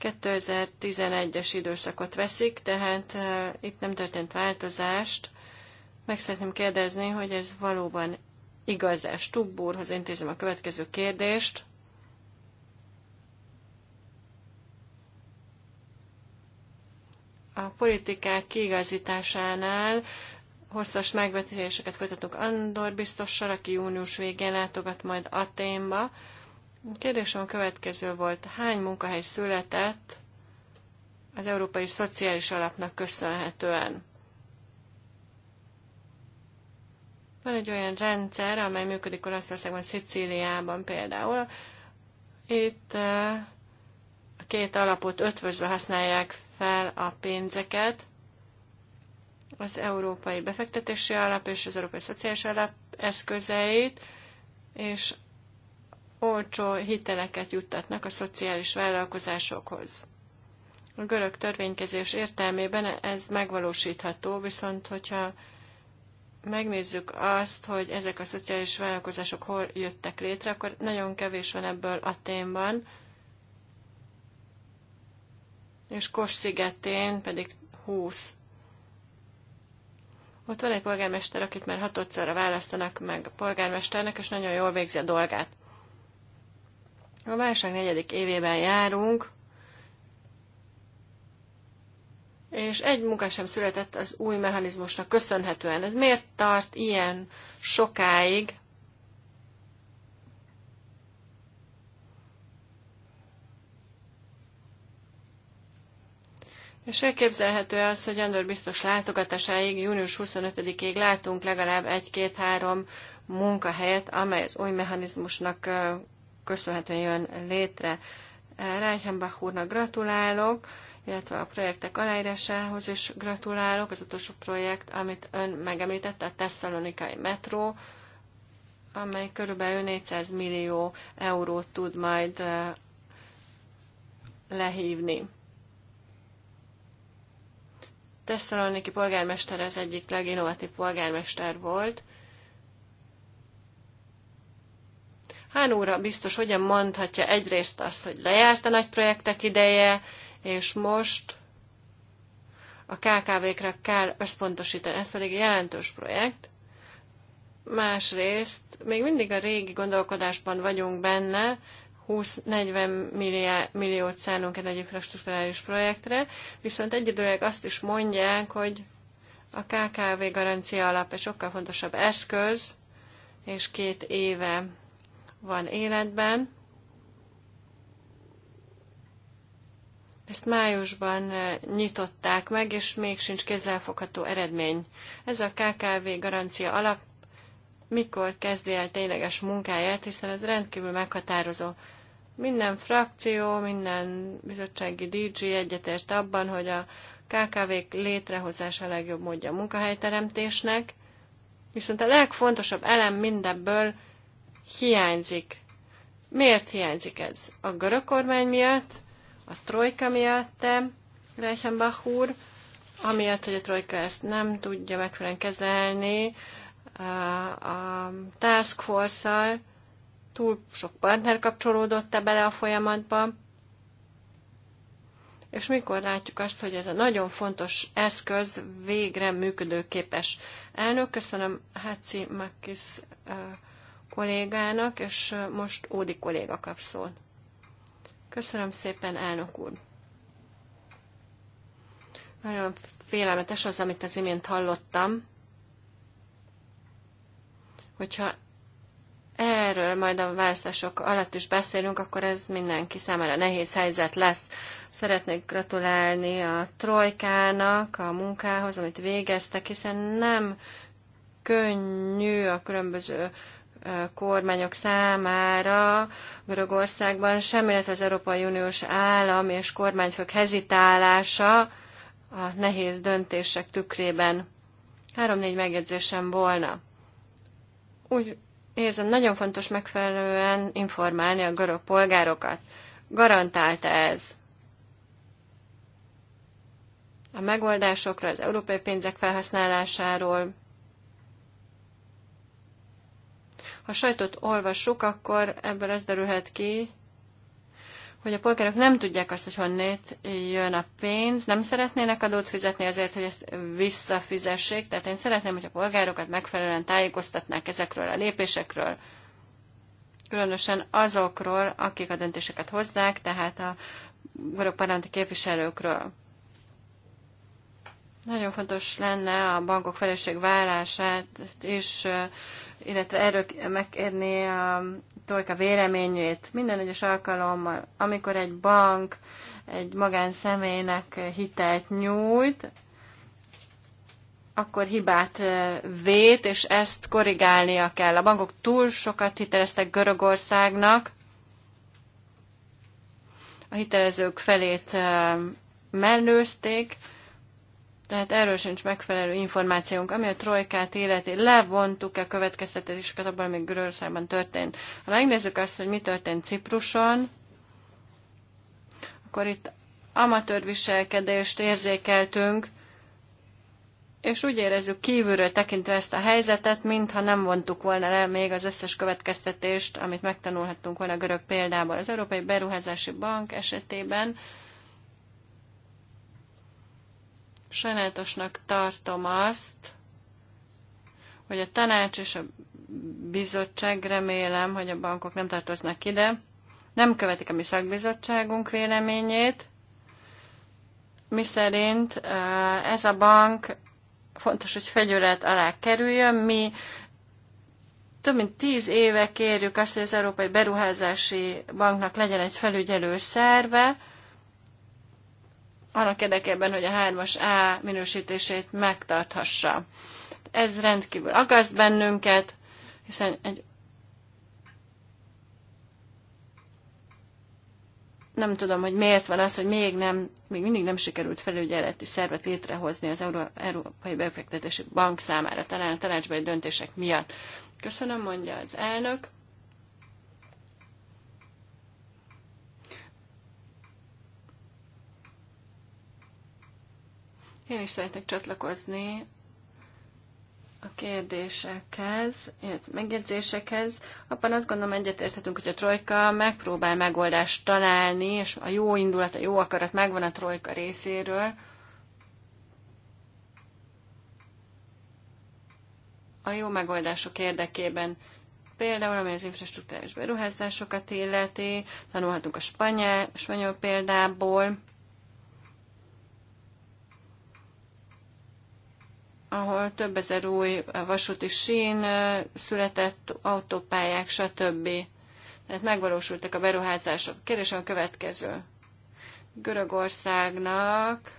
2011-es időszakot veszik, tehát e, itt nem történt változást. Meg szeretném kérdezni, hogy ez valóban igaz-e? úrhoz intézem a következő kérdést. a politikák kiigazításánál hosszas megbeszéléseket folytatunk Andor biztossal, aki június végén látogat majd Aténba. Kérdésem a következő volt, hány munkahely született az Európai Szociális Alapnak köszönhetően? Van egy olyan rendszer, amely működik Olaszországban, Szicíliában például. Itt eh, a két alapot ötvözve használják fel a pénzeket az Európai Befektetési Alap és az Európai Szociális Alap eszközeit, és olcsó hiteleket juttatnak a szociális vállalkozásokhoz. A görög törvénykezés értelmében ez megvalósítható, viszont hogyha megnézzük azt, hogy ezek a szociális vállalkozások hol jöttek létre, akkor nagyon kevés van ebből a témban és Kos szigetén pedig 20. Ott van egy polgármester, akit már hatodszorra választanak meg a polgármesternek, és nagyon jól végzi a dolgát. A válság negyedik évében járunk, és egy munka sem született az új mechanizmusnak köszönhetően. Ez miért tart ilyen sokáig? És elképzelhető az, hogy Andor biztos látogatásáig, június 25-ig látunk legalább egy-két-három munkahelyet, amely az új mechanizmusnak köszönhetően jön létre. Reichenbach úrnak gratulálok, illetve a projektek aláírásához is gratulálok. Az utolsó projekt, amit ön megemlítette, a Tesszalonikai metró, amely körülbelül 400 millió eurót tud majd lehívni. Tesszaloniki polgármester az egyik leginnovatív polgármester volt. Hán úr, biztos hogyan mondhatja egyrészt azt, hogy lejárt a nagy projektek ideje, és most a kkv kra kell összpontosítani. Ez pedig jelentős projekt. Másrészt még mindig a régi gondolkodásban vagyunk benne, 20-40 milliót szánunk egy infrastruktúrális projektre, viszont egyidőleg azt is mondják, hogy a KKV garancia alap egy sokkal fontosabb eszköz, és két éve van életben. Ezt májusban eh, nyitották meg, és még sincs kézzelfogható eredmény. Ez a KKV garancia alap mikor kezdi el tényleges munkáját, hiszen ez rendkívül meghatározó. Minden frakció, minden bizottsági DG egyetért abban, hogy a KKV-k létrehozása a legjobb módja a munkahelyteremtésnek, viszont a legfontosabb elem mindebből hiányzik. Miért hiányzik ez? A görög kormány miatt, a trojka miatt, te, Reichenbach úr, amiatt, hogy a trojka ezt nem tudja megfelelően kezelni, a Task Force-szal, túl sok partner kapcsolódott -e bele a folyamatba, és mikor látjuk azt, hogy ez a nagyon fontos eszköz végre működőképes. Elnök, köszönöm Háci Makis kollégának, és most Ódi kolléga kap szót. Köszönöm szépen, elnök úr. Nagyon félelmetes az, amit az imént hallottam. Hogyha erről majd a választások alatt is beszélünk, akkor ez mindenki számára nehéz helyzet lesz. Szeretnék gratulálni a trojkának a munkához, amit végeztek, hiszen nem könnyű a különböző kormányok számára Görögországban sem, illetve az Európai Uniós állam és kormányfők hezitálása a nehéz döntések tükrében. Három-négy megjegyzésem volna úgy érzem, nagyon fontos megfelelően informálni a görög polgárokat. Garantálta ez a megoldásokra, az európai pénzek felhasználásáról. Ha sajtot olvassuk, akkor ebből ez derülhet ki, hogy a polgárok nem tudják azt, hogy honnét jön a pénz, nem szeretnének adót fizetni azért, hogy ezt visszafizessék. Tehát én szeretném, hogy a polgárokat megfelelően tájékoztatnák ezekről a lépésekről, különösen azokról, akik a döntéseket hozzák, tehát a görög parlamenti képviselőkről. Nagyon fontos lenne a bankok vállását is, illetve erről megkérni a Tolka véleményét. Minden egyes alkalommal, amikor egy bank egy magánszemélynek hitelt nyújt, akkor hibát vét, és ezt korrigálnia kell. A bankok túl sokat hiteleztek Görögországnak, a hitelezők felét mellőzték, tehát erről sincs megfelelő információnk. Ami a trojkát életi, levontuk-e következtetéseket abban, ami Görögországban történt. Ha megnézzük azt, hogy mi történt Cipruson, akkor itt amatőr viselkedést érzékeltünk, és úgy érezzük kívülről tekintve ezt a helyzetet, mintha nem vontuk volna le még az összes következtetést, amit megtanulhattunk volna a görög példából. Az Európai Beruházási Bank esetében Sajnálatosnak tartom azt, hogy a tanács és a bizottság, remélem, hogy a bankok nem tartoznak ide, nem követik a mi szakbizottságunk véleményét, mi szerint ez a bank fontos, hogy fegyület alá kerüljön. Mi több mint tíz éve kérjük azt, hogy az Európai Beruházási Banknak legyen egy felügyelő szerve, annak érdekében, hogy a 3-as A minősítését megtarthassa. Ez rendkívül agaszt bennünket, hiszen egy nem tudom, hogy miért van az, hogy még, nem, még mindig nem sikerült felügyeleti szervet létrehozni az Euró- Európai Befektetési Bank számára, talán a tanácsbeli döntések miatt. Köszönöm, mondja az elnök. Én is szeretnék csatlakozni a kérdésekhez, illetve megjegyzésekhez. Abban azt gondolom egyetérthetünk, hogy a trojka megpróbál megoldást találni, és a jó indulat, a jó akarat megvan a trojka részéről. A jó megoldások érdekében például, ami az infrastruktúrális beruházásokat illeti, tanulhatunk a spanyol, a spanyol példából, ahol több ezer új vasúti sín született, autópályák, stb. Tehát megvalósultak a beruházások. Kérdésem a következő. Görögországnak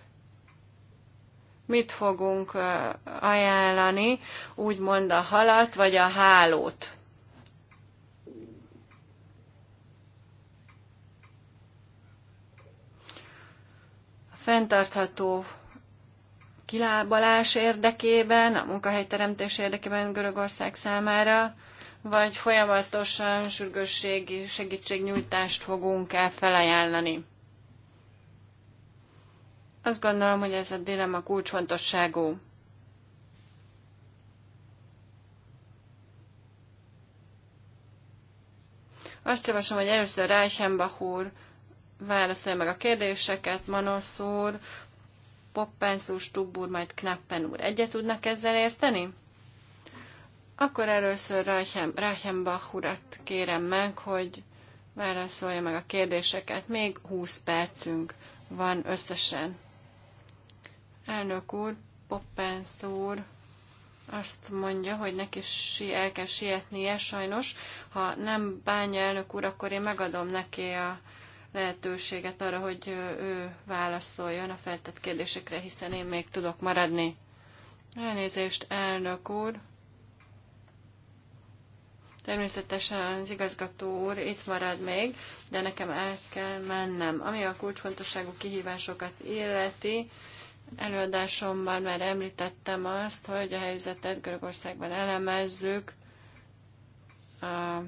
mit fogunk ajánlani, úgymond a halat vagy a hálót? A fenntartható kilábalás érdekében, a munkahelyteremtés érdekében Görögország számára, vagy folyamatosan sürgősségi segítségnyújtást fogunk-e felajánlani? Azt gondolom, hogy ez a dilemma kulcsfontosságú. Azt javaslom, hogy először Reichenbach úr válaszolja meg a kérdéseket, Manosz úr, Poppens úr, Stubb úr, majd Knappen úr egyet tudnak ezzel érteni? Akkor először Reichenbach urat kérem meg, hogy válaszolja meg a kérdéseket. Még 20 percünk van összesen. Elnök úr, Poppens úr azt mondja, hogy neki si el kell sietnie, sajnos. Ha nem bánja elnök úr, akkor én megadom neki a lehetőséget arra, hogy ő válaszoljon a feltett kérdésekre, hiszen én még tudok maradni. Elnézést, elnök úr! Természetesen az igazgató úr itt marad még, de nekem el kell mennem. Ami a kulcsfontosságú kihívásokat illeti, előadásomban már említettem azt, hogy a helyzetet Görögországban elemezzük, a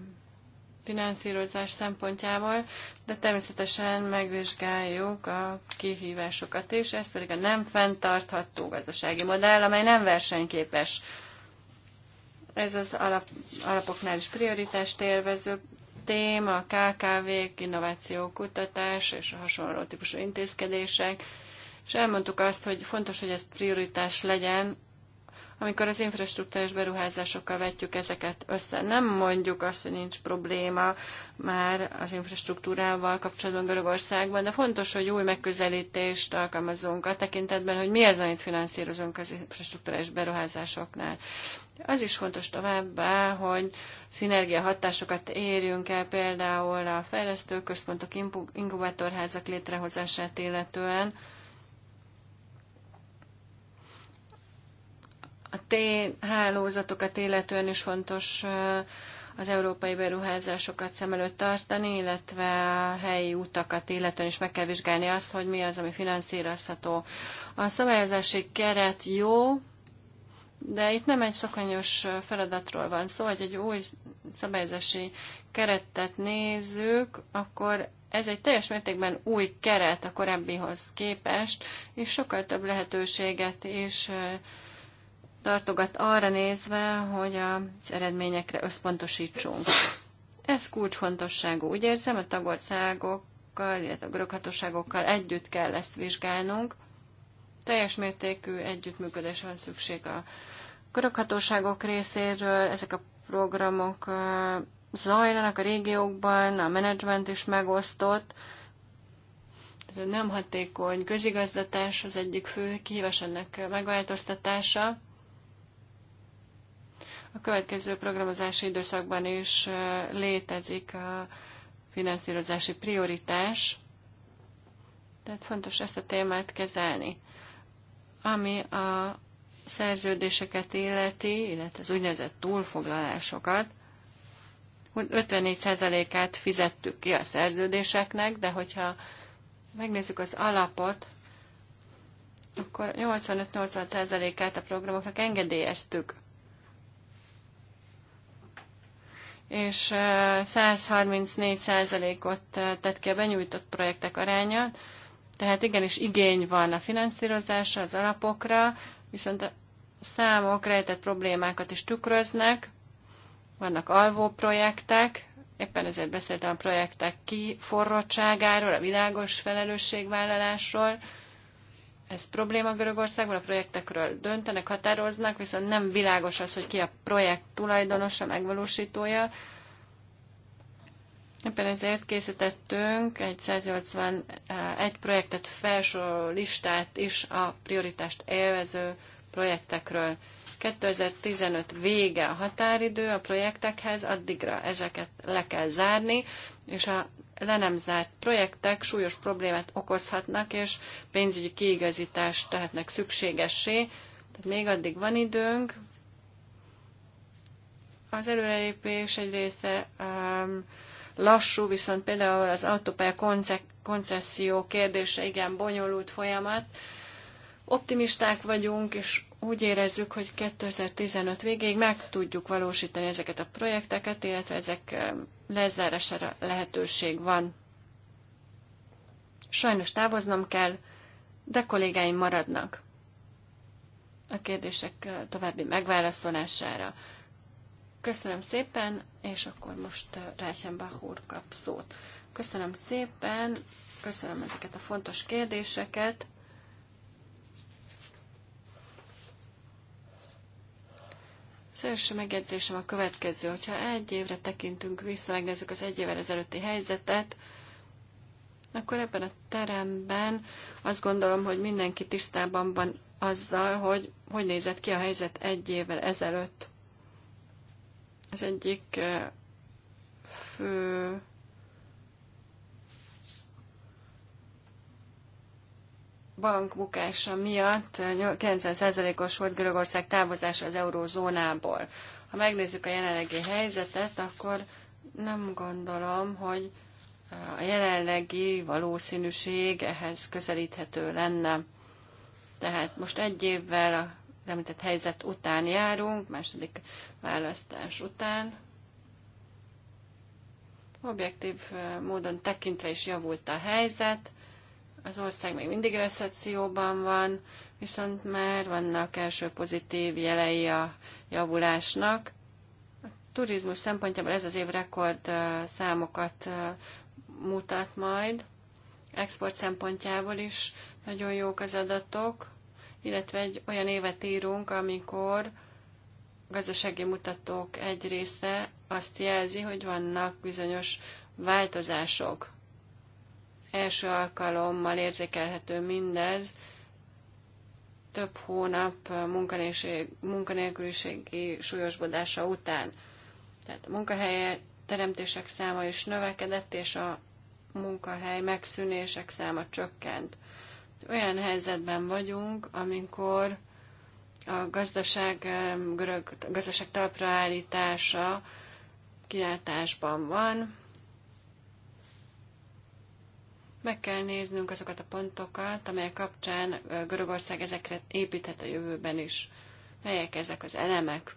finanszírozás szempontjából, de természetesen megvizsgáljuk a kihívásokat is, ez pedig a nem fenntartható gazdasági modell, amely nem versenyképes. Ez az alap, alapoknál is prioritást élvező téma, a kkv innováció, kutatás és a hasonló típusú intézkedések, és elmondtuk azt, hogy fontos, hogy ez prioritás legyen amikor az infrastruktúrás beruházásokkal vetjük ezeket össze. Nem mondjuk azt, hogy nincs probléma már az infrastruktúrával kapcsolatban Görögországban, de fontos, hogy új megközelítést alkalmazunk a tekintetben, hogy mi az, amit finanszírozunk az infrastruktúrás beruházásoknál. Az is fontos továbbá, hogy szinergia hatásokat érjünk el például a fejlesztőközpontok, inkubátorházak létrehozását illetően, A T-hálózatokat illetően is fontos az európai beruházásokat szem előtt tartani, illetve a helyi utakat illetően is meg kell vizsgálni azt, hogy mi az, ami finanszírozható. A szabályozási keret jó, de itt nem egy szokanyos feladatról van szó, hogy egy új szabályozási keretet nézzük, akkor ez egy teljes mértékben új keret a korábbihoz képest, és sokkal több lehetőséget és tartogat arra nézve, hogy az eredményekre összpontosítsunk. Ez kulcsfontosságú. Úgy érzem, a tagországokkal, illetve a görög együtt kell ezt vizsgálnunk. Teljes mértékű együttműködés van szükség a görög részéről. Ezek a programok zajlanak a régiókban, a menedzsment is megosztott. Ez nem hatékony közigazgatás az egyik fő kihívás ennek megváltoztatása. A következő programozási időszakban is létezik a finanszírozási prioritás, tehát fontos ezt a témát kezelni. Ami a szerződéseket illeti, illetve az úgynevezett túlfoglalásokat, 54%-át fizettük ki a szerződéseknek, de hogyha megnézzük az alapot, akkor 85-80%-át a programoknak engedélyeztük. és 134%-ot tett ki a benyújtott projektek aránya, tehát igenis igény van a finanszírozásra, az alapokra, viszont a számok rejtett problémákat is tükröznek, vannak alvó projektek, éppen ezért beszéltem a projektek kiforrottságáról, a világos felelősségvállalásról, ez probléma Görögországban, a projektekről döntenek, határoznak, viszont nem világos az, hogy ki a projekt tulajdonosa, megvalósítója. Éppen ezért készítettünk egy 181 eh, projektet felső listát is a prioritást élvező projektekről. 2015 vége a határidő a projektekhez, addigra ezeket le kell zárni, és a le nem zárt projektek súlyos problémát okozhatnak, és pénzügyi kiigazítást tehetnek szükségessé. Tehát még addig van időnk. Az előrelépés egy része um, lassú, viszont például az autópálya konceszió kérdése igen bonyolult folyamat. Optimisták vagyunk, és úgy érezzük, hogy 2015 végéig meg tudjuk valósítani ezeket a projekteket, illetve ezek lezárására lehetőség van. Sajnos távoznom kell, de kollégáim maradnak a kérdések további megválaszolására. Köszönöm szépen, és akkor most Reichenbach úr kap szót. Köszönöm szépen, köszönöm ezeket a fontos kérdéseket. Az első megjegyzésem a következő, hogyha egy évre tekintünk vissza, megnézzük az egy évvel ezelőtti helyzetet, akkor ebben a teremben azt gondolom, hogy mindenki tisztában van azzal, hogy hogy nézett ki a helyzet egy évvel ezelőtt. Az egyik fő bankbukása miatt 90%-os volt Görögország távozása az eurózónából. Ha megnézzük a jelenlegi helyzetet, akkor nem gondolom, hogy a jelenlegi valószínűség ehhez közelíthető lenne. Tehát most egy évvel a említett helyzet után járunk, második választás után. Objektív eh, módon tekintve is javult a helyzet, az ország még mindig recesszióban van, viszont már vannak első pozitív jelei a javulásnak. A turizmus szempontjából ez az év rekord számokat mutat majd. Export szempontjából is nagyon jók az adatok, illetve egy olyan évet írunk, amikor gazdasági mutatók egy része azt jelzi, hogy vannak bizonyos változások. Első alkalommal érzékelhető mindez, több hónap munkanélküliségi súlyosbodása után. Tehát a munkahelye teremtések száma is növekedett, és a munkahely megszűnések száma csökkent. Olyan helyzetben vagyunk, amikor a gazdaság, görög, a gazdaság talpraállítása kilátásban van, meg kell néznünk azokat a pontokat, amelyek kapcsán Görögország ezekre építhet a jövőben is. Melyek ezek az elemek?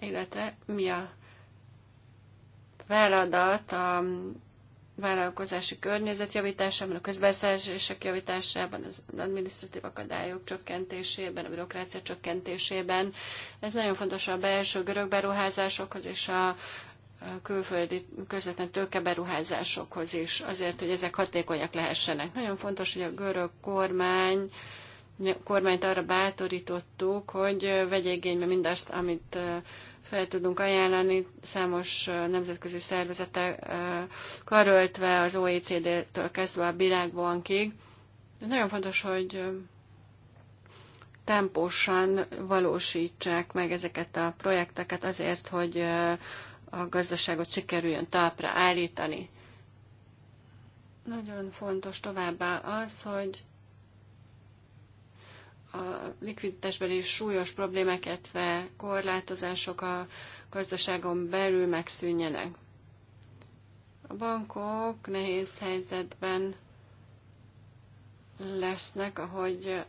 Illetve mi a feladat a vállalkozási környezet javításában, a közbeszerzések javításában, az adminisztratív akadályok csökkentésében, a bürokrácia csökkentésében. Ez nagyon fontos a belső görög beruházásokhoz és a külföldi közvetlen tőkeberuházásokhoz is, azért, hogy ezek hatékonyak lehessenek. Nagyon fontos, hogy a görög kormány kormányt arra bátorítottuk, hogy vegye igénybe mindazt, amit fel tudunk ajánlani, számos nemzetközi szervezetek karöltve az OECD-től kezdve a világbankig. Nagyon fontos, hogy tempósan valósítsák meg ezeket a projekteket azért, hogy a gazdaságot sikerüljön talpra állítani. Nagyon fontos továbbá az, hogy a likviditásbeli súlyos problémák, illetve korlátozások a gazdaságon belül megszűnjenek. A bankok nehéz helyzetben lesznek, ahogy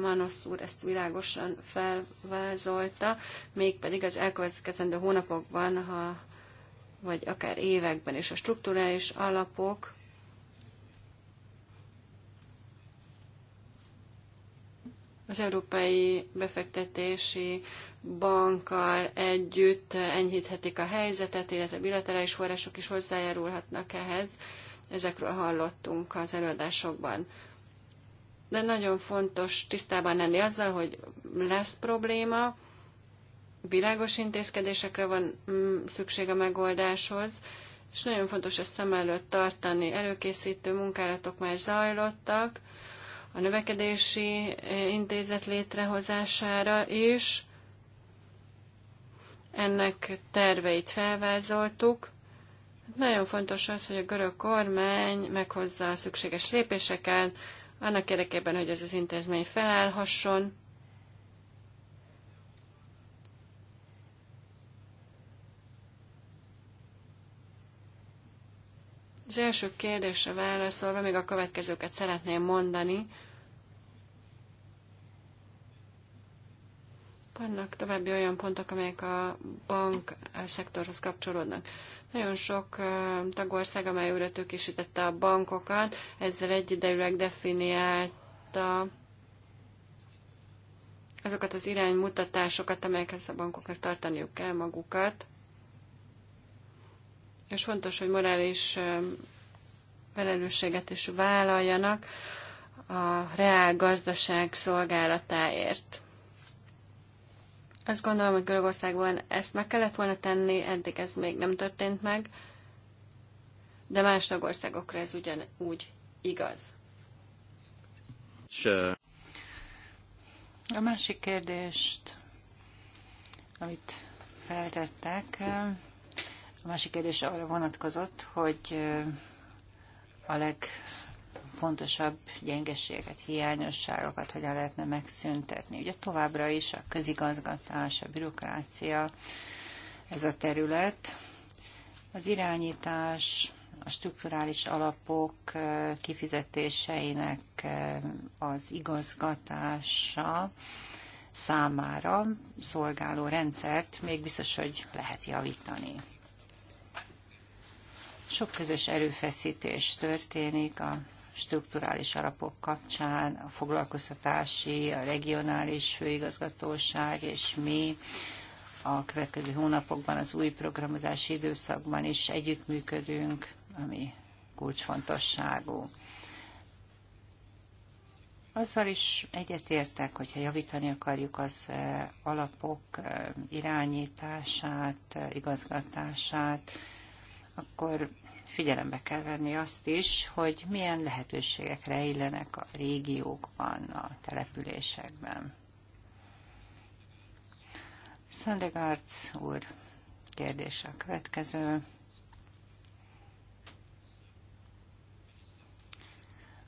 Manosz úr ezt világosan felvázolta, mégpedig az elkövetkezendő hónapokban, ha, vagy akár években, és a strukturális alapok az Európai Befektetési Bankkal együtt enyhíthetik a helyzetet, illetve bilaterális források is hozzájárulhatnak ehhez. Ezekről hallottunk az előadásokban de nagyon fontos tisztában lenni azzal, hogy lesz probléma, világos intézkedésekre van mm, szükség a megoldáshoz, és nagyon fontos ezt szem előtt tartani. Előkészítő munkálatok már zajlottak, a növekedési eh, intézet létrehozására is. Ennek terveit felvázoltuk. Nagyon fontos az, hogy a görög kormány meghozza a szükséges lépéseket, annak érdekében, hogy ez az intézmény felállhasson, Az első kérdésre válaszolva még a következőket szeretném mondani. Vannak további olyan pontok, amelyek a bank szektorhoz kapcsolódnak. Nagyon sok tagország, amely újra tőkésítette a bankokat, ezzel egyidejűleg definiálta azokat az iránymutatásokat, amelyekhez a bankoknak tartaniuk kell magukat. És fontos, hogy morális felelősséget is vállaljanak a reál gazdaság szolgálatáért. Azt gondolom, hogy Görögországban ezt meg kellett volna tenni, eddig ez még nem történt meg, de más tagországokra ez ugyanúgy igaz.
Sure. A másik kérdést, amit feltettek, a másik kérdés arra vonatkozott, hogy a leg fontosabb gyengeséget, hiányosságokat hogyan lehetne megszüntetni. Ugye továbbra is a közigazgatás, a bürokrácia, ez a terület. Az irányítás, a strukturális alapok kifizetéseinek az igazgatása számára szolgáló rendszert még biztos, hogy lehet javítani. Sok közös erőfeszítés történik a strukturális alapok kapcsán a foglalkoztatási, a regionális főigazgatóság és mi a következő hónapokban, az új programozási időszakban is együttműködünk, ami kulcsfontosságú. Azzal is egyetértek, hogyha javítani akarjuk az eh, alapok eh, irányítását, eh, igazgatását, akkor figyelembe kell venni azt is, hogy milyen lehetőségek rejlenek a régiókban, a településekben. Szandegárc úr kérdés a következő.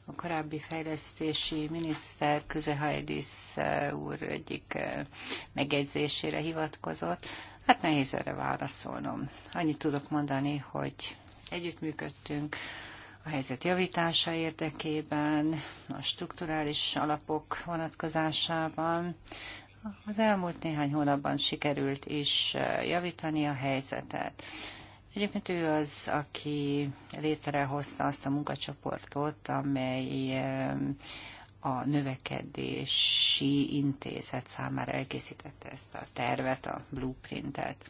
A korábbi fejlesztési miniszter Közehajdisz eh, úr egyik eh, megjegyzésére hivatkozott. Hát nehéz erre válaszolnom. Annyit tudok mondani, hogy együttműködtünk a helyzet javítása érdekében, a strukturális alapok vonatkozásában. Az elmúlt néhány hónapban sikerült is javítani a helyzetet. Egyébként ő az, aki létrehozta azt a munkacsoportot, amely a növekedési intézet számára elkészítette ezt a tervet, a blueprintet.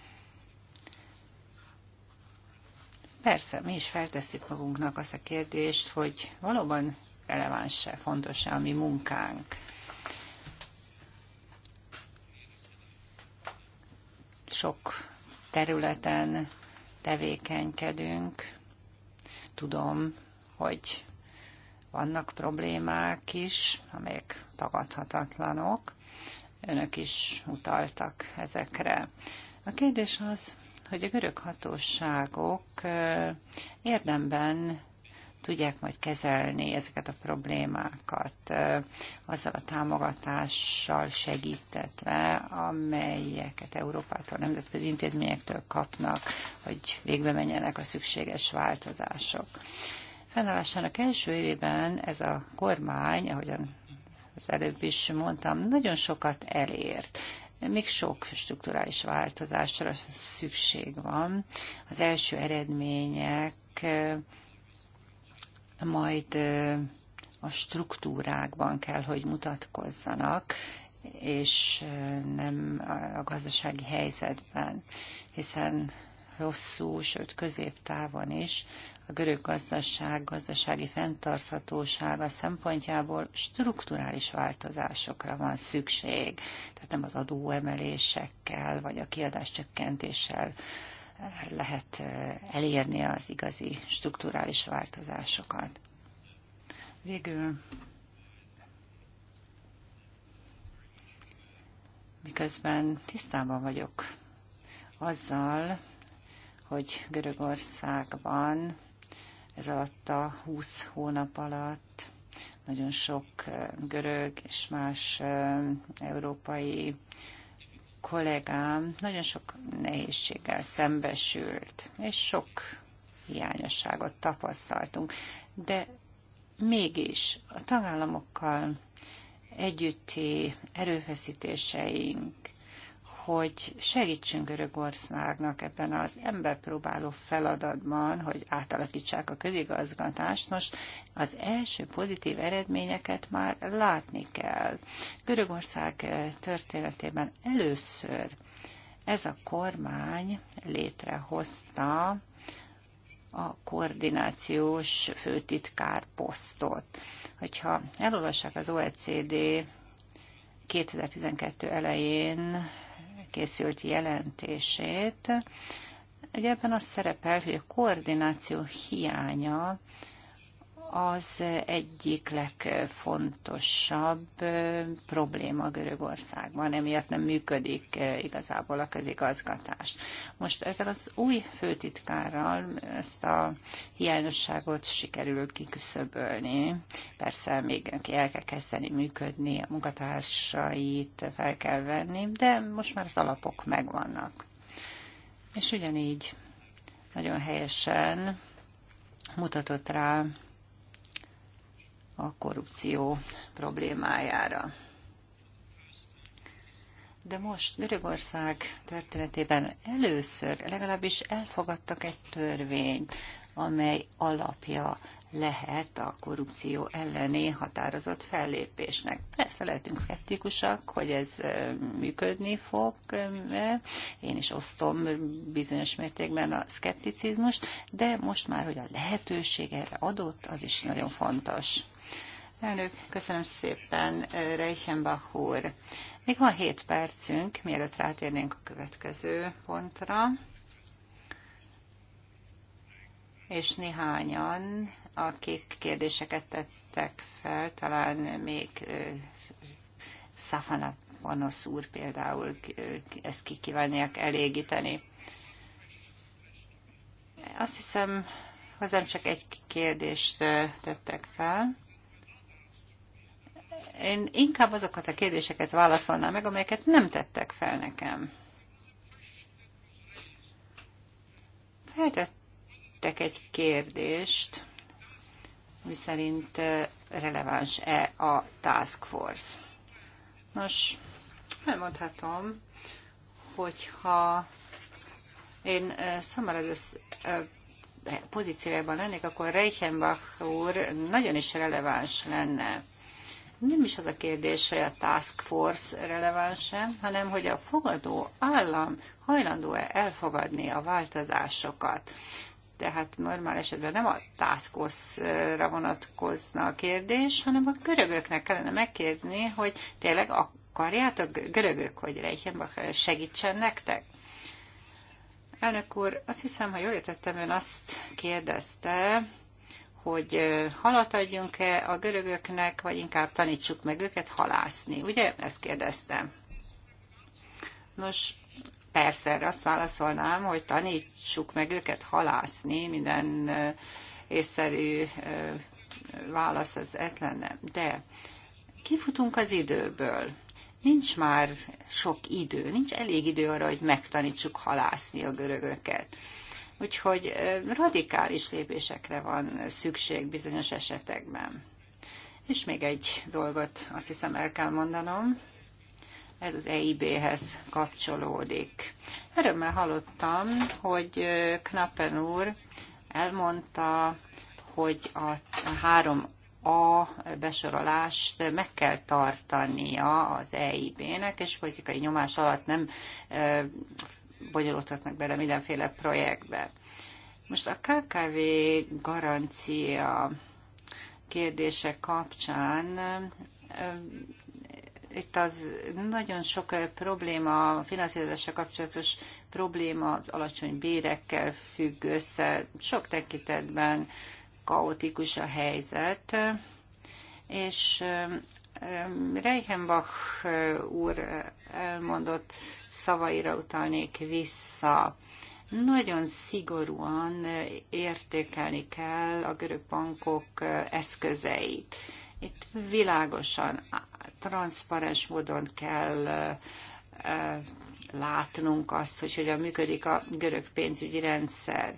Persze, mi is feltesszük magunknak azt a kérdést, hogy valóban releváns-e, fontos-e a mi munkánk. Sok területen tevékenykedünk. Tudom, hogy vannak problémák is, amelyek tagadhatatlanok. Önök is utaltak ezekre. A kérdés az, hogy a görög hatóságok érdemben tudják majd kezelni ezeket a problémákat azzal a támogatással segítetve, amelyeket Európától, nemzetközi intézményektől kapnak, hogy végbe menjenek a szükséges változások. Fennállásának első évében ez a kormány, ahogyan az előbb is mondtam, nagyon sokat elért még sok strukturális változásra szükség van. Az első eredmények majd a struktúrákban kell, hogy mutatkozzanak, és nem a gazdasági helyzetben, hiszen hosszú, sőt középtávon is a görög gazdaság gazdasági fenntarthatósága szempontjából strukturális változásokra van szükség, tehát nem az adóemelésekkel vagy a kiadás csökkentéssel eh, lehet eh, elérni az igazi strukturális változásokat. Végül, miközben tisztában vagyok azzal, hogy Görögországban ez alatt a 20 hónap alatt nagyon sok görög és más európai kollégám nagyon sok nehézséggel szembesült, és sok hiányosságot tapasztaltunk, de mégis a tagállamokkal együtti erőfeszítéseink, hogy segítsünk Görögországnak ebben az emberpróbáló feladatban, hogy átalakítsák a közigazgatást. Most az első pozitív eredményeket már látni kell. Görögország eh, történetében először ez a kormány létrehozta a koordinációs főtitkár posztot. Hogyha elolvassák az OECD 2012 elején készült jelentését, ugye ebben az szerepel, hogy a koordináció hiánya az egyik legfontosabb probléma Görögországban, emiatt nem működik igazából a közigazgatás. Most ezzel az új főtitkárral ezt a hiányosságot sikerül kiküszöbölni. Persze még el kell kezdeni működni, a munkatársait fel kell venni, de most már az alapok megvannak. És ugyanígy nagyon helyesen mutatott rá a korrupció problémájára. De most Görögország történetében először legalábbis elfogadtak egy törvényt, amely alapja lehet a korrupció elleni határozott fellépésnek. Persze lehetünk szkeptikusak, hogy ez működni fog. Én is osztom bizonyos mértékben a szkepticizmust, de most már, hogy a lehetőség erre adott, az is nagyon fontos. Elnök, köszönöm szépen, eh, Reichenbach úr. Még van 7 percünk, mielőtt rátérnénk a következő pontra. És néhányan, akik kérdéseket tettek fel, talán még eh, Szafana Panosz úr például eh, ezt kikívánják elégíteni. Azt hiszem, hozzám csak egy kérdést tettek fel én inkább azokat a kérdéseket válaszolnám meg, amelyeket nem tettek fel nekem. Feltettek egy kérdést, szerint releváns-e a task force. Nos, elmondhatom, hogyha én szamaradás pozíciójában lennék, akkor Reichenbach úr nagyon is releváns lenne nem is az a kérdés, hogy a task force releváns-e, hanem hogy a fogadó állam hajlandó-e elfogadni a változásokat. Tehát normál esetben nem a task force-ra vonatkozna a kérdés, hanem a görögöknek kellene megkérdezni, hogy tényleg akarjátok görögök, hogy Reichenbach segítsen nektek? Elnök úr, azt hiszem, ha jól értettem, ön azt kérdezte, hogy halat adjunk-e a görögöknek, vagy inkább tanítsuk meg őket halászni. Ugye? Ezt kérdeztem. Nos, persze erre azt válaszolnám, hogy tanítsuk meg őket halászni, minden észszerű válasz az ez lenne. De kifutunk az időből. Nincs már sok idő, nincs elég idő arra, hogy megtanítsuk halászni a görögöket. Úgyhogy radikális lépésekre van szükség bizonyos esetekben. És még egy dolgot azt hiszem el kell mondanom, ez az EIB-hez kapcsolódik. Örömmel hallottam, hogy Knappen úr elmondta, hogy a három a besorolást meg kell tartania az EIB-nek, és politikai nyomás alatt nem bonyolódhatnak bele mindenféle projektbe. Most a KKV garancia kérdése kapcsán itt az nagyon sok probléma, finanszírozással kapcsolatos probléma alacsony bérekkel függ össze, sok tekintetben kaotikus a helyzet, és Reichenbach úr elmondott szavaira utalnék vissza. Nagyon szigorúan értékelni kell a görög bankok eszközeit. Itt világosan, transzparens módon kell látnunk azt, hogy hogyan működik a görög pénzügyi rendszer.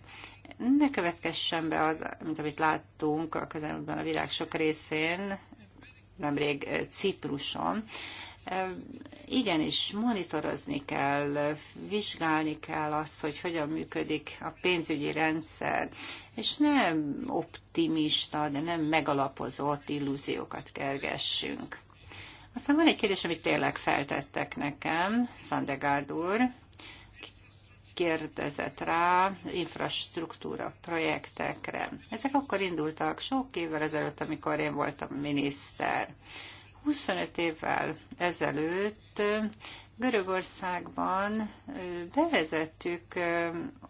Ne következsen be az, mint amit láttunk a közelmúltban a világ sok részén, nemrég Cipruson, igenis monitorozni kell, vizsgálni kell azt, hogy hogyan működik a pénzügyi rendszer, és nem optimista, de nem megalapozott illúziókat kergessünk. Aztán van egy kérdés, amit tényleg feltettek nekem, Szandegárd úr, kérdezett rá infrastruktúra projektekre. Ezek akkor indultak sok évvel ezelőtt, amikor én voltam miniszter. 25 évvel ezelőtt Görögországban bevezettük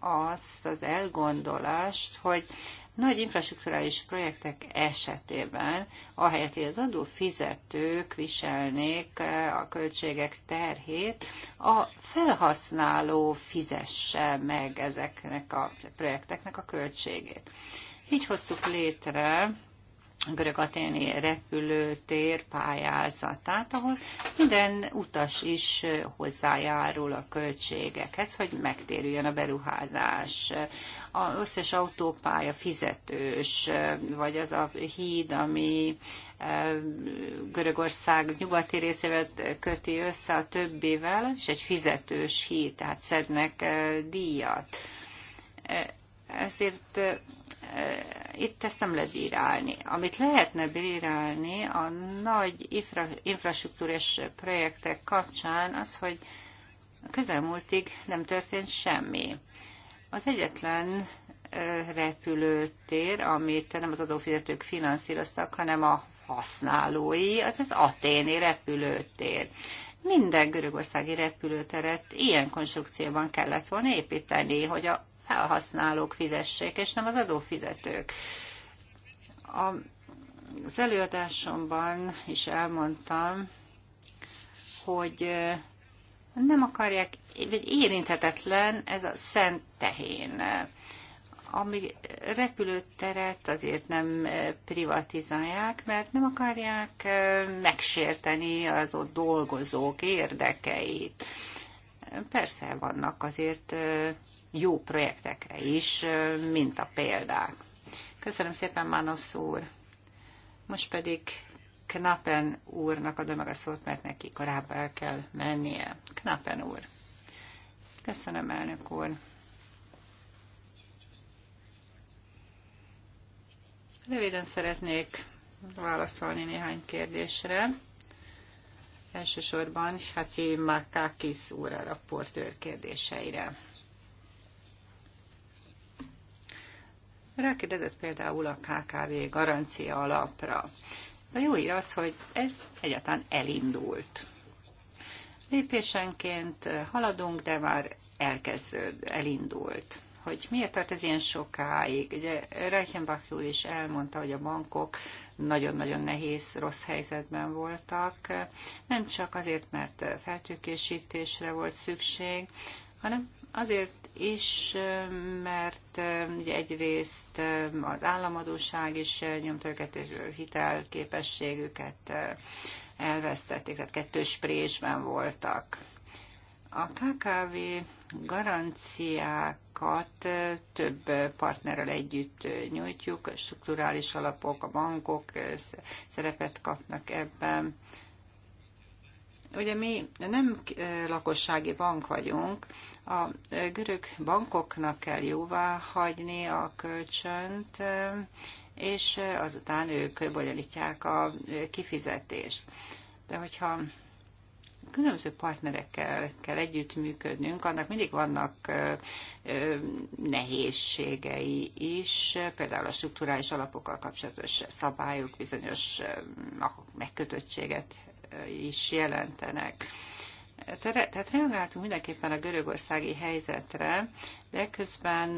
azt az elgondolást, hogy nagy infrastruktúrális projektek esetében, ahelyett, hogy az adófizetők viselnék a költségek terhét, a felhasználó fizesse meg ezeknek a projekteknek a költségét. Így hoztuk létre görög aténi repülőtér pályázatát, ahol minden utas is hozzájárul a költségekhez, hogy megtérüljön a beruházás. A összes autópálya fizetős, vagy az a híd, ami eh, Görögország nyugati részével köti össze a többivel, az is egy fizetős híd, tehát szednek eh, díjat eh, ezért itt ezt nem lehet bírálni. Amit lehetne bírálni a nagy infra, infrastruktúrás projektek kapcsán, az, hogy közelmúltig nem történt semmi. Az egyetlen repülőtér, amit nem az adófizetők finanszíroztak, hanem a használói, az az aténi repülőtér. Minden görögországi repülőteret ilyen konstrukcióban kellett volna építeni, hogy a felhasználók fizessék, és nem az adófizetők. A, az előadásomban is elmondtam, hogy eh, nem akarják, vagy érinthetetlen ez a szent tehén. Ami repülőteret azért nem eh, privatizálják, mert nem akarják eh, megsérteni az ott dolgozók érdekeit. Persze vannak azért jó projektekre is, mint a példák. Köszönöm szépen, manos úr. Most pedig Knappen úrnak adom meg a szót, mert neki korábban el kell mennie. Knappen úr. Köszönöm, elnök úr. Röviden szeretnék válaszolni néhány kérdésre. Elsősorban Haci Makakis úr a raportőr kérdéseire. Rákérdezett például a KKV garancia alapra. A jó ír az, hogy ez egyáltalán elindult. Lépésenként haladunk, de már elkezdőd, elindult. Hogy miért tart ez ilyen sokáig? Ugye Reichenbach úr is elmondta, hogy a bankok nagyon-nagyon nehéz, rossz helyzetben voltak. Nem csak azért, mert feltőkésítésre volt szükség, hanem azért is, mert ugye egyrészt az államadóság is nyomta őket, és hitelképességüket elvesztették, tehát kettős présben voltak. A KKV garanciákat több partnerrel együtt nyújtjuk, a strukturális alapok, a bankok szerepet kapnak ebben Ugye mi nem eh, lakossági bank vagyunk, a eh, görög bankoknak kell jóvá hagyni a kölcsönt, eh, és azután ők bonyolítják a kifizetést. De hogyha különböző partnerekkel kell együttműködnünk, annak mindig vannak nehézségei is, például a strukturális alapokkal kapcsolatos szabályok bizonyos megkötöttséget is jelentenek. Tehát reagáltunk mindenképpen a görögországi helyzetre, de közben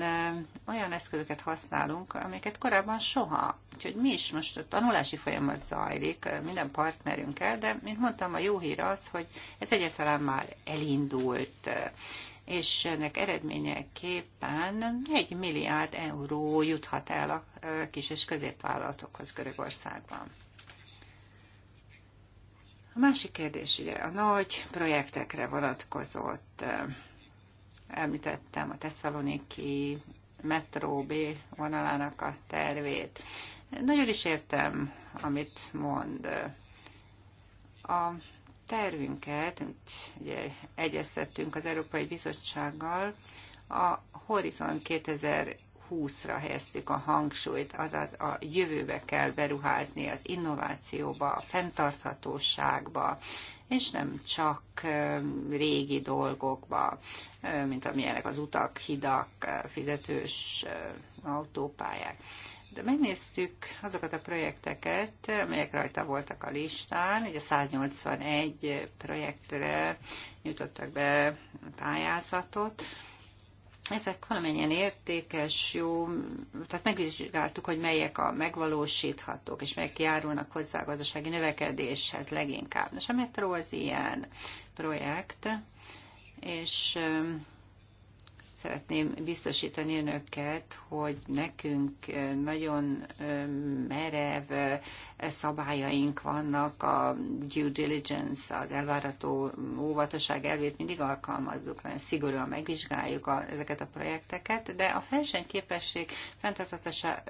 olyan eszközöket használunk, amiket korábban soha. Úgyhogy mi is most a tanulási folyamat zajlik minden partnerünkkel, de mint mondtam, a jó hír az, hogy ez egyáltalán már elindult és ennek eredményeképpen egy milliárd euró juthat el a kis és középvállalatokhoz Görögországban. A másik kérdés ugye a nagy projektekre vonatkozott. Említettem a Tesszaloniki metró B vonalának a tervét. Nagyon is értem, amit mond. A tervünket, amit ugye egyeztettünk az Európai Bizottsággal, a Horizon 2000 2020-ra helyeztük a hangsúlyt, azaz a jövőbe kell beruházni az innovációba, a fenntarthatóságba, és nem csak régi dolgokba, mint amilyenek az utak, hidak, fizetős autópályák. De megnéztük azokat a projekteket, amelyek rajta voltak a listán, ugye 181 projektre nyújtottak be pályázatot, ezek valamennyien értékes, jó, tehát megvizsgáltuk, hogy melyek a megvalósíthatók, és melyek járulnak hozzá a gazdasági növekedéshez leginkább. Nos, a metró az ilyen projekt, és Szeretném biztosítani önöket, hogy nekünk nagyon merev szabályaink vannak, a due diligence, az elvárató óvatosság elvét mindig alkalmazzuk, nagyon szigorúan megvizsgáljuk a, ezeket a projekteket, de a versenyképesség fenntartatása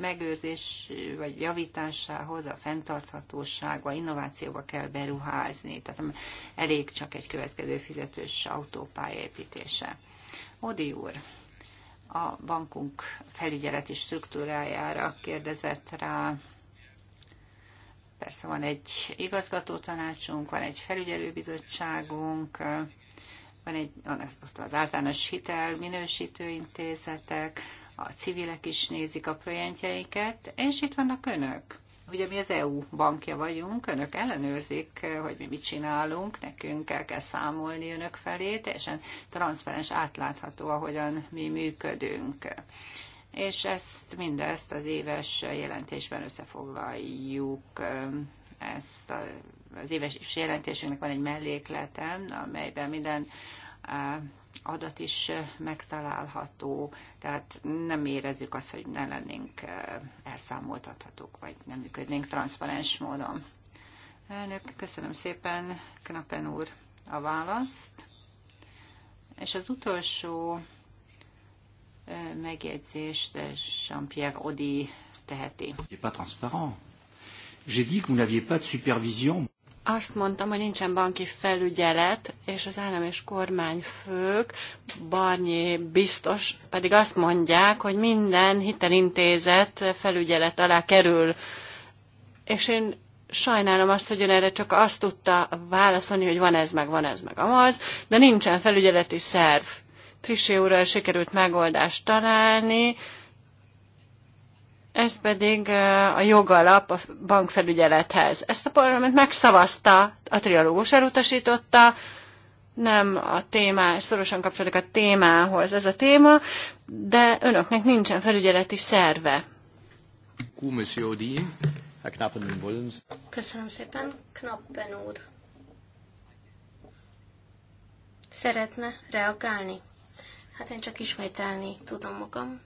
megőrzés vagy javításához a fenntarthatóságba, innovációba kell beruházni, tehát elég csak egy következő fizetős autópálya építése. Odi úr, a bankunk felügyeleti struktúrájára kérdezett rá. Persze van egy igazgató tanácsunk, van egy felügyelőbizottságunk, van egy, van az, az általános hitel minősítő intézetek, a civilek is nézik a projektjeiket, és itt vannak önök. Ugye mi az EU bankja vagyunk, önök ellenőrzik, hogy mi mit csinálunk, nekünk el kell számolni önök felé, teljesen transzparens, átlátható, ahogyan mi működünk. És ezt mindezt az éves jelentésben összefoglaljuk. Ezt a, az éves jelentésünknek van egy melléklete, amelyben minden adat is eh, megtalálható, tehát nem érezzük azt, hogy ne lennénk eh, elszámoltathatók, vagy nem működnénk transzparens módon. Elnök, köszönöm szépen, Knapen úr, a választ. És az utolsó eh, megjegyzést Jean-Pierre Audi teheti. J'ai dit que vous n'aviez pas de supervision
azt mondtam, hogy nincsen banki felügyelet, és az állam és kormányfők, Barnyi biztos, pedig azt mondják, hogy minden hitelintézet felügyelet alá kerül. És én sajnálom azt, hogy ön erre csak azt tudta válaszolni, hogy van ez meg, van ez meg amaz, de nincsen felügyeleti szerv. Trissé úrral sikerült megoldást találni, ez pedig a jogalap a bankfelügyelethez. Ezt a parlament megszavazta, a trialógus elutasította, nem a témá, szorosan kapcsolódik a témához ez a téma, de önöknek nincsen felügyeleti szerve.
Köszönöm szépen, Knappen úr. Szeretne reagálni? Hát én csak ismételni tudom magam.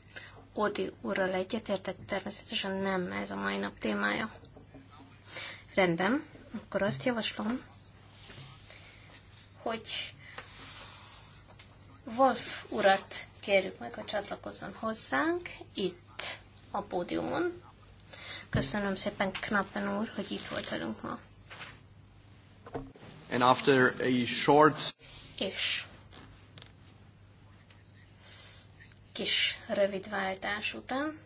Odi úrral egyetértek, természetesen nem ez a mai nap témája. Rendben, akkor azt javaslom, hogy Wolf urat kérjük meg, hogy csatlakozzon hozzánk itt a pódiumon. Köszönöm szépen Knappen úr, hogy itt volt velünk ma.
And after a short...
És kis rövid váltás után.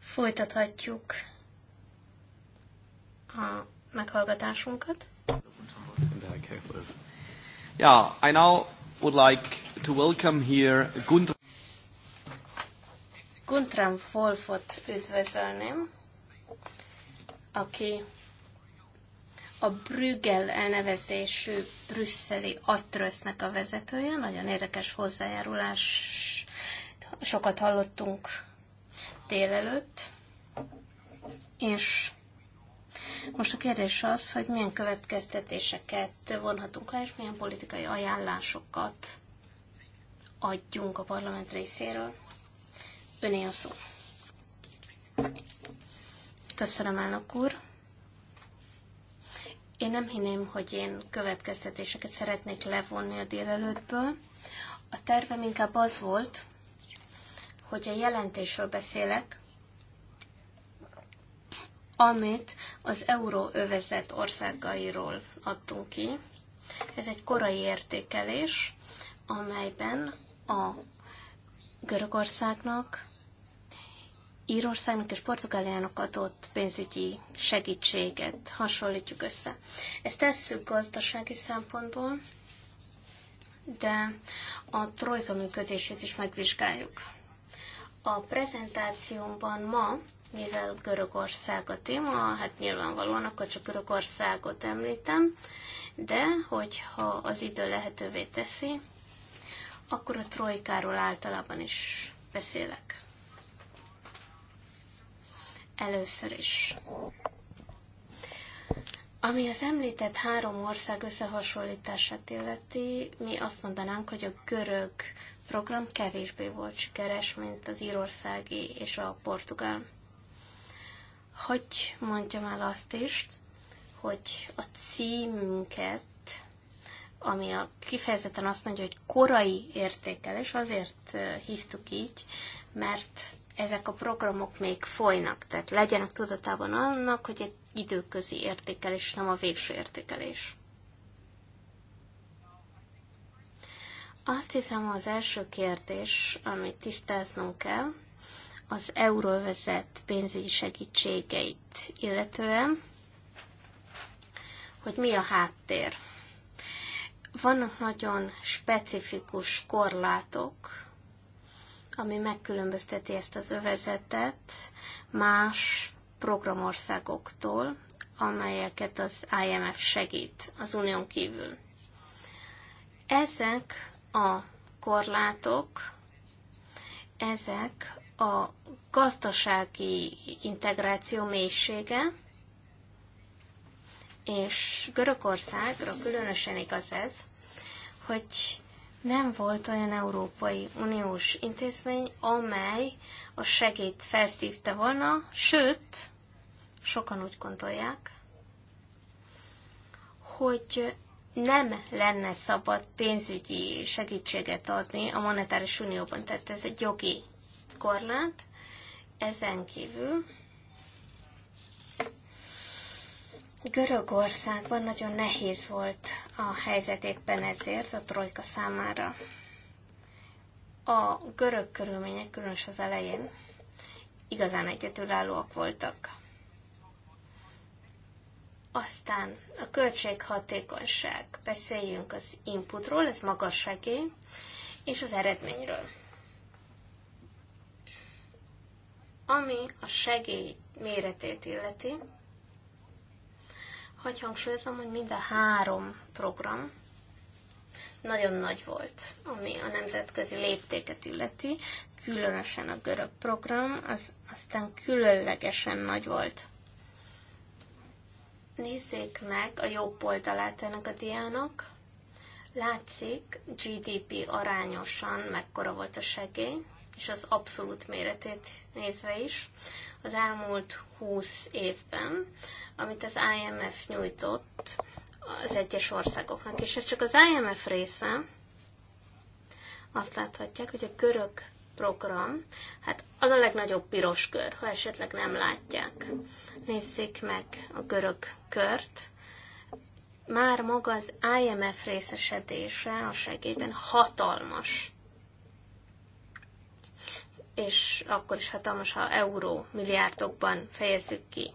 Folytathatjuk a meghallgatásunkat. Yeah, I now
would like to welcome here Guntram.
Guntram Wolfot üdvözölném, aki a Brüggel elnevezésű brüsszeli atrösznek a vezetője, nagyon érdekes hozzájárulás, sokat hallottunk délelőtt, és most a kérdés az, hogy milyen következtetéseket vonhatunk le, és milyen politikai ajánlásokat adjunk a parlament részéről. Öné a szó. Köszönöm, elnök úr. Én nem hinném, hogy én következtetéseket szeretnék levonni a délelőttből. A tervem inkább az volt, hogy a jelentésről beszélek, amit az euróövezet országairól adtunk ki. Ez egy korai értékelés, amelyben a Görögországnak, Írországnak és Portugáliának adott pénzügyi segítséget hasonlítjuk össze. Ezt tesszük gazdasági szempontból, de a trojka működését is megvizsgáljuk. A prezentációmban ma, mivel Görögország a téma, hát nyilvánvalóan akkor csak Görögországot említem, de hogyha az idő lehetővé teszi, akkor a trojkáról általában is beszélek először is. Ami az említett három ország összehasonlítását illeti, mi azt mondanánk, hogy a görög program kevésbé volt sikeres, mint az írországi és a portugál. Hogy mondjam el azt is, hogy a címünket, ami a kifejezetten azt mondja, hogy korai értékelés, azért hívtuk így, mert ezek a programok még folynak, tehát legyenek tudatában annak, hogy egy időközi értékelés nem a végső értékelés. Azt hiszem az első kérdés, amit tisztáznunk kell, az euróvezet pénzügyi segítségeit illetően, hogy mi a háttér. Vannak nagyon specifikus korlátok, ami megkülönbözteti ezt az övezetet más programországoktól, amelyeket az IMF segít az unión kívül. Ezek a korlátok, ezek a gazdasági integráció mélysége, és Görögországra különösen igaz ez, hogy nem volt olyan Európai Uniós intézmény, amely a segélyt felszívta volna, sőt, sokan úgy gondolják, hogy nem lenne szabad pénzügyi segítséget adni a monetáris unióban, tehát ez egy jogi korlát. Ezen kívül Görögországban nagyon nehéz volt a helyzet éppen ezért a trojka számára. A görög körülmények, különös az elején, igazán egyedülállóak voltak. Aztán a költséghatékonyság. Beszéljünk az inputról, ez magas segély, és az eredményről. Ami a segély méretét illeti, hogy hangsúlyozom, hogy mind a három program nagyon nagy volt, ami a nemzetközi léptéket illeti, különösen a görög program, az aztán különlegesen nagy volt. Nézzék meg a jobb oldalát ennek a diának. Látszik GDP arányosan mekkora volt a segély, és az abszolút méretét nézve is az elmúlt 20 évben, amit az IMF nyújtott az egyes országoknak. És ez csak az IMF része. Azt láthatják, hogy a görög program, hát az a legnagyobb piros kör, ha esetleg nem látják. Nézzék meg a görög kört. Már maga az IMF részesedése a segélyben hatalmas és akkor is hatalmas, ha euró milliárdokban fejezzük ki.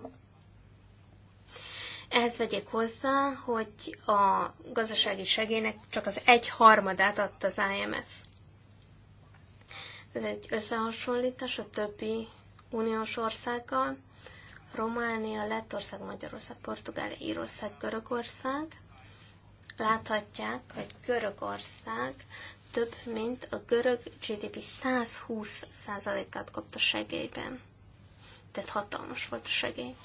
Ehhez vegyék hozzá, hogy a gazdasági segélynek csak az egy harmadát adta az IMF. Ez egy összehasonlítás a többi uniós országgal, Románia, Lettország, Magyarország, Portugália, Írország, Görögország. Láthatják, hogy Görögország több, mint a görög GDP 120%-át kapta segélyben. Tehát hatalmas volt a segély.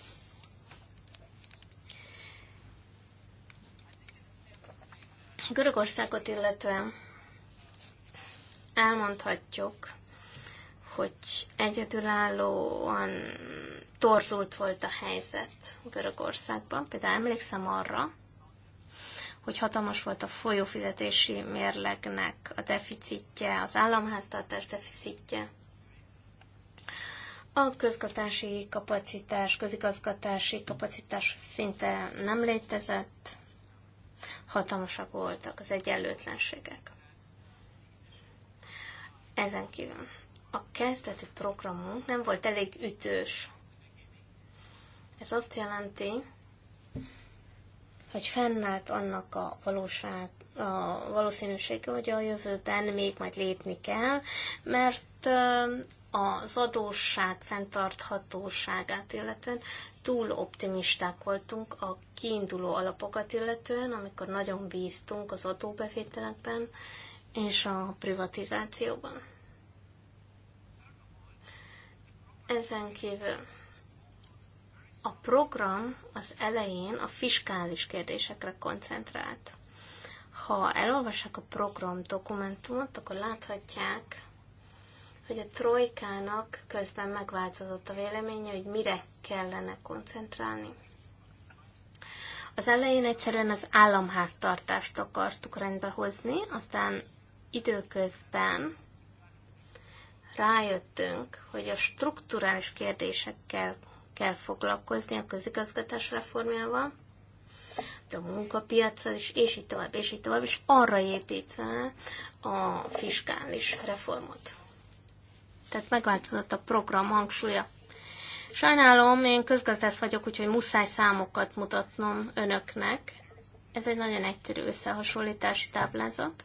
Görögországot illetően elmondhatjuk, hogy egyedülállóan torzult volt a helyzet Görögországban. Például emlékszem arra, hogy hatalmas volt a folyófizetési mérlegnek a deficitje, az államháztartás deficitje. A közgatási kapacitás, közigazgatási kapacitás szinte nem létezett, hatalmasak voltak az egyenlőtlenségek. Ezen kívül a kezdeti programunk nem volt elég ütős. Ez azt jelenti, hogy fennállt annak a valóság, a valószínűsége, hogy a jövőben még majd lépni kell, mert az adósság fenntarthatóságát illetően túl optimisták voltunk a kiinduló alapokat illetően, amikor nagyon bíztunk az adóbevételekben és a privatizációban. Ezen kívül a program az elején a fiskális kérdésekre koncentrált. Ha elolvassák a program dokumentumot, akkor láthatják, hogy a trojkának közben megváltozott a véleménye, hogy mire kellene koncentrálni. Az elején egyszerűen az államháztartást akartuk rendbe hozni, aztán időközben rájöttünk, hogy a strukturális kérdésekkel kell foglalkozni a közigazgatás reformjával, a munkapiacsal is, és így tovább, és így tovább, és arra építve a fiskális reformot. Tehát megváltozott a program hangsúlya. Sajnálom, én közgazdász vagyok, úgyhogy muszáj számokat mutatnom önöknek. Ez egy nagyon egyszerű összehasonlítási táblázat.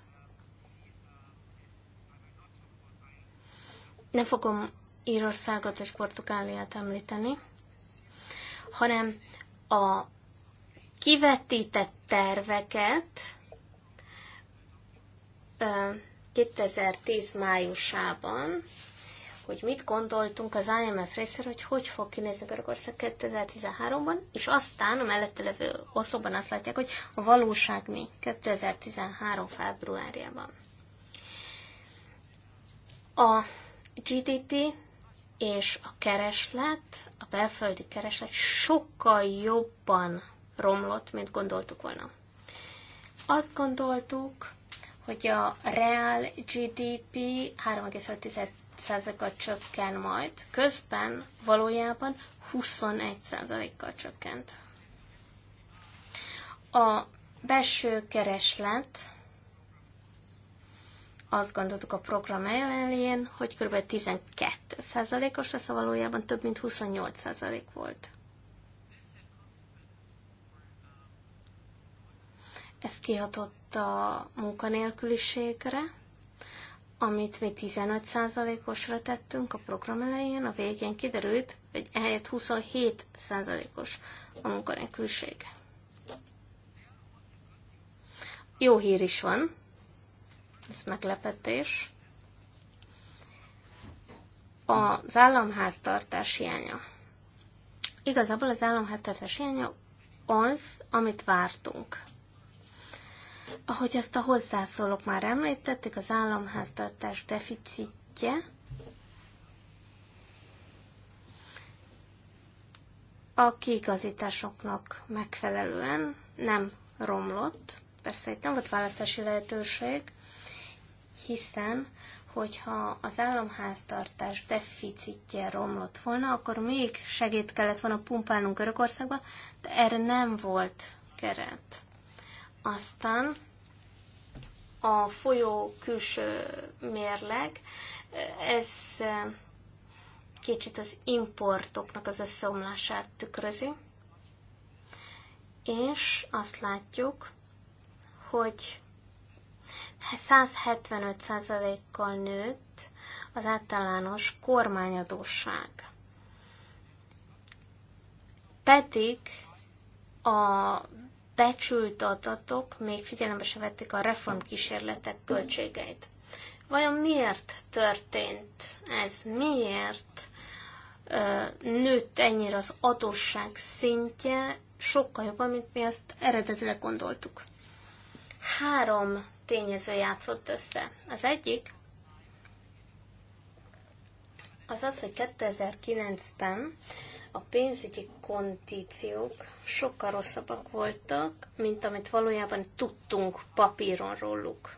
Nem fogom Írországot és Portugáliát említeni hanem a kivetített terveket 2010 májusában, hogy mit gondoltunk az IMF részéről, hogy hogy fog kinézni Görögország 2013-ban, és aztán a mellette levő oszlopban azt látják, hogy a valóság mi 2013 februárjában. A GDP és a kereslet, a belföldi kereslet sokkal jobban romlott, mint gondoltuk volna. Azt gondoltuk, hogy a real GDP 3,6%-kal csökken majd, közben valójában 21%-kal csökkent. A belső kereslet azt gondoltuk a program elején, hogy kb. 12%-os lesz, a valójában több mint 28% volt. Ez kihatott a munkanélküliségre, amit mi 15%-osra tettünk a program elején, a végén kiderült, hogy ehelyett 27%-os a munkanélküliség. Jó hír is van, ez meglepetés. Az államháztartás hiánya. Igazából az államháztartás hiánya az, amit vártunk. Ahogy ezt a hozzászólók már említették, az államháztartás deficitje a kiigazításoknak megfelelően nem romlott. Persze itt nem volt választási lehetőség, hiszen hogyha az államháztartás deficitje romlott volna, akkor még segít kellett volna pumpálnunk Görögországba, de erre nem volt keret. Aztán a folyó külső mérleg, ez kicsit az importoknak az összeomlását tükrözi, és azt látjuk, hogy 175%-kal nőtt az általános kormányadóság. Pedig a becsült adatok még figyelembe se vették a reformkísérletek költségeit. Vajon miért történt ez? Miért ö, nőtt ennyire az adósság szintje sokkal jobban, mint mi ezt eredetileg gondoltuk? Három tényező játszott össze. Az egyik az az, hogy 2009-ben a pénzügyi kondíciók sokkal rosszabbak voltak, mint amit valójában tudtunk papíron róluk.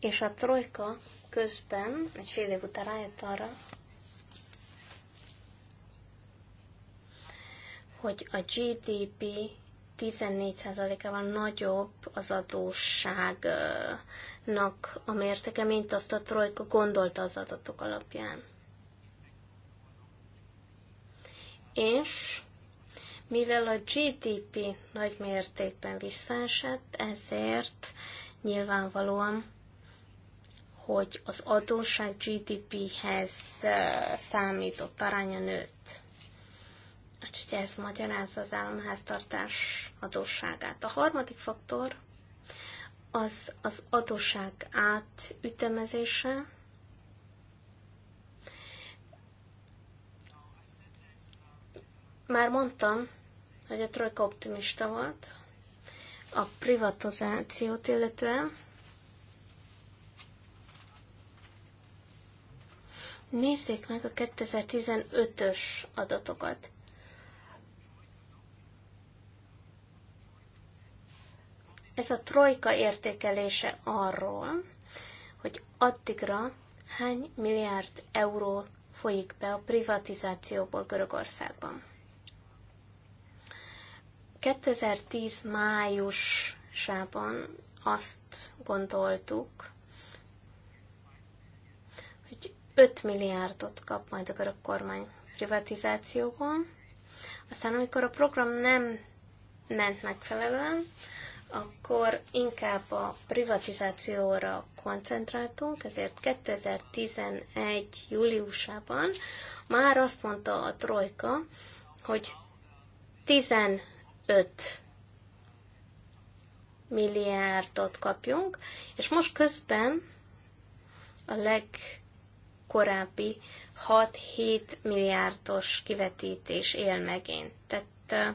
És a trojka közben, egy fél év után rájött arra, hogy a GDP 14%-ával nagyobb az adósságnak a mértéke, mint azt a trojka gondolta az adatok alapján. És mivel a GDP nagy mértékben visszaesett, ezért nyilvánvalóan, hogy az adósság GDP-hez eh, számított aránya nőtt ez magyarázza az államháztartás adósságát. A harmadik faktor az az adósság átütemezése, Már mondtam, hogy a trojka optimista volt a privatizációt illetően. Nézzék meg a 2015-ös adatokat. Ez a trojka értékelése arról, hogy addigra hány milliárd euró folyik be a privatizációból Görögországban. 2010 májusában azt gondoltuk, hogy 5 milliárdot kap majd a görög kormány privatizációban. Aztán, amikor a program nem ment megfelelően, akkor inkább a privatizációra koncentráltunk, ezért 2011. júliusában már azt mondta a Trojka, hogy 15 milliárdot kapjunk, és most közben a legkorábbi 6-7 milliárdos kivetítés él megint. Tehát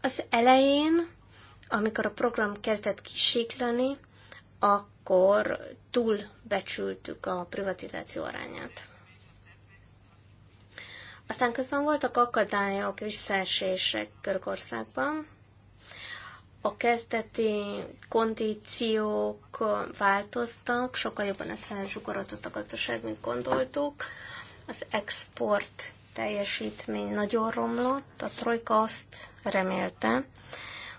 az elején amikor a program kezdett kisiklani, akkor túlbecsültük a privatizáció arányát. Aztán közben voltak akadályok, visszaesések Görögországban. A kezdeti kondíciók változtak, sokkal jobban összezsugorodott a gazdaság, mint gondoltuk. Az export teljesítmény nagyon romlott, a trojka azt remélte,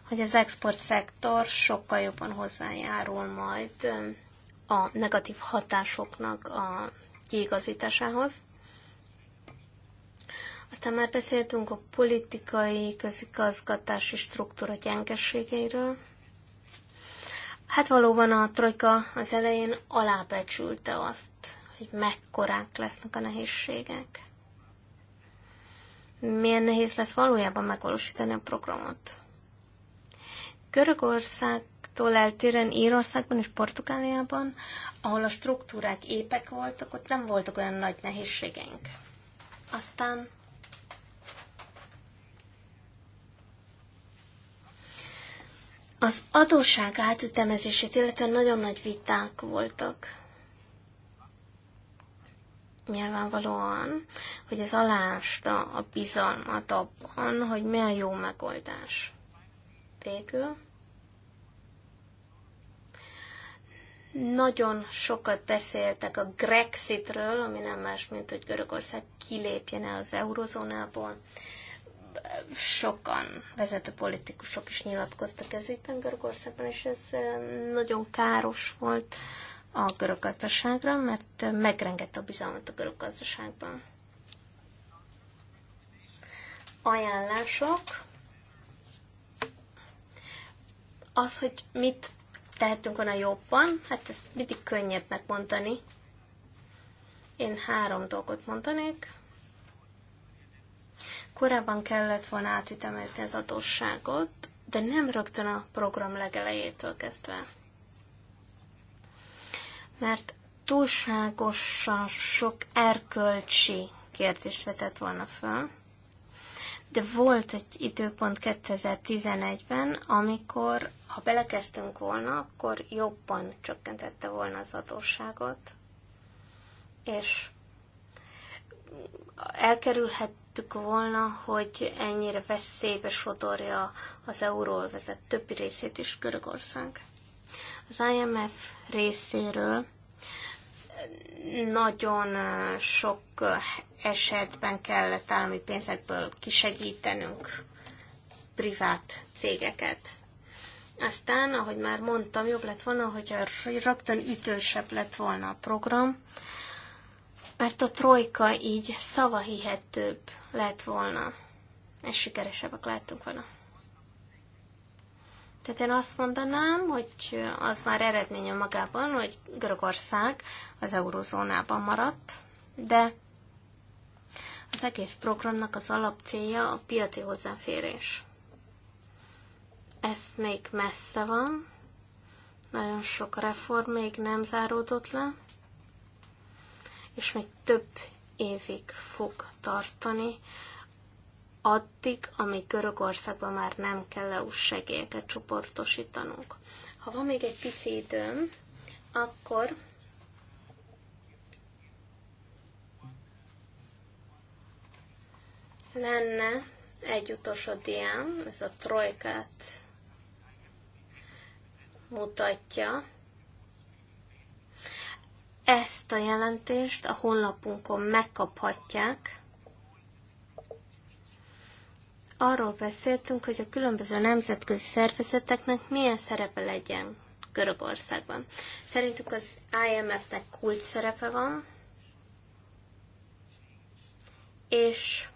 hogy az szektor sokkal jobban hozzájárul majd a negatív hatásoknak a kiigazításához. Aztán már beszéltünk a politikai, közigazgatási struktúra gyengeségeiről. Hát valóban a trojka az elején alábecsülte azt, hogy mekkorák lesznek a nehézségek. Milyen nehéz lesz valójában megvalósítani a programot. Görögországtól eltéren Írországban és Portugáliában, ahol a struktúrák épek voltak, ott nem voltak olyan nagy nehézségeink. Aztán az adósság átütemezését, illetve nagyon nagy viták voltak. Nyilvánvalóan, hogy ez alásta a bizalmat abban, hogy mi a jó megoldás. Végül nagyon sokat beszéltek a Grexitről, ami nem más, mint hogy Görögország kilépjen el az eurozónából. Sokan, vezető politikusok is nyilatkoztak ez ügyben Görögországban, és ez eh, nagyon káros volt a görög gazdaságra, mert eh, megrengette a bizalmat a görög gazdaságban. Ajánlások Az, hogy mit tehetünk volna jobban, hát ezt mindig könnyebb megmondani. Én három dolgot mondanék. Korábban kellett volna átütemezni az adósságot, de nem rögtön a program legelejétől kezdve. Mert túlságosan sok erkölcsi kérdést vetett volna föl, de volt egy időpont 2011-ben, amikor, ha belekezdtünk volna, akkor jobban csökkentette volna az adósságot, és elkerülhettük volna, hogy ennyire veszélybe sodorja az euróvezet többi részét is Görögország. Az IMF részéről nagyon sok esetben kellett állami pénzekből kisegítenünk privát cégeket. Aztán, ahogy már mondtam, jobb lett volna, hogyha rögtön ütősebb lett volna a program, mert a trojka így szavahihetőbb lett volna, és sikeresebbek lettünk volna. Tehát én azt mondanám, hogy az már eredménye magában, hogy Görögország az eurozónában maradt, de az egész programnak az alapcélja a piaci hozzáférés. Ezt még messze van, nagyon sok reform még nem záródott le, és még több évig fog tartani, addig, amíg Görögországban már nem kell eu segélyeket csoportosítanunk. Ha van még egy pici időm, akkor lenne egy utolsó diám, ez a trojkát mutatja. Ezt a jelentést a honlapunkon megkaphatják arról beszéltünk, hogy a különböző nemzetközi szervezeteknek milyen szerepe legyen Görögországban. Szerintük az IMF-nek kult szerepe van, és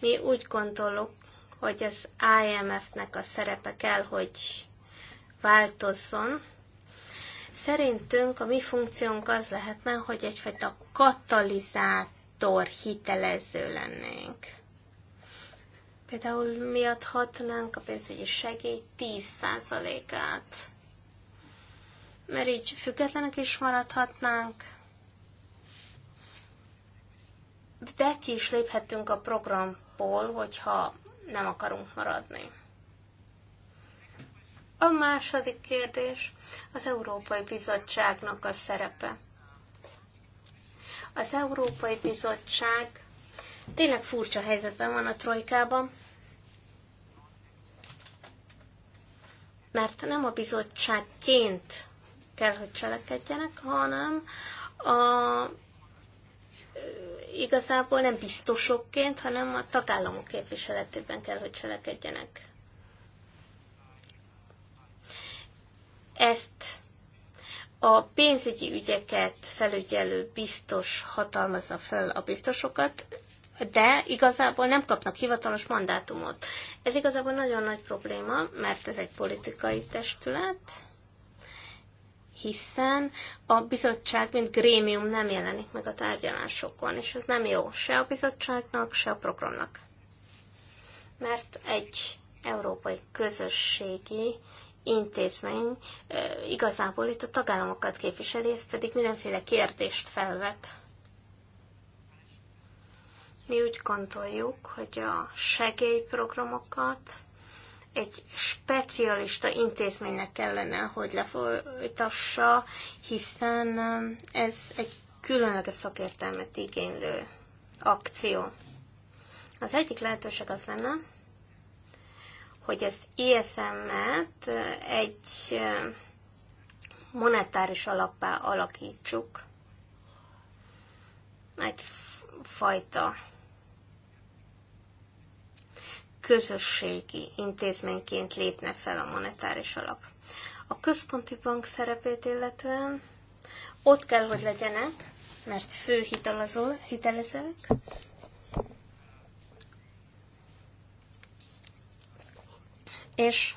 mi úgy gondoljuk, hogy az IMF-nek a szerepe kell, hogy változzon. Szerintünk a mi funkciónk az lehetne, hogy egyfajta katalizátor hitelező lennénk Például mi adhatnánk a pénzügyi segély 10%-át, mert így függetlenek is maradhatnánk, de ki is léphetünk a programból, hogyha nem akarunk maradni. A második kérdés az Európai Bizottságnak a szerepe. Az Európai Bizottság tényleg furcsa helyzetben van a trojkában, mert nem a bizottságként kell, hogy cselekedjenek, hanem a, igazából nem biztosokként, hanem a tagállamok képviseletében kell, hogy cselekedjenek. Ezt a pénzügyi ügyeket felügyelő biztos hatalmazza fel a biztosokat, de igazából nem kapnak hivatalos mandátumot. Ez igazából nagyon nagy probléma, mert ez egy politikai testület, hiszen a bizottság, mint grémium nem jelenik meg a tárgyalásokon, és ez nem jó se a bizottságnak, se a programnak. Mert egy európai közösségi intézmény igazából itt a tagállamokat képviseli, ez pedig mindenféle kérdést felvet. Mi úgy gondoljuk, hogy a segélyprogramokat egy specialista intézménynek kellene, hogy lefolytassa, hiszen um, ez egy különleges szakértelmet igénylő akció. Az egyik lehetőség az lenne, hogy az ISM-et uh, egy um, monetáris alapá alakítsuk, egyfajta közösségi intézményként lépne fel a monetáris alap. A központi bank szerepét illetően ott kell, hogy legyenek, mert fő hitelező, hitelezők, és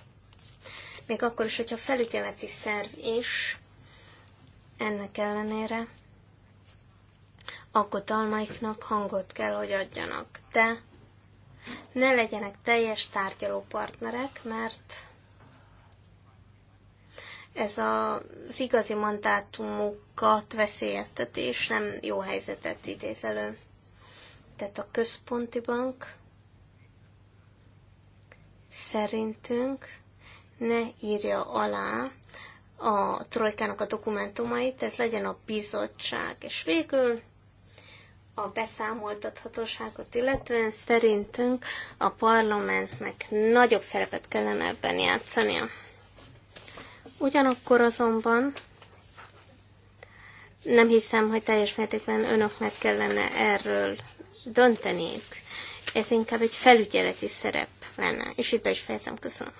még akkor is, hogyha felügyeleti szerv is, ennek ellenére aggodalmaiknak hangot kell, hogy adjanak. De ne legyenek teljes tárgyalópartnerek, mert ez a, az igazi mandátumukat veszélyezteti, és nem jó helyzetet idéz elő. Tehát a központi bank szerintünk ne írja alá a trojkának a dokumentumait, ez legyen a bizottság. És végül a beszámoltathatóságot, illetően szerintünk a parlamentnek nagyobb szerepet kellene ebben játszania. Ugyanakkor azonban nem hiszem, hogy teljes mértékben önöknek kellene erről dönteniük. Ez inkább egy felügyeleti szerep lenne, és itt be is fejezem, köszönöm.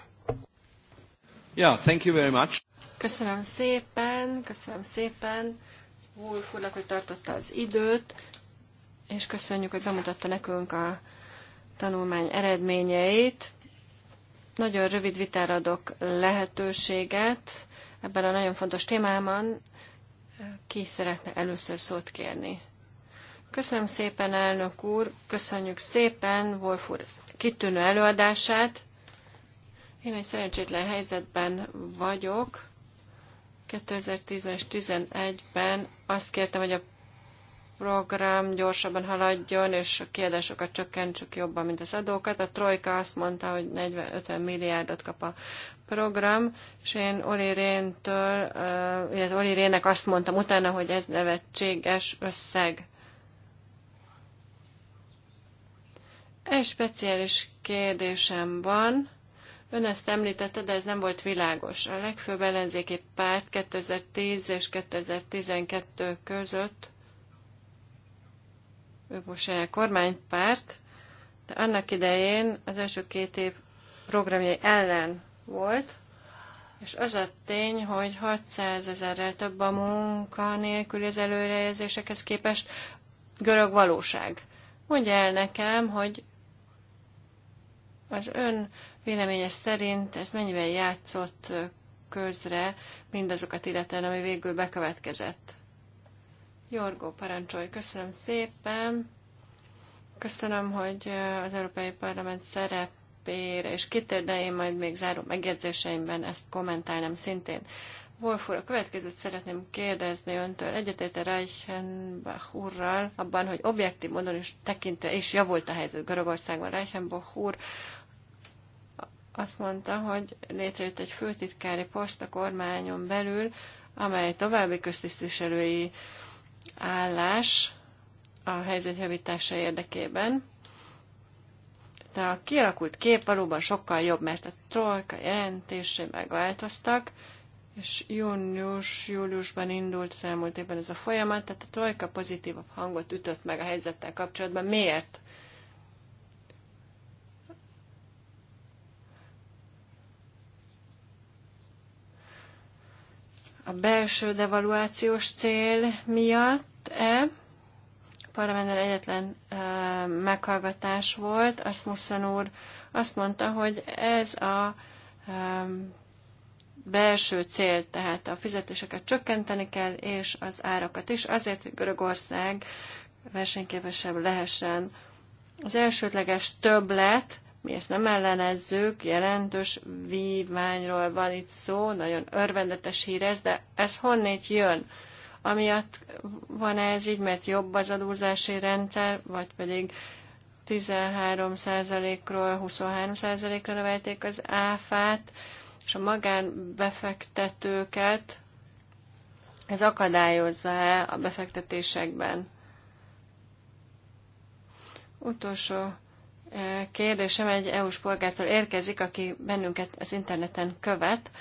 Yeah, thank you very much. Köszönöm szépen, köszönöm szépen. Wolf hogy tartotta az időt és köszönjük, hogy bemutatta nekünk a tanulmány eredményeit. Nagyon rövid vitára adok lehetőséget ebben a nagyon fontos témában. Ki szeretne először szót kérni? Köszönöm szépen, elnök úr, köszönjük szépen Wolf úr kitűnő előadását. Én egy szerencsétlen helyzetben vagyok. 2010-ben és 2011-ben azt kértem, hogy a program gyorsabban haladjon, és a kiadásokat csökkentsük jobban, mint az adókat. A Trojka azt mondta, hogy 40-50 milliárdot kap a program, és én Oli Réntől, illetve Oli Rének azt mondtam utána, hogy ez nevetséges összeg. Egy speciális kérdésem van. Ön ezt említette, de ez nem volt világos. A legfőbb ellenzéki párt 2010 és 2012 között ők most jelenleg kormánypárt, de annak idején az első két év programjai ellen volt, és az a tény, hogy 600 ezerrel több a nélkül az előrejelzésekhez képest görög valóság. Mondja el nekem, hogy az ön véleménye szerint ez mennyiben játszott közre mindazokat illetően, ami végül bekövetkezett. Jorgó, parancsolj, köszönöm szépen. Köszönöm, hogy az Európai Parlament szerepére, és kitér, én majd még záró megjegyzéseimben ezt kommentálnám szintén. Wolf úr, a következőt szeretném kérdezni öntől. Egyetérte Reichenbach úrral abban, hogy objektív módon is tekintve, és javult a helyzet Görögországban. Reichenbach úr azt mondta, hogy létrejött egy főtitkári poszt a kormányon belül, amely további köztisztviselői állás a helyzet javítása érdekében. De a kialakult kép valóban sokkal jobb, mert a trojka jelentésé megváltoztak, és június-júliusban indult az elmúlt évben ez a folyamat, tehát a trojka pozitívabb hangot ütött meg a helyzettel kapcsolatban. Miért? a belső devaluációs cél miatt-e, parlamentben egyetlen e, meghallgatás volt, Muszan úr azt mondta, hogy ez a e, belső cél, tehát a fizetéseket csökkenteni kell, és az árakat is, azért, hogy Görögország versenyképesebb lehessen. Az elsődleges többlet mi ezt nem ellenezzük, jelentős vívmányról van itt szó, nagyon örvendetes hír ez, de ez honnét jön? Amiatt van ez így, mert jobb az adózási rendszer, vagy pedig 13%-ról 23%-ra növelték az áfát, és a magánbefektetőket ez akadályozza-e a befektetésekben? Utolsó kérdésem egy EU-s polgártól érkezik, aki bennünket az interneten követ.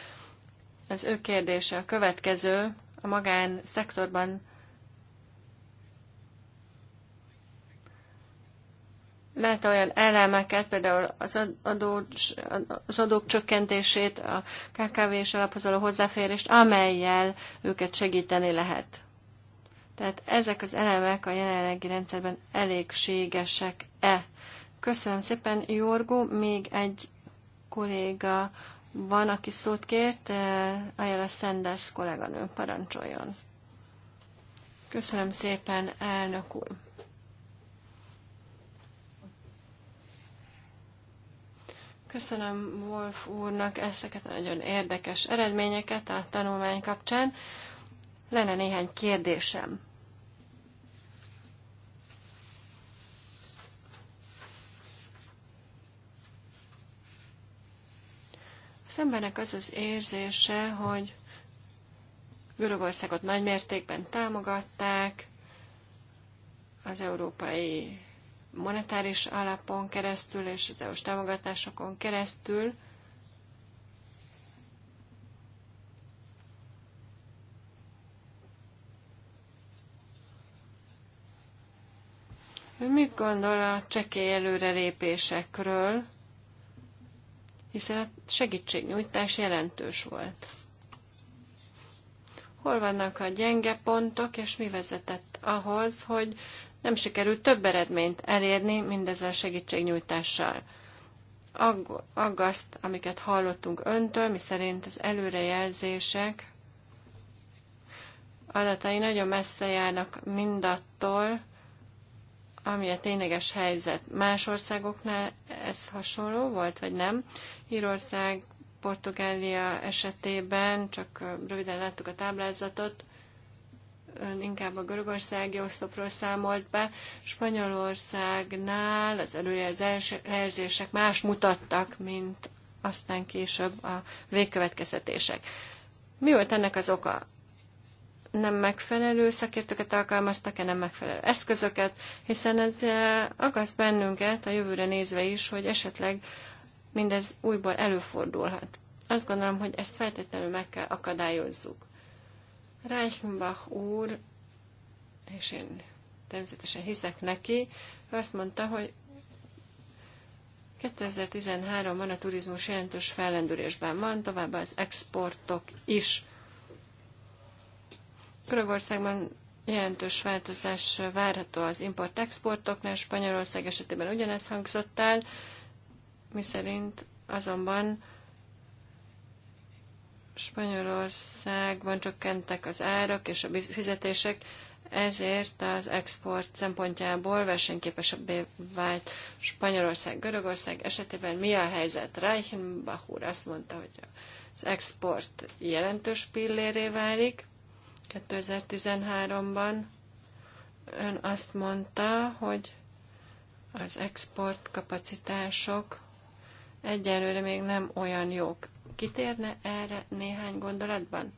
Az ő kérdése a következő. A magán szektorban lehet -e olyan elemeket, például az, adó, az adók csökkentését, a KKV és alaphoz való hozzáférést, amelyel őket segíteni lehet. Tehát ezek az elemek a jelenlegi rendszerben elégségesek-e? Köszönöm szépen, Jorgó. Még egy kolléga van, aki szót kért. Eh, Ajala Szenders kolléganő, parancsoljon. Köszönöm szépen, elnök úr. Köszönöm Wolf úrnak ezeket a nagyon érdekes eredményeket a tanulmány kapcsán. Lenne néhány kérdésem. Az embernek az az érzése, hogy Görögországot mértékben támogatták, az európai monetáris alapon keresztül és az EU-s támogatásokon keresztül, Mit gondol a csekély előrelépésekről? hiszen a segítségnyújtás jelentős volt. Hol vannak a gyenge pontok, és mi vezetett ahhoz, hogy nem sikerült több eredményt elérni mindezzel segítségnyújtással? Agg- aggaszt, amiket hallottunk öntől, miszerint az előrejelzések adatai nagyon messze járnak mindattól, ami a tényleges helyzet más országoknál, ez hasonló volt, vagy nem? Írország, Portugália esetében, csak röviden láttuk a táblázatot, ön inkább a görögországi oszlopról számolt be. Spanyolországnál az előrejelzések más mutattak, mint aztán később a végkövetkeztetések. Mi volt ennek az oka? nem megfelelő szakértőket alkalmaztak-e, nem megfelelő eszközöket, hiszen ez eh, akaszt bennünket a jövőre nézve is, hogy esetleg mindez újból előfordulhat. Azt gondolom, hogy ezt feltétlenül meg kell akadályozzuk. Reichenbach úr, és én természetesen hiszek neki, azt mondta, hogy 2013-ban a turizmus jelentős fellendülésben van, továbbá az exportok is Görögországban jelentős változás várható az import-exportoknál, Spanyolország esetében ugyanezt hangzott el, miszerint azonban Spanyolországban csökkentek az árak és a fizetések, ezért az export szempontjából versenyképesebbé vált Spanyolország, Görögország esetében mi a helyzet? Reichenbach úr azt mondta, hogy az export jelentős pillérré válik, 2013-ban ön azt mondta, hogy az export kapacitások egyelőre még nem olyan jók. Kitérne erre néhány gondolatban?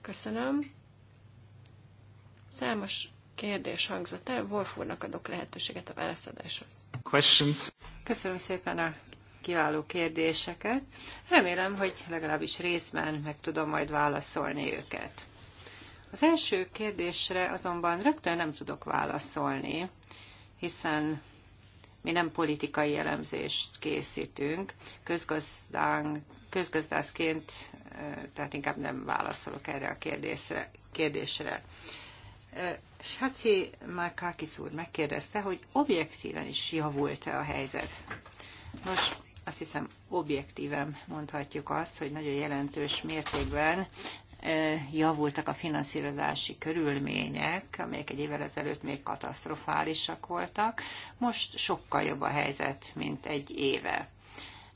Köszönöm. Számos kérdés hangzott el, Wolf úrnak adok lehetőséget a válaszadáshoz.
Questions.
Köszönöm szépen a kiváló kérdéseket. Remélem,
hogy legalábbis részben meg tudom majd válaszolni őket. Az első kérdésre azonban rögtön nem tudok válaszolni, hiszen mi nem politikai elemzést készítünk, közgazdán, közgazdászként, tehát inkább nem válaszolok erre a kérdésre. kérdésre. Saci Márkákis úr megkérdezte, hogy objektíven is javult-e a helyzet. Nos, azt hiszem objektíven mondhatjuk azt, hogy nagyon jelentős mértékben javultak a finanszírozási körülmények, amelyek egy évvel ezelőtt még katasztrofálisak voltak. Most sokkal jobb a helyzet, mint egy éve.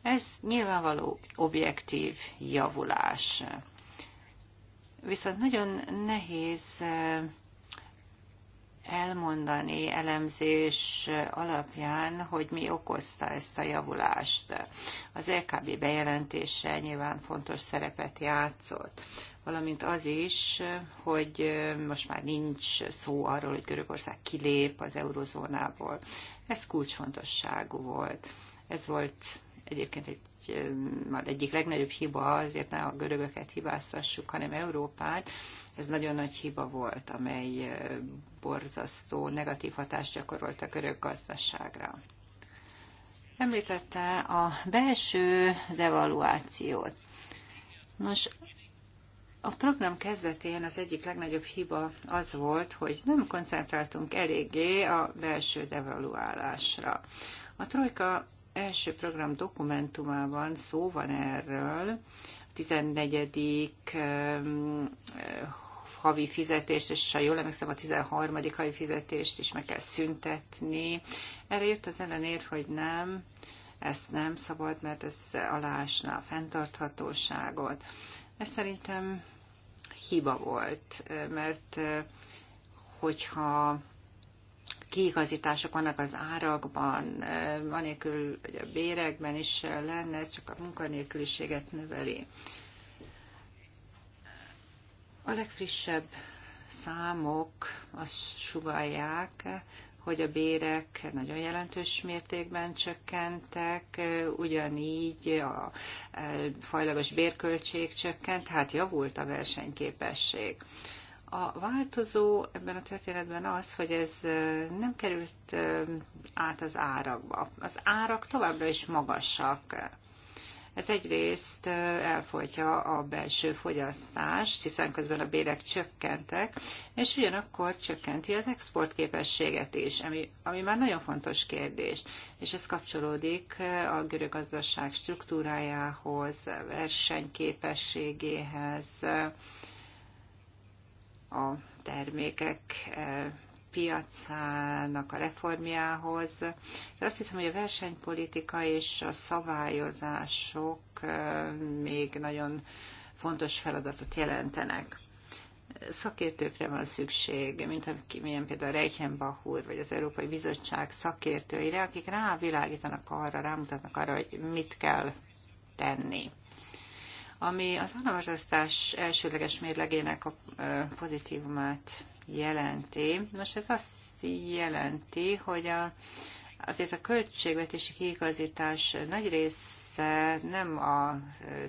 Ez nyilvánvaló objektív javulás. Viszont nagyon nehéz elmondani elemzés alapján, hogy mi okozta ezt a javulást. Az LKB bejelentése nyilván fontos szerepet játszott valamint az is, hogy most már nincs szó arról, hogy Görögország kilép az eurozónából. Ez kulcsfontosságú volt. Ez volt egyébként egy, majd egyik legnagyobb hiba, azért nem a görögöket hibáztassuk, hanem Európát. Ez nagyon nagy hiba volt, amely borzasztó negatív hatást gyakorolt a görög gazdaságra. Említette a belső devaluációt. Nos, a program kezdetén az egyik legnagyobb hiba az volt, hogy nem koncentráltunk eléggé a belső devaluálásra. A trojka első program dokumentumában szó van erről, a 14 eh, havi fizetést, és ha jól emlékszem, a 13. havi fizetést is meg kell szüntetni. Erre jött az ellenér, hogy nem, ezt nem szabad, mert ez alásná a fenntarthatóságot. Ez szerintem hiba volt, eh, mert eh, hogyha kiigazítások vannak az árakban, anélkül, hogy a bérekben is lenne, ez csak a munkanélküliséget növeli. A legfrissebb számok azt sugalják, hogy a bérek nagyon jelentős mértékben csökkentek, ugyanígy a fajlagos bérköltség csökkent, tehát javult a versenyképesség. A változó ebben a történetben az, hogy ez nem került át az árakba. Az árak továbbra is magasak. Ez egyrészt elfolytja a belső fogyasztást, hiszen közben a bérek csökkentek, és ugyanakkor csökkenti az exportképességet is, ami, ami már nagyon fontos kérdés. És ez kapcsolódik a görög gazdaság struktúrájához, versenyképességéhez, a termékek eh, piacának a reformjához. De azt hiszem, hogy a versenypolitika és a szabályozások eh, még nagyon fontos feladatot jelentenek. Szakértőkre van szükség, mint milyen például Reichenbach úr, vagy az Európai Bizottság szakértőire, akik rávilágítanak arra, rámutatnak arra, hogy mit kell tenni ami az államházasztás elsőleges mérlegének a pozitívumát jelenti. Nos, ez azt jelenti, hogy a, azért a költségvetési kiigazítás nagy rész nem a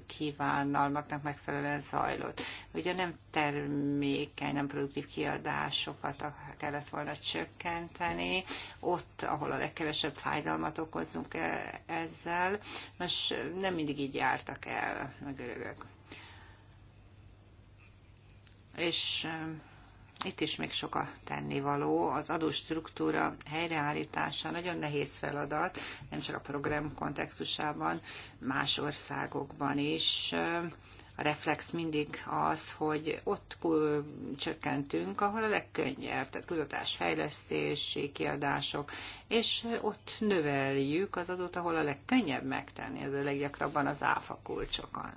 kívánalmaknak megfelelően zajlott. Ugye nem termékeny, nem produktív kiadásokat kellett volna csökkenteni, ott, ahol a legkevesebb fájdalmat okozunk e, ezzel. Most nem mindig így jártak el a görögök. És itt is még sok a tennivaló. Az adóstruktúra helyreállítása nagyon nehéz feladat, nem csak a program kontextusában, más országokban is. A reflex mindig az, hogy ott csökkentünk, ahol a legkönnyebb, tehát kutatás, fejlesztési kiadások, és ott növeljük az adót, ahol a legkönnyebb megtenni, ez a leggyakrabban az áfa kulcsokon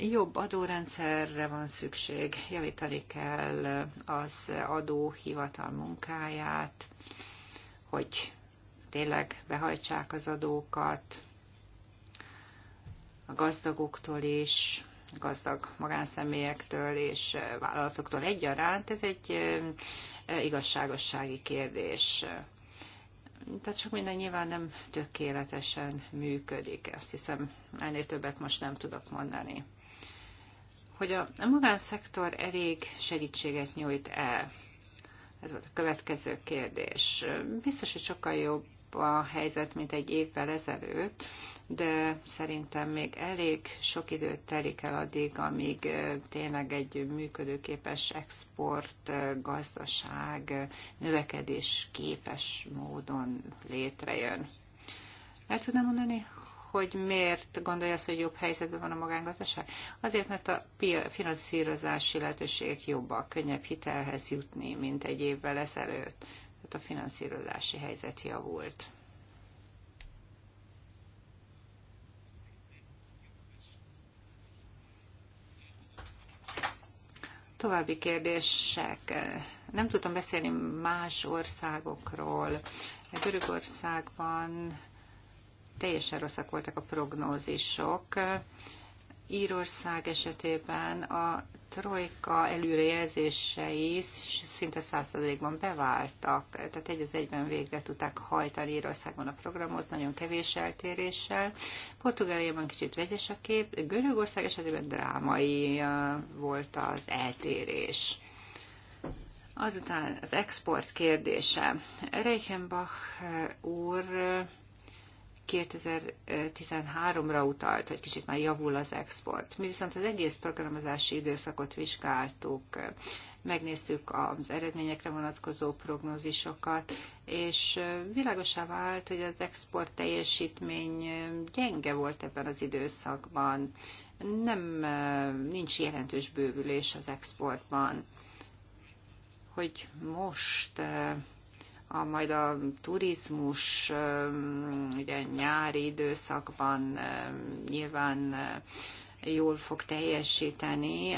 jobb adórendszerre van szükség, javítani kell az adóhivatal munkáját, hogy tényleg behajtsák az adókat a gazdagoktól is, gazdag magánszemélyektől és vállalatoktól egyaránt. Ez egy igazságossági kérdés. Tehát sok minden nyilván nem tökéletesen működik. Azt hiszem, ennél többet most nem tudok mondani hogy a, magánszektor elég segítséget nyújt el. Ez volt a következő kérdés. Biztos, hogy sokkal jobb a helyzet, mint egy évvel ezelőtt, de szerintem még elég sok időt telik el addig, amíg tényleg egy működőképes export gazdaság növekedés képes módon létrejön. El tudnám mondani, hogy miért gondolja azt, hogy jobb helyzetben van a magángazdaság? Azért, mert a finanszírozási lehetőségek jobbak, könnyebb hitelhez jutni, mint egy évvel ezelőtt. Tehát a finanszírozási helyzet javult. További kérdések. Nem tudtam beszélni más országokról. Görögországban teljesen rosszak voltak a prognózisok. Írország esetében a trojka előrejelzései szinte százalékban beváltak, tehát egy az egyben végre tudták hajtani Írországban a programot, nagyon kevés eltéréssel. Portugáliában kicsit vegyes a kép, Görögország esetében drámai volt az eltérés. Azután az export kérdése. Reichenbach úr 2013-ra utalt, hogy kicsit már javul az export. Mi viszont az egész programozási időszakot vizsgáltuk, megnéztük az eredményekre vonatkozó prognózisokat, és világosá vált, hogy az export teljesítmény gyenge volt ebben az időszakban. Nem, nincs jelentős bővülés az exportban. Hogy most a, majd a turizmus ugye nyári időszakban nyilván jól fog teljesíteni,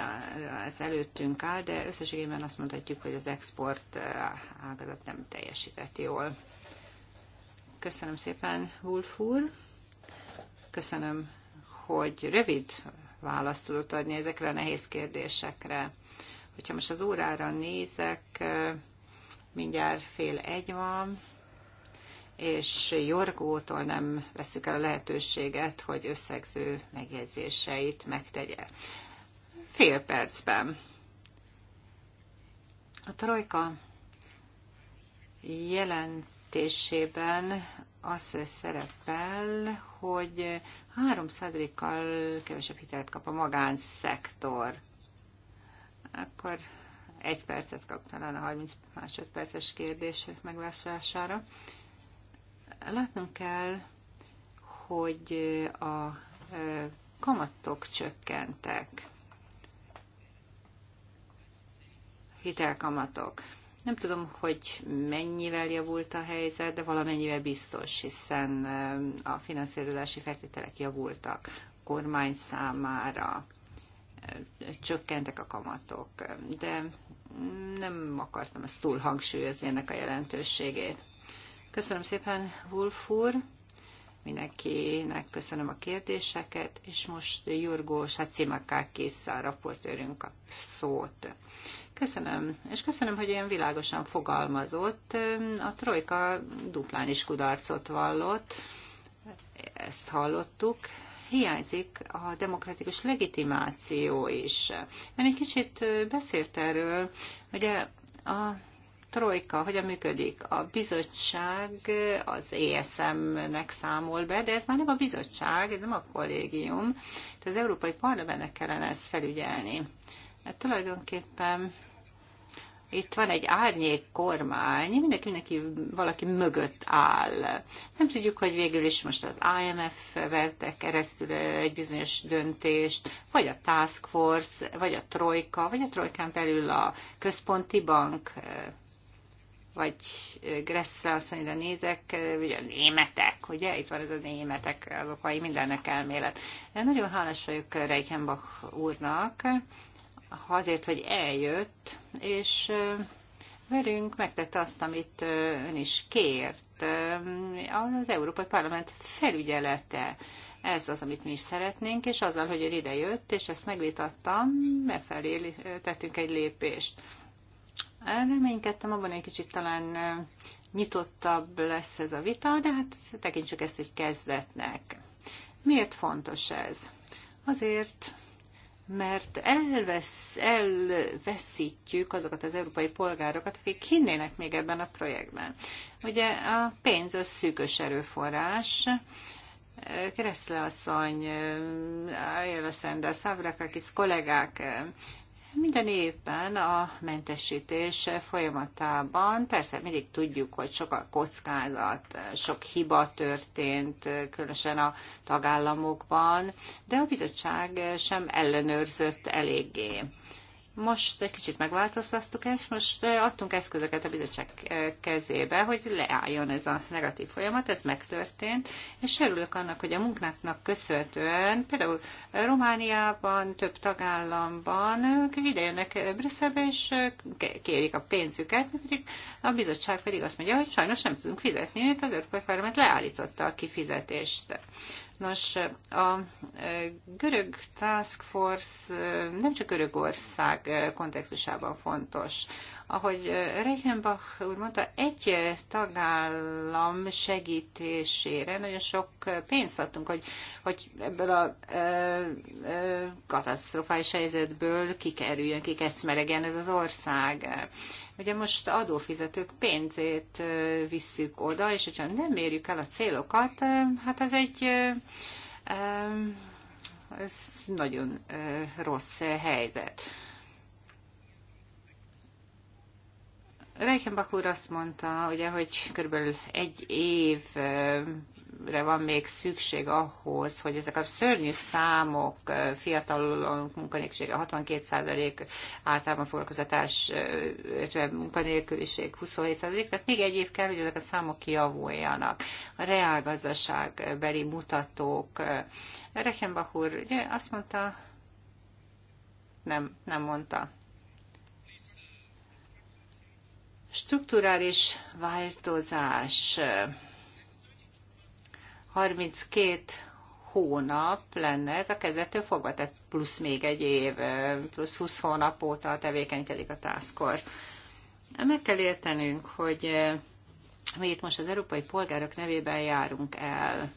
ez előttünk áll, de összességében azt mondhatjuk, hogy az export ágazat nem teljesített jól. Köszönöm szépen, Wolf úr. Köszönöm, hogy rövid választ tudott adni ezekre a nehéz kérdésekre. Hogyha most az órára nézek, mindjárt fél egy van, és Jorgótól nem veszük el a lehetőséget, hogy összegző megjegyzéseit megtegye. Fél percben. A Trojka jelentésében az szerepel, hogy 3%-kal kevesebb hitelt kap a magánszektor. Akkor egy percet kap talán a 30 másodperces kérdés megválaszolására. Látnunk kell, hogy a kamatok csökkentek, hitelkamatok. Nem tudom, hogy mennyivel javult a helyzet, de valamennyivel biztos, hiszen a finanszírozási feltételek javultak kormány számára csökkentek a kamatok, de nem akartam ezt túl hangsúlyozni ennek a jelentőségét. Köszönöm szépen, Wolf úr! Mindenkinek köszönöm a kérdéseket, és most Jurgó Sacimakákis, a raportőrünk a szót. Köszönöm, és köszönöm, hogy olyan világosan fogalmazott. A trojka duplán is kudarcot vallott, ezt hallottuk, hiányzik a demokratikus legitimáció is. Ön egy kicsit beszélt erről, ugye a trojka hogyan működik? A bizottság az ESM-nek számol be, de ez már nem a bizottság, ez nem a kollégium. Tehát az Európai Parlamentnek kellene ezt felügyelni. Hát tulajdonképpen itt van egy árnyék kormány, mindenki, mindenki valaki mögött áll. Nem tudjuk, hogy végül is most az IMF verte keresztül egy bizonyos döntést, vagy a Task Force, vagy a Trojka, vagy a Trojkán belül a Központi Bank, vagy Gressre azt mondja, nézek, ugye a németek, ugye? Itt van ez a németek, az okai mindennek elmélet. Nagyon hálás vagyok Reichenbach úrnak, azért, hogy eljött, és velünk megtette azt, amit ön is kért. Az Európai Parlament felügyelete. Ez az, amit mi is szeretnénk, és azzal, hogy ő idejött, és ezt megvitattam, befelé tettünk egy lépést. Reménykedtem abban, egy kicsit talán nyitottabb lesz ez a vita, de hát tekintsük ezt egy kezdetnek. Miért fontos ez? Azért, mert elvesz, elveszítjük azokat az európai polgárokat, akik hinnének még ebben a projektben. Ugye a pénz az szűkös erőforrás, Kereszle asszony, Ayala Sanders, Avrakakis kollégák minden évben a mentesítés folyamatában persze mindig tudjuk, hogy sok a kockázat, sok hiba történt, különösen a tagállamokban, de a bizottság sem ellenőrzött eléggé most egy kicsit megváltoztattuk és most adtunk eszközöket a bizottság kezébe, hogy leálljon ez a negatív folyamat, ez megtörtént, és örülök annak, hogy a munkáknak köszönhetően például Romániában, több tagállamban idejönnek Brüsszelbe, és kérik a pénzüket, pedig a bizottság pedig azt mondja, hogy sajnos nem tudunk fizetni, mert az Európai Parlament leállította a kifizetést. Nos, a e, görög task force e, nem csak Görögország e, kontextusában fontos. Ahogy Reichenbach úr mondta, egy tagállam segítésére nagyon sok pénzt adtunk, hogy, hogy ebből a ö, ö, katasztrofális helyzetből kikerüljön, kikeszmeregen ez az ország. Ugye most adófizetők pénzét visszük oda, és hogyha nem érjük el a célokat, hát ez egy ö, ez nagyon rossz helyzet. Reichenbach úr azt mondta, ugye, hogy körülbelül egy évre van még szükség ahhoz, hogy ezek a szörnyű számok, fiatalok munkanélkülisége 62%, általában foglalkozatás, munkanélküliség 27%, tehát még egy év kell, hogy ezek a számok kijavuljanak. A reálgazdaságbeli mutatók. Reichenbach úr ugye, azt mondta, nem, nem mondta Strukturális változás. 32 hónap lenne ez a kezdettől fogva, tehát plusz még egy év, plusz 20 hónap óta tevékenykedik a tászkor. Meg kell értenünk, hogy mi itt most az európai polgárok nevében járunk el.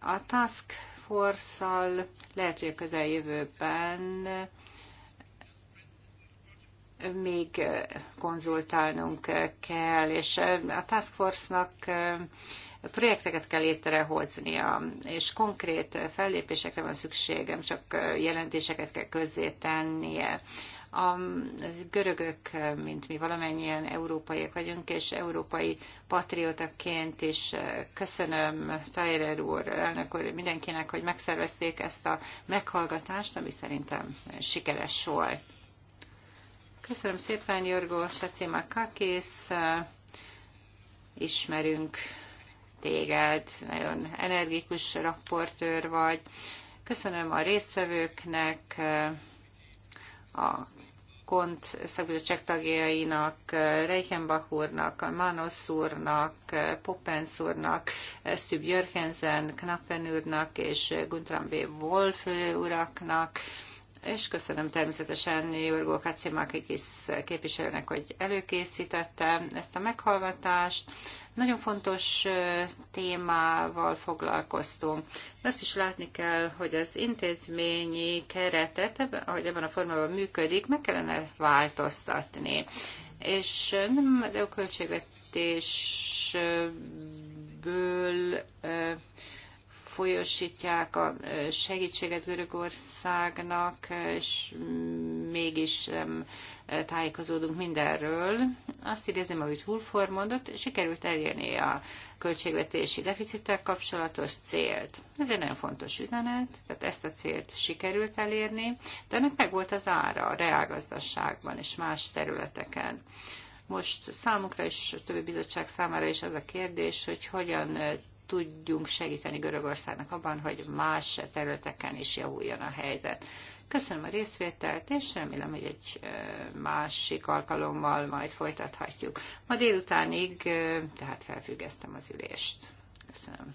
A Task Force-szal lehet, hogy a közeljövőben még konzultálnunk kell, és a Task Force-nak projekteket kell létrehoznia, és konkrét fellépésekre van szükségem, csak jelentéseket kell közzétennie. A görögök, mint mi valamennyien európaiak vagyunk, és európai patriotaként is köszönöm Tyler úr, elnök úr, mindenkinek, hogy megszervezték ezt a meghallgatást, ami szerintem sikeres volt. Köszönöm szépen, Jorgó Sacimakakis. Ismerünk téged, nagyon energikus rapportőr vagy. Köszönöm a résztvevőknek, a Kont szakbizottság tagjainak, Reichenbach úrnak, Manos úrnak, Poppens úrnak, Szűb Jörgensen, Knappen úrnak és Guntram B. Wolf uraknak és köszönöm természetesen Jorgó Kacimakikis képviselőnek, hogy előkészítette ezt a meghallgatást. Nagyon fontos témával foglalkoztunk. azt is látni kell, hogy az intézményi keretet, ahogy ebben a formában működik, meg kellene változtatni. És nem de a költségvetésből folyósítják a segítséget Görögországnak, és mégis tájékozódunk mindenről. Azt idézem, amit Hulfor mondott, sikerült elérni a költségvetési deficittel kapcsolatos célt. Ez egy nagyon fontos üzenet, tehát ezt a célt sikerült elérni, de ennek meg volt az ára a reálgazdaságban és más területeken. Most számukra és a többi bizottság számára is az a kérdés, hogy hogyan tudjunk segíteni Görögországnak abban, hogy más területeken is javuljon a helyzet. Köszönöm a részvételt, és remélem, hogy egy másik alkalommal majd folytathatjuk. Ma délutánig, tehát felfüggesztem az ülést. Köszönöm.